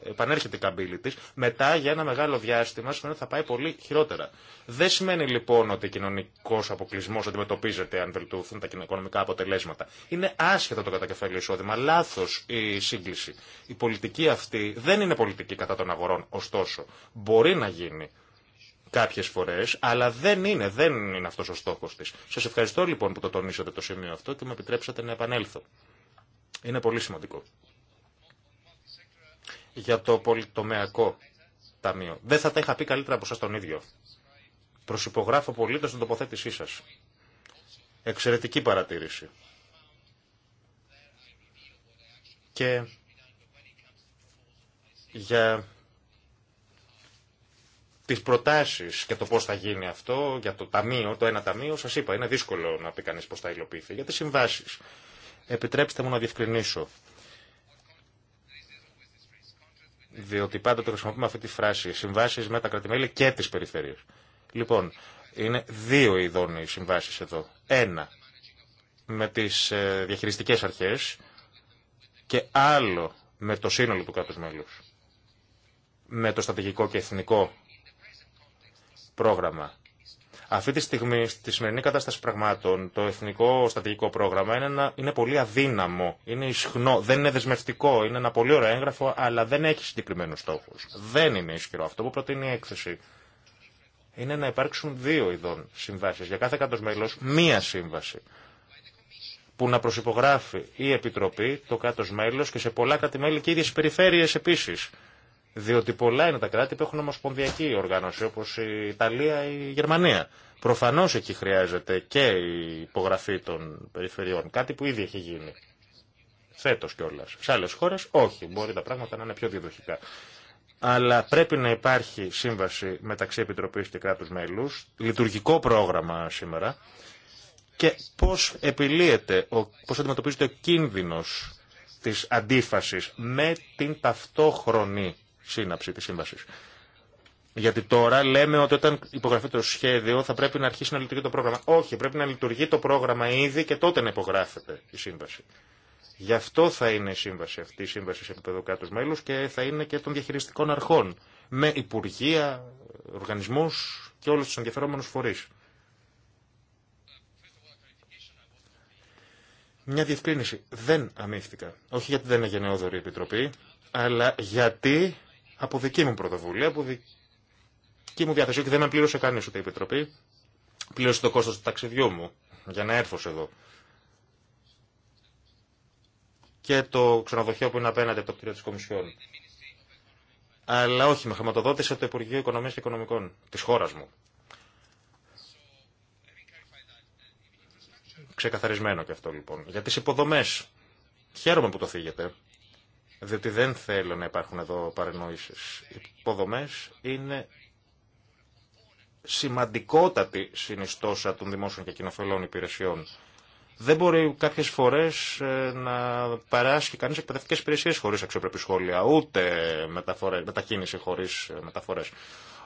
επανέρχεται η καμπύλη τη, μετά για ένα μεγάλο διάστημα σημαίνει ότι θα πάει πολύ χειρότερα. Δεν σημαίνει λοιπόν ότι ο κοινωνικό αποκλεισμό αντιμετωπίζεται αν βελτιωθούν τα οικονομικά αποτελέσματα. Είναι άσχετο το κατακεφαλή εισόδημα, λάθο η σύγκληση. Η πολιτική αυτή δεν είναι πολιτική κατά των αγορών, ωστόσο μπορεί να γίνει κάποιες φορές, αλλά δεν είναι, δεν είναι αυτός ο στόχος της. Σας ευχαριστώ λοιπόν που το τονίσατε το σημείο αυτό και με επιτρέψατε να επανέλθω. Είναι πολύ σημαντικό. Για το πολυτομεακό ταμείο. Δεν θα τα είχα πει καλύτερα από σας τον ίδιο. Προσυπογράφω πολύ στον τοποθέτησή σας. Εξαιρετική παρατήρηση. Και για τις προτάσεις και το πώς θα γίνει αυτό για το ταμείο, το ένα ταμείο, σας είπα, είναι δύσκολο να πει κανείς πώς θα υλοποιηθεί. Για τις συμβάσεις. Επιτρέψτε μου να διευκρινίσω. Διότι το χρησιμοποιούμε αυτή τη φράση, συμβάσεις με τα κρατημέλη και τις περιφέρειες. Λοιπόν, είναι δύο ειδών οι συμβάσεις εδώ. Ένα, με τις ε, διαχειριστικές αρχές και άλλο με το σύνολο του κράτους μέλους. Με το στρατηγικό και εθνικό πρόγραμμα. Αυτή τη στιγμή, στη σημερινή κατάσταση πραγμάτων, το Εθνικό Στρατηγικό Πρόγραμμα είναι, ένα, πολύ αδύναμο, είναι ισχνό, δεν είναι δεσμευτικό, είναι ένα πολύ ωραίο έγγραφο, αλλά δεν έχει συγκεκριμένου στόχου. Δεν είναι ισχυρό. Αυτό που προτείνει η έκθεση είναι να υπάρξουν δύο ειδών συμβάσει. Για κάθε κάτω μέλο, μία σύμβαση που να προσυπογράφει η Επιτροπή, το κάτω μέλο και σε πολλά κράτη-μέλη και ίδιε περιφέρειε επίση. Διότι πολλά είναι τα κράτη που έχουν ομοσπονδιακή οργάνωση, όπω η Ιταλία ή η Γερμανία. Προφανώ εκεί χρειάζεται και η υπογραφή των περιφερειών. Κάτι που ήδη έχει γίνει. Φέτο κιόλα. Σε άλλε χώρε όχι. Μπορεί τα πράγματα να είναι πιο διαδοχικά. Αλλά πρέπει να υπάρχει σύμβαση μεταξύ Επιτροπή και κράτου μέλου. Λειτουργικό πρόγραμμα σήμερα. Και πώ επιλύεται, πώ αντιμετωπίζεται ο κίνδυνο τη αντίφαση με την ταυτόχρονη σύναψη τη σύμβαση. Γιατί τώρα λέμε ότι όταν υπογραφεί το σχέδιο θα πρέπει να αρχίσει να λειτουργεί το πρόγραμμα. Όχι, πρέπει να λειτουργεί το πρόγραμμα ήδη και τότε να υπογράφεται η σύμβαση. Γι' αυτό θα είναι η σύμβαση αυτή, η σύμβαση σε επίπεδο κράτου μέλου και θα είναι και των διαχειριστικών αρχών. Με υπουργεία, οργανισμού και όλου του ενδιαφερόμενου φορεί. Μια διευκρίνηση. Δεν αμύφθηκα. Όχι γιατί δεν είναι γενναιόδορη η Επιτροπή, αλλά γιατί από δική μου πρωτοβουλία, από δική μου διάθεση, Ότι δεν με πλήρωσε κανεί ούτε η Επιτροπή, πλήρωσε το κόστος του ταξιδιού μου για να έρθω εδώ. Και το ξενοδοχείο που είναι απέναντι από το κτίριο της Κομισιόν. Αλλά όχι, με χρηματοδότησε το Υπουργείο Οικονομία και Οικονομικών της χώρας μου. Ξεκαθαρισμένο και αυτό λοιπόν. Για τι υποδομέ Χαίρομαι που το φύγετε διότι δεν θέλω να υπάρχουν εδώ παρενόησεις. Οι υποδομές είναι σημαντικότατη συνιστόσα των δημόσιων και κοινοφελών υπηρεσιών. Δεν μπορεί κάποιε φορέ ε, να παράσχει κανεί εκπαιδευτικέ υπηρεσίε χωρί αξιοπρεπή σχόλια, ούτε ε, μεταφορές, μετακίνηση χωρί μεταφορέ,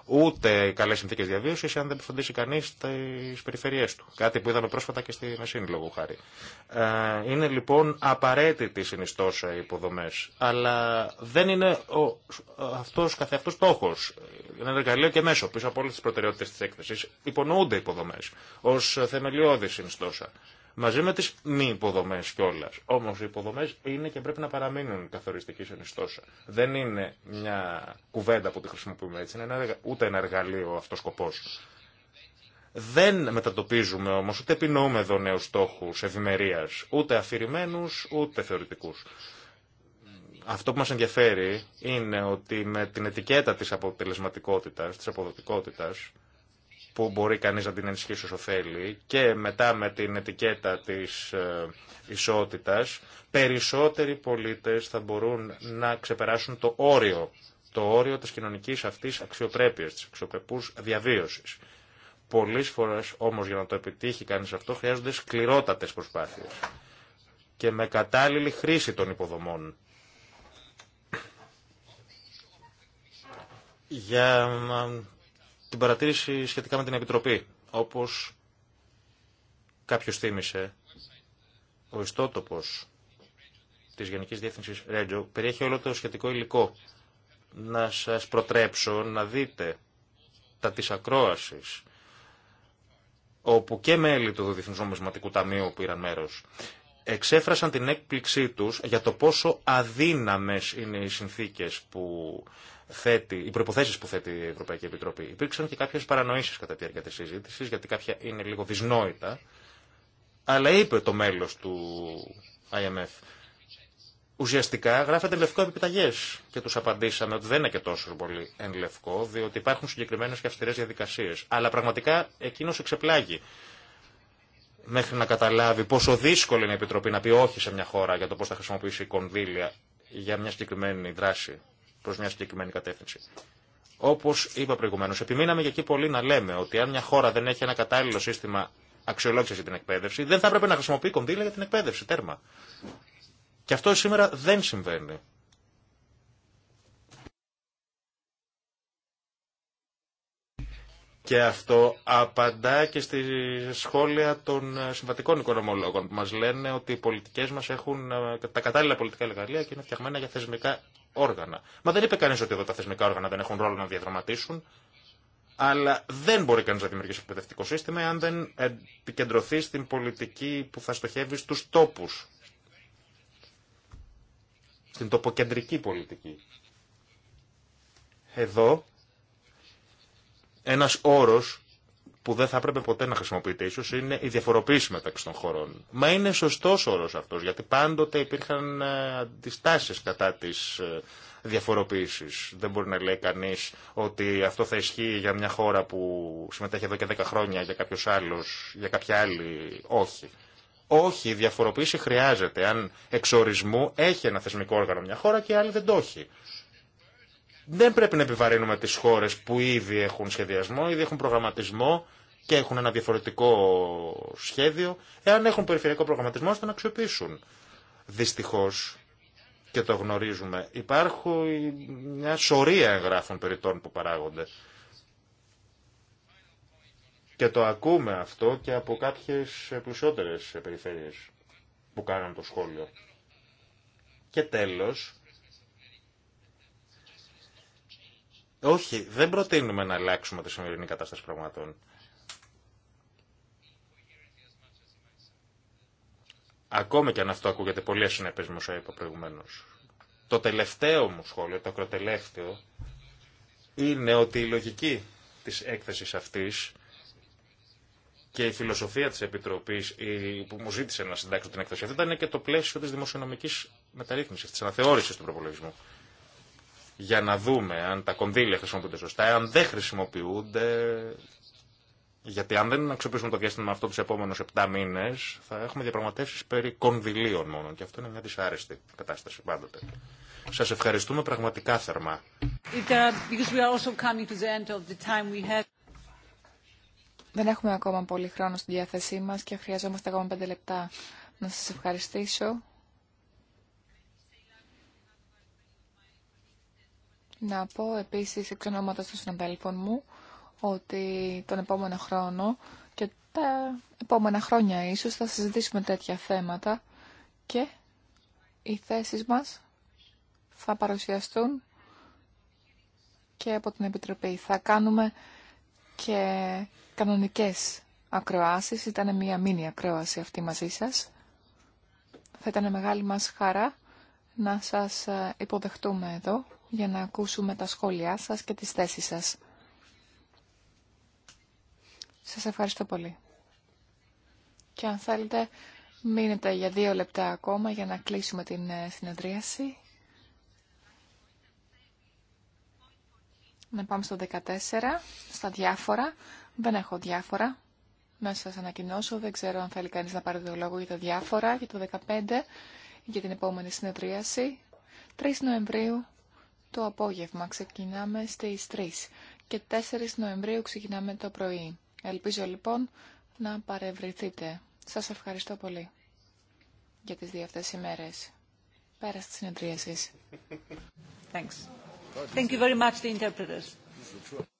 ούτε καλέ συνθήκε διαβίωση, αν δεν επιφαντήσει κανεί τι περιφερειέ του. Κάτι που είδαμε πρόσφατα και στη Μεσίνη, λόγω χάρη. Ε, είναι λοιπόν απαραίτητη συνιστόσα οι υποδομέ, αλλά δεν είναι ο, αυτός καθεαυτό στόχο. Είναι ένα εργαλείο και μέσο πίσω από όλε τι προτεραιότητε τη έκθεση. Υπονοούνται υποδομέ ω θεμελιώδη συνιστόσα μαζί με τι μη υποδομές κιόλα. Όμως οι υποδομές είναι και πρέπει να παραμείνουν καθοριστική ενιστόσα. Δεν είναι μια κουβέντα που τη χρησιμοποιούμε έτσι, είναι ούτε ένα εργαλείο αυτός σκοπό. Δεν μετατοπίζουμε όμως, ούτε επινοούμε εδώ νέου στόχους ευημερία, ούτε αφηρημένου ούτε θεωρητικού Αυτό που μας ενδιαφέρει είναι ότι με την ετικέτα της αποτελεσματικότητας, της αποδοτικότητας, που μπορεί κανείς να την ενισχύσει όσο θέλει και μετά με την ετικέτα της ε, ισότητας, περισσότεροι πολίτες θα μπορούν να ξεπεράσουν το όριο, το όριο της κοινωνικής αυτής αξιοπρέπειας, της αξιοπρεπούς διαβίωσης. Πολλέ φορέ όμω για να το επιτύχει κανεί αυτό χρειάζονται σκληρότατε προσπάθειε και με κατάλληλη χρήση των υποδομών. Για στην σχετικά με την Επιτροπή. Όπως κάποιος θύμισε, ο ιστότοπος της Γενικής Διεύθυνσης Ρέτζο περιέχει όλο το σχετικό υλικό. Να σας προτρέψω να δείτε τα της ακρόασης, όπου και μέλη του Διεθνούς Νομισματικού Ταμείου που πήραν μέρος, εξέφρασαν την έκπληξή τους για το πόσο αδύναμες είναι οι συνθήκες που θέτει, οι προποθέσει που θέτει η Ευρωπαϊκή Επιτροπή. Υπήρξαν και κάποιε παρανοήσει κατά τη διάρκεια τη συζήτηση, γιατί κάποια είναι λίγο δυσνόητα. Αλλά είπε το μέλο του IMF. Ουσιαστικά γράφεται λευκό επιταγέ και του απαντήσαμε ότι δεν είναι και τόσο πολύ εν λευκό, διότι υπάρχουν συγκεκριμένε και αυστηρέ διαδικασίε. Αλλά πραγματικά εκείνο εξεπλάγει μέχρι να καταλάβει πόσο δύσκολη είναι η Επιτροπή να πει όχι σε μια χώρα για το πώ θα χρησιμοποιήσει κονδύλια για μια συγκεκριμένη δράση προ μια συγκεκριμένη κατεύθυνση. Όπω είπα προηγουμένω, επιμείναμε και εκεί πολύ να λέμε ότι αν μια χώρα δεν έχει ένα κατάλληλο σύστημα αξιολόγηση για την εκπαίδευση, δεν θα έπρεπε να χρησιμοποιεί κονδύλια για την εκπαίδευση. Τέρμα. Και αυτό σήμερα δεν συμβαίνει. Και αυτό απαντά και στη σχόλια των συμβατικών οικονομολόγων που μας λένε ότι οι πολιτικές μας έχουν ε, τα κατάλληλα πολιτικά εργαλεία και είναι φτιαγμένα για θεσμικά όργανα. Μα δεν είπε κανεί ότι εδώ τα θεσμικά όργανα δεν έχουν ρόλο να διαδραματίσουν. Αλλά δεν μπορεί κανεί να δημιουργήσει εκπαιδευτικό σύστημα αν δεν επικεντρωθεί στην πολιτική που θα στοχεύει στου τόπου. Στην τοποκεντρική πολιτική. Εδώ ένας όρος που δεν θα έπρεπε ποτέ να χρησιμοποιείται ίσω είναι η διαφοροποίηση μεταξύ των χωρών. Μα είναι σωστό όρο αυτό, γιατί πάντοτε υπήρχαν ε, αντιστάσει κατά τη ε, διαφοροποίηση. Δεν μπορεί να λέει κανεί ότι αυτό θα ισχύει για μια χώρα που συμμετέχει εδώ και 10 χρόνια, για κάποιο άλλο, για κάποια άλλη. Όχι. Όχι, η διαφοροποίηση χρειάζεται. Αν ορισμού έχει ένα θεσμικό όργανο μια χώρα και άλλη δεν το έχει. Δεν πρέπει να επιβαρύνουμε τις χώρες που ήδη έχουν σχεδιασμό, ήδη έχουν προγραμματισμό και έχουν ένα διαφορετικό σχέδιο, εάν έχουν περιφερειακό προγραμματισμό, ώστε να αξιοποιήσουν. Δυστυχώ, και το γνωρίζουμε, υπάρχουν μια σωρία εγγράφων περιττών που παράγονται. Και το ακούμε αυτό και από κάποιες πλουσιότερες περιφέρειες που κάναν το σχόλιο. Και τέλος, όχι, δεν προτείνουμε να αλλάξουμε τη σημερινή κατάσταση πραγματών. Ακόμα και αν αυτό ακούγεται πολύ ασυνεπές μου, είπα προηγουμένω. Το τελευταίο μου σχόλιο, το ακροτελεύτιο, είναι ότι η λογική της έκθεσης αυτής και η φιλοσοφία της Επιτροπής που μου ζήτησε να συντάξω την έκθεση αυτή ήταν και το πλαίσιο της δημοσιονομικής μεταρρύθμισης, της αναθεώρησης του προπολογισμού. Για να δούμε αν τα κονδύλια χρησιμοποιούνται σωστά, αν δεν χρησιμοποιούνται, γιατί αν δεν αξιοποιήσουμε το διάστημα αυτό του επόμενου 7 μήνε, θα έχουμε διαπραγματεύσει περί κονδυλίων μόνο. Και αυτό είναι μια δυσάρεστη κατάσταση πάντοτε. Σα ευχαριστούμε πραγματικά θερμά. Δεν έχουμε ακόμα πολύ χρόνο στη διάθεσή μα και χρειαζόμαστε ακόμα 5 λεπτά. Να σα ευχαριστήσω. Να πω επίση εξ ονόματο των συναδέλφων μου ότι τον επόμενο χρόνο και τα επόμενα χρόνια ίσως θα συζητήσουμε τέτοια θέματα και οι θέσεις μας θα παρουσιαστούν και από την Επιτροπή. Θα κάνουμε και κανονικές ακροάσεις. Ήταν μία μήνυ ακρόαση αυτή μαζί σας. Θα ήταν μεγάλη μας χαρά να σας υποδεχτούμε εδώ για να ακούσουμε τα σχόλιά σας και τις θέσεις σας. Σας ευχαριστώ πολύ. Και αν θέλετε, μείνετε για δύο λεπτά ακόμα για να κλείσουμε την ε, συνεδρίαση. Να πάμε στο 14, στα διάφορα. Δεν έχω διάφορα. Να σας ανακοινώσω, δεν ξέρω αν θέλει κανείς να πάρει το λόγο για τα διάφορα, για το 15, για την επόμενη συνεδρίαση. 3 Νοεμβρίου το απόγευμα ξεκινάμε στις 3 και 4 Νοεμβρίου ξεκινάμε το πρωί. Ελπίζω λοιπόν να παρευρεθείτε. Σας ευχαριστώ πολύ για τις δύο αυτές ημέρες. Πέρα στη συνεδρία σας. Thank you very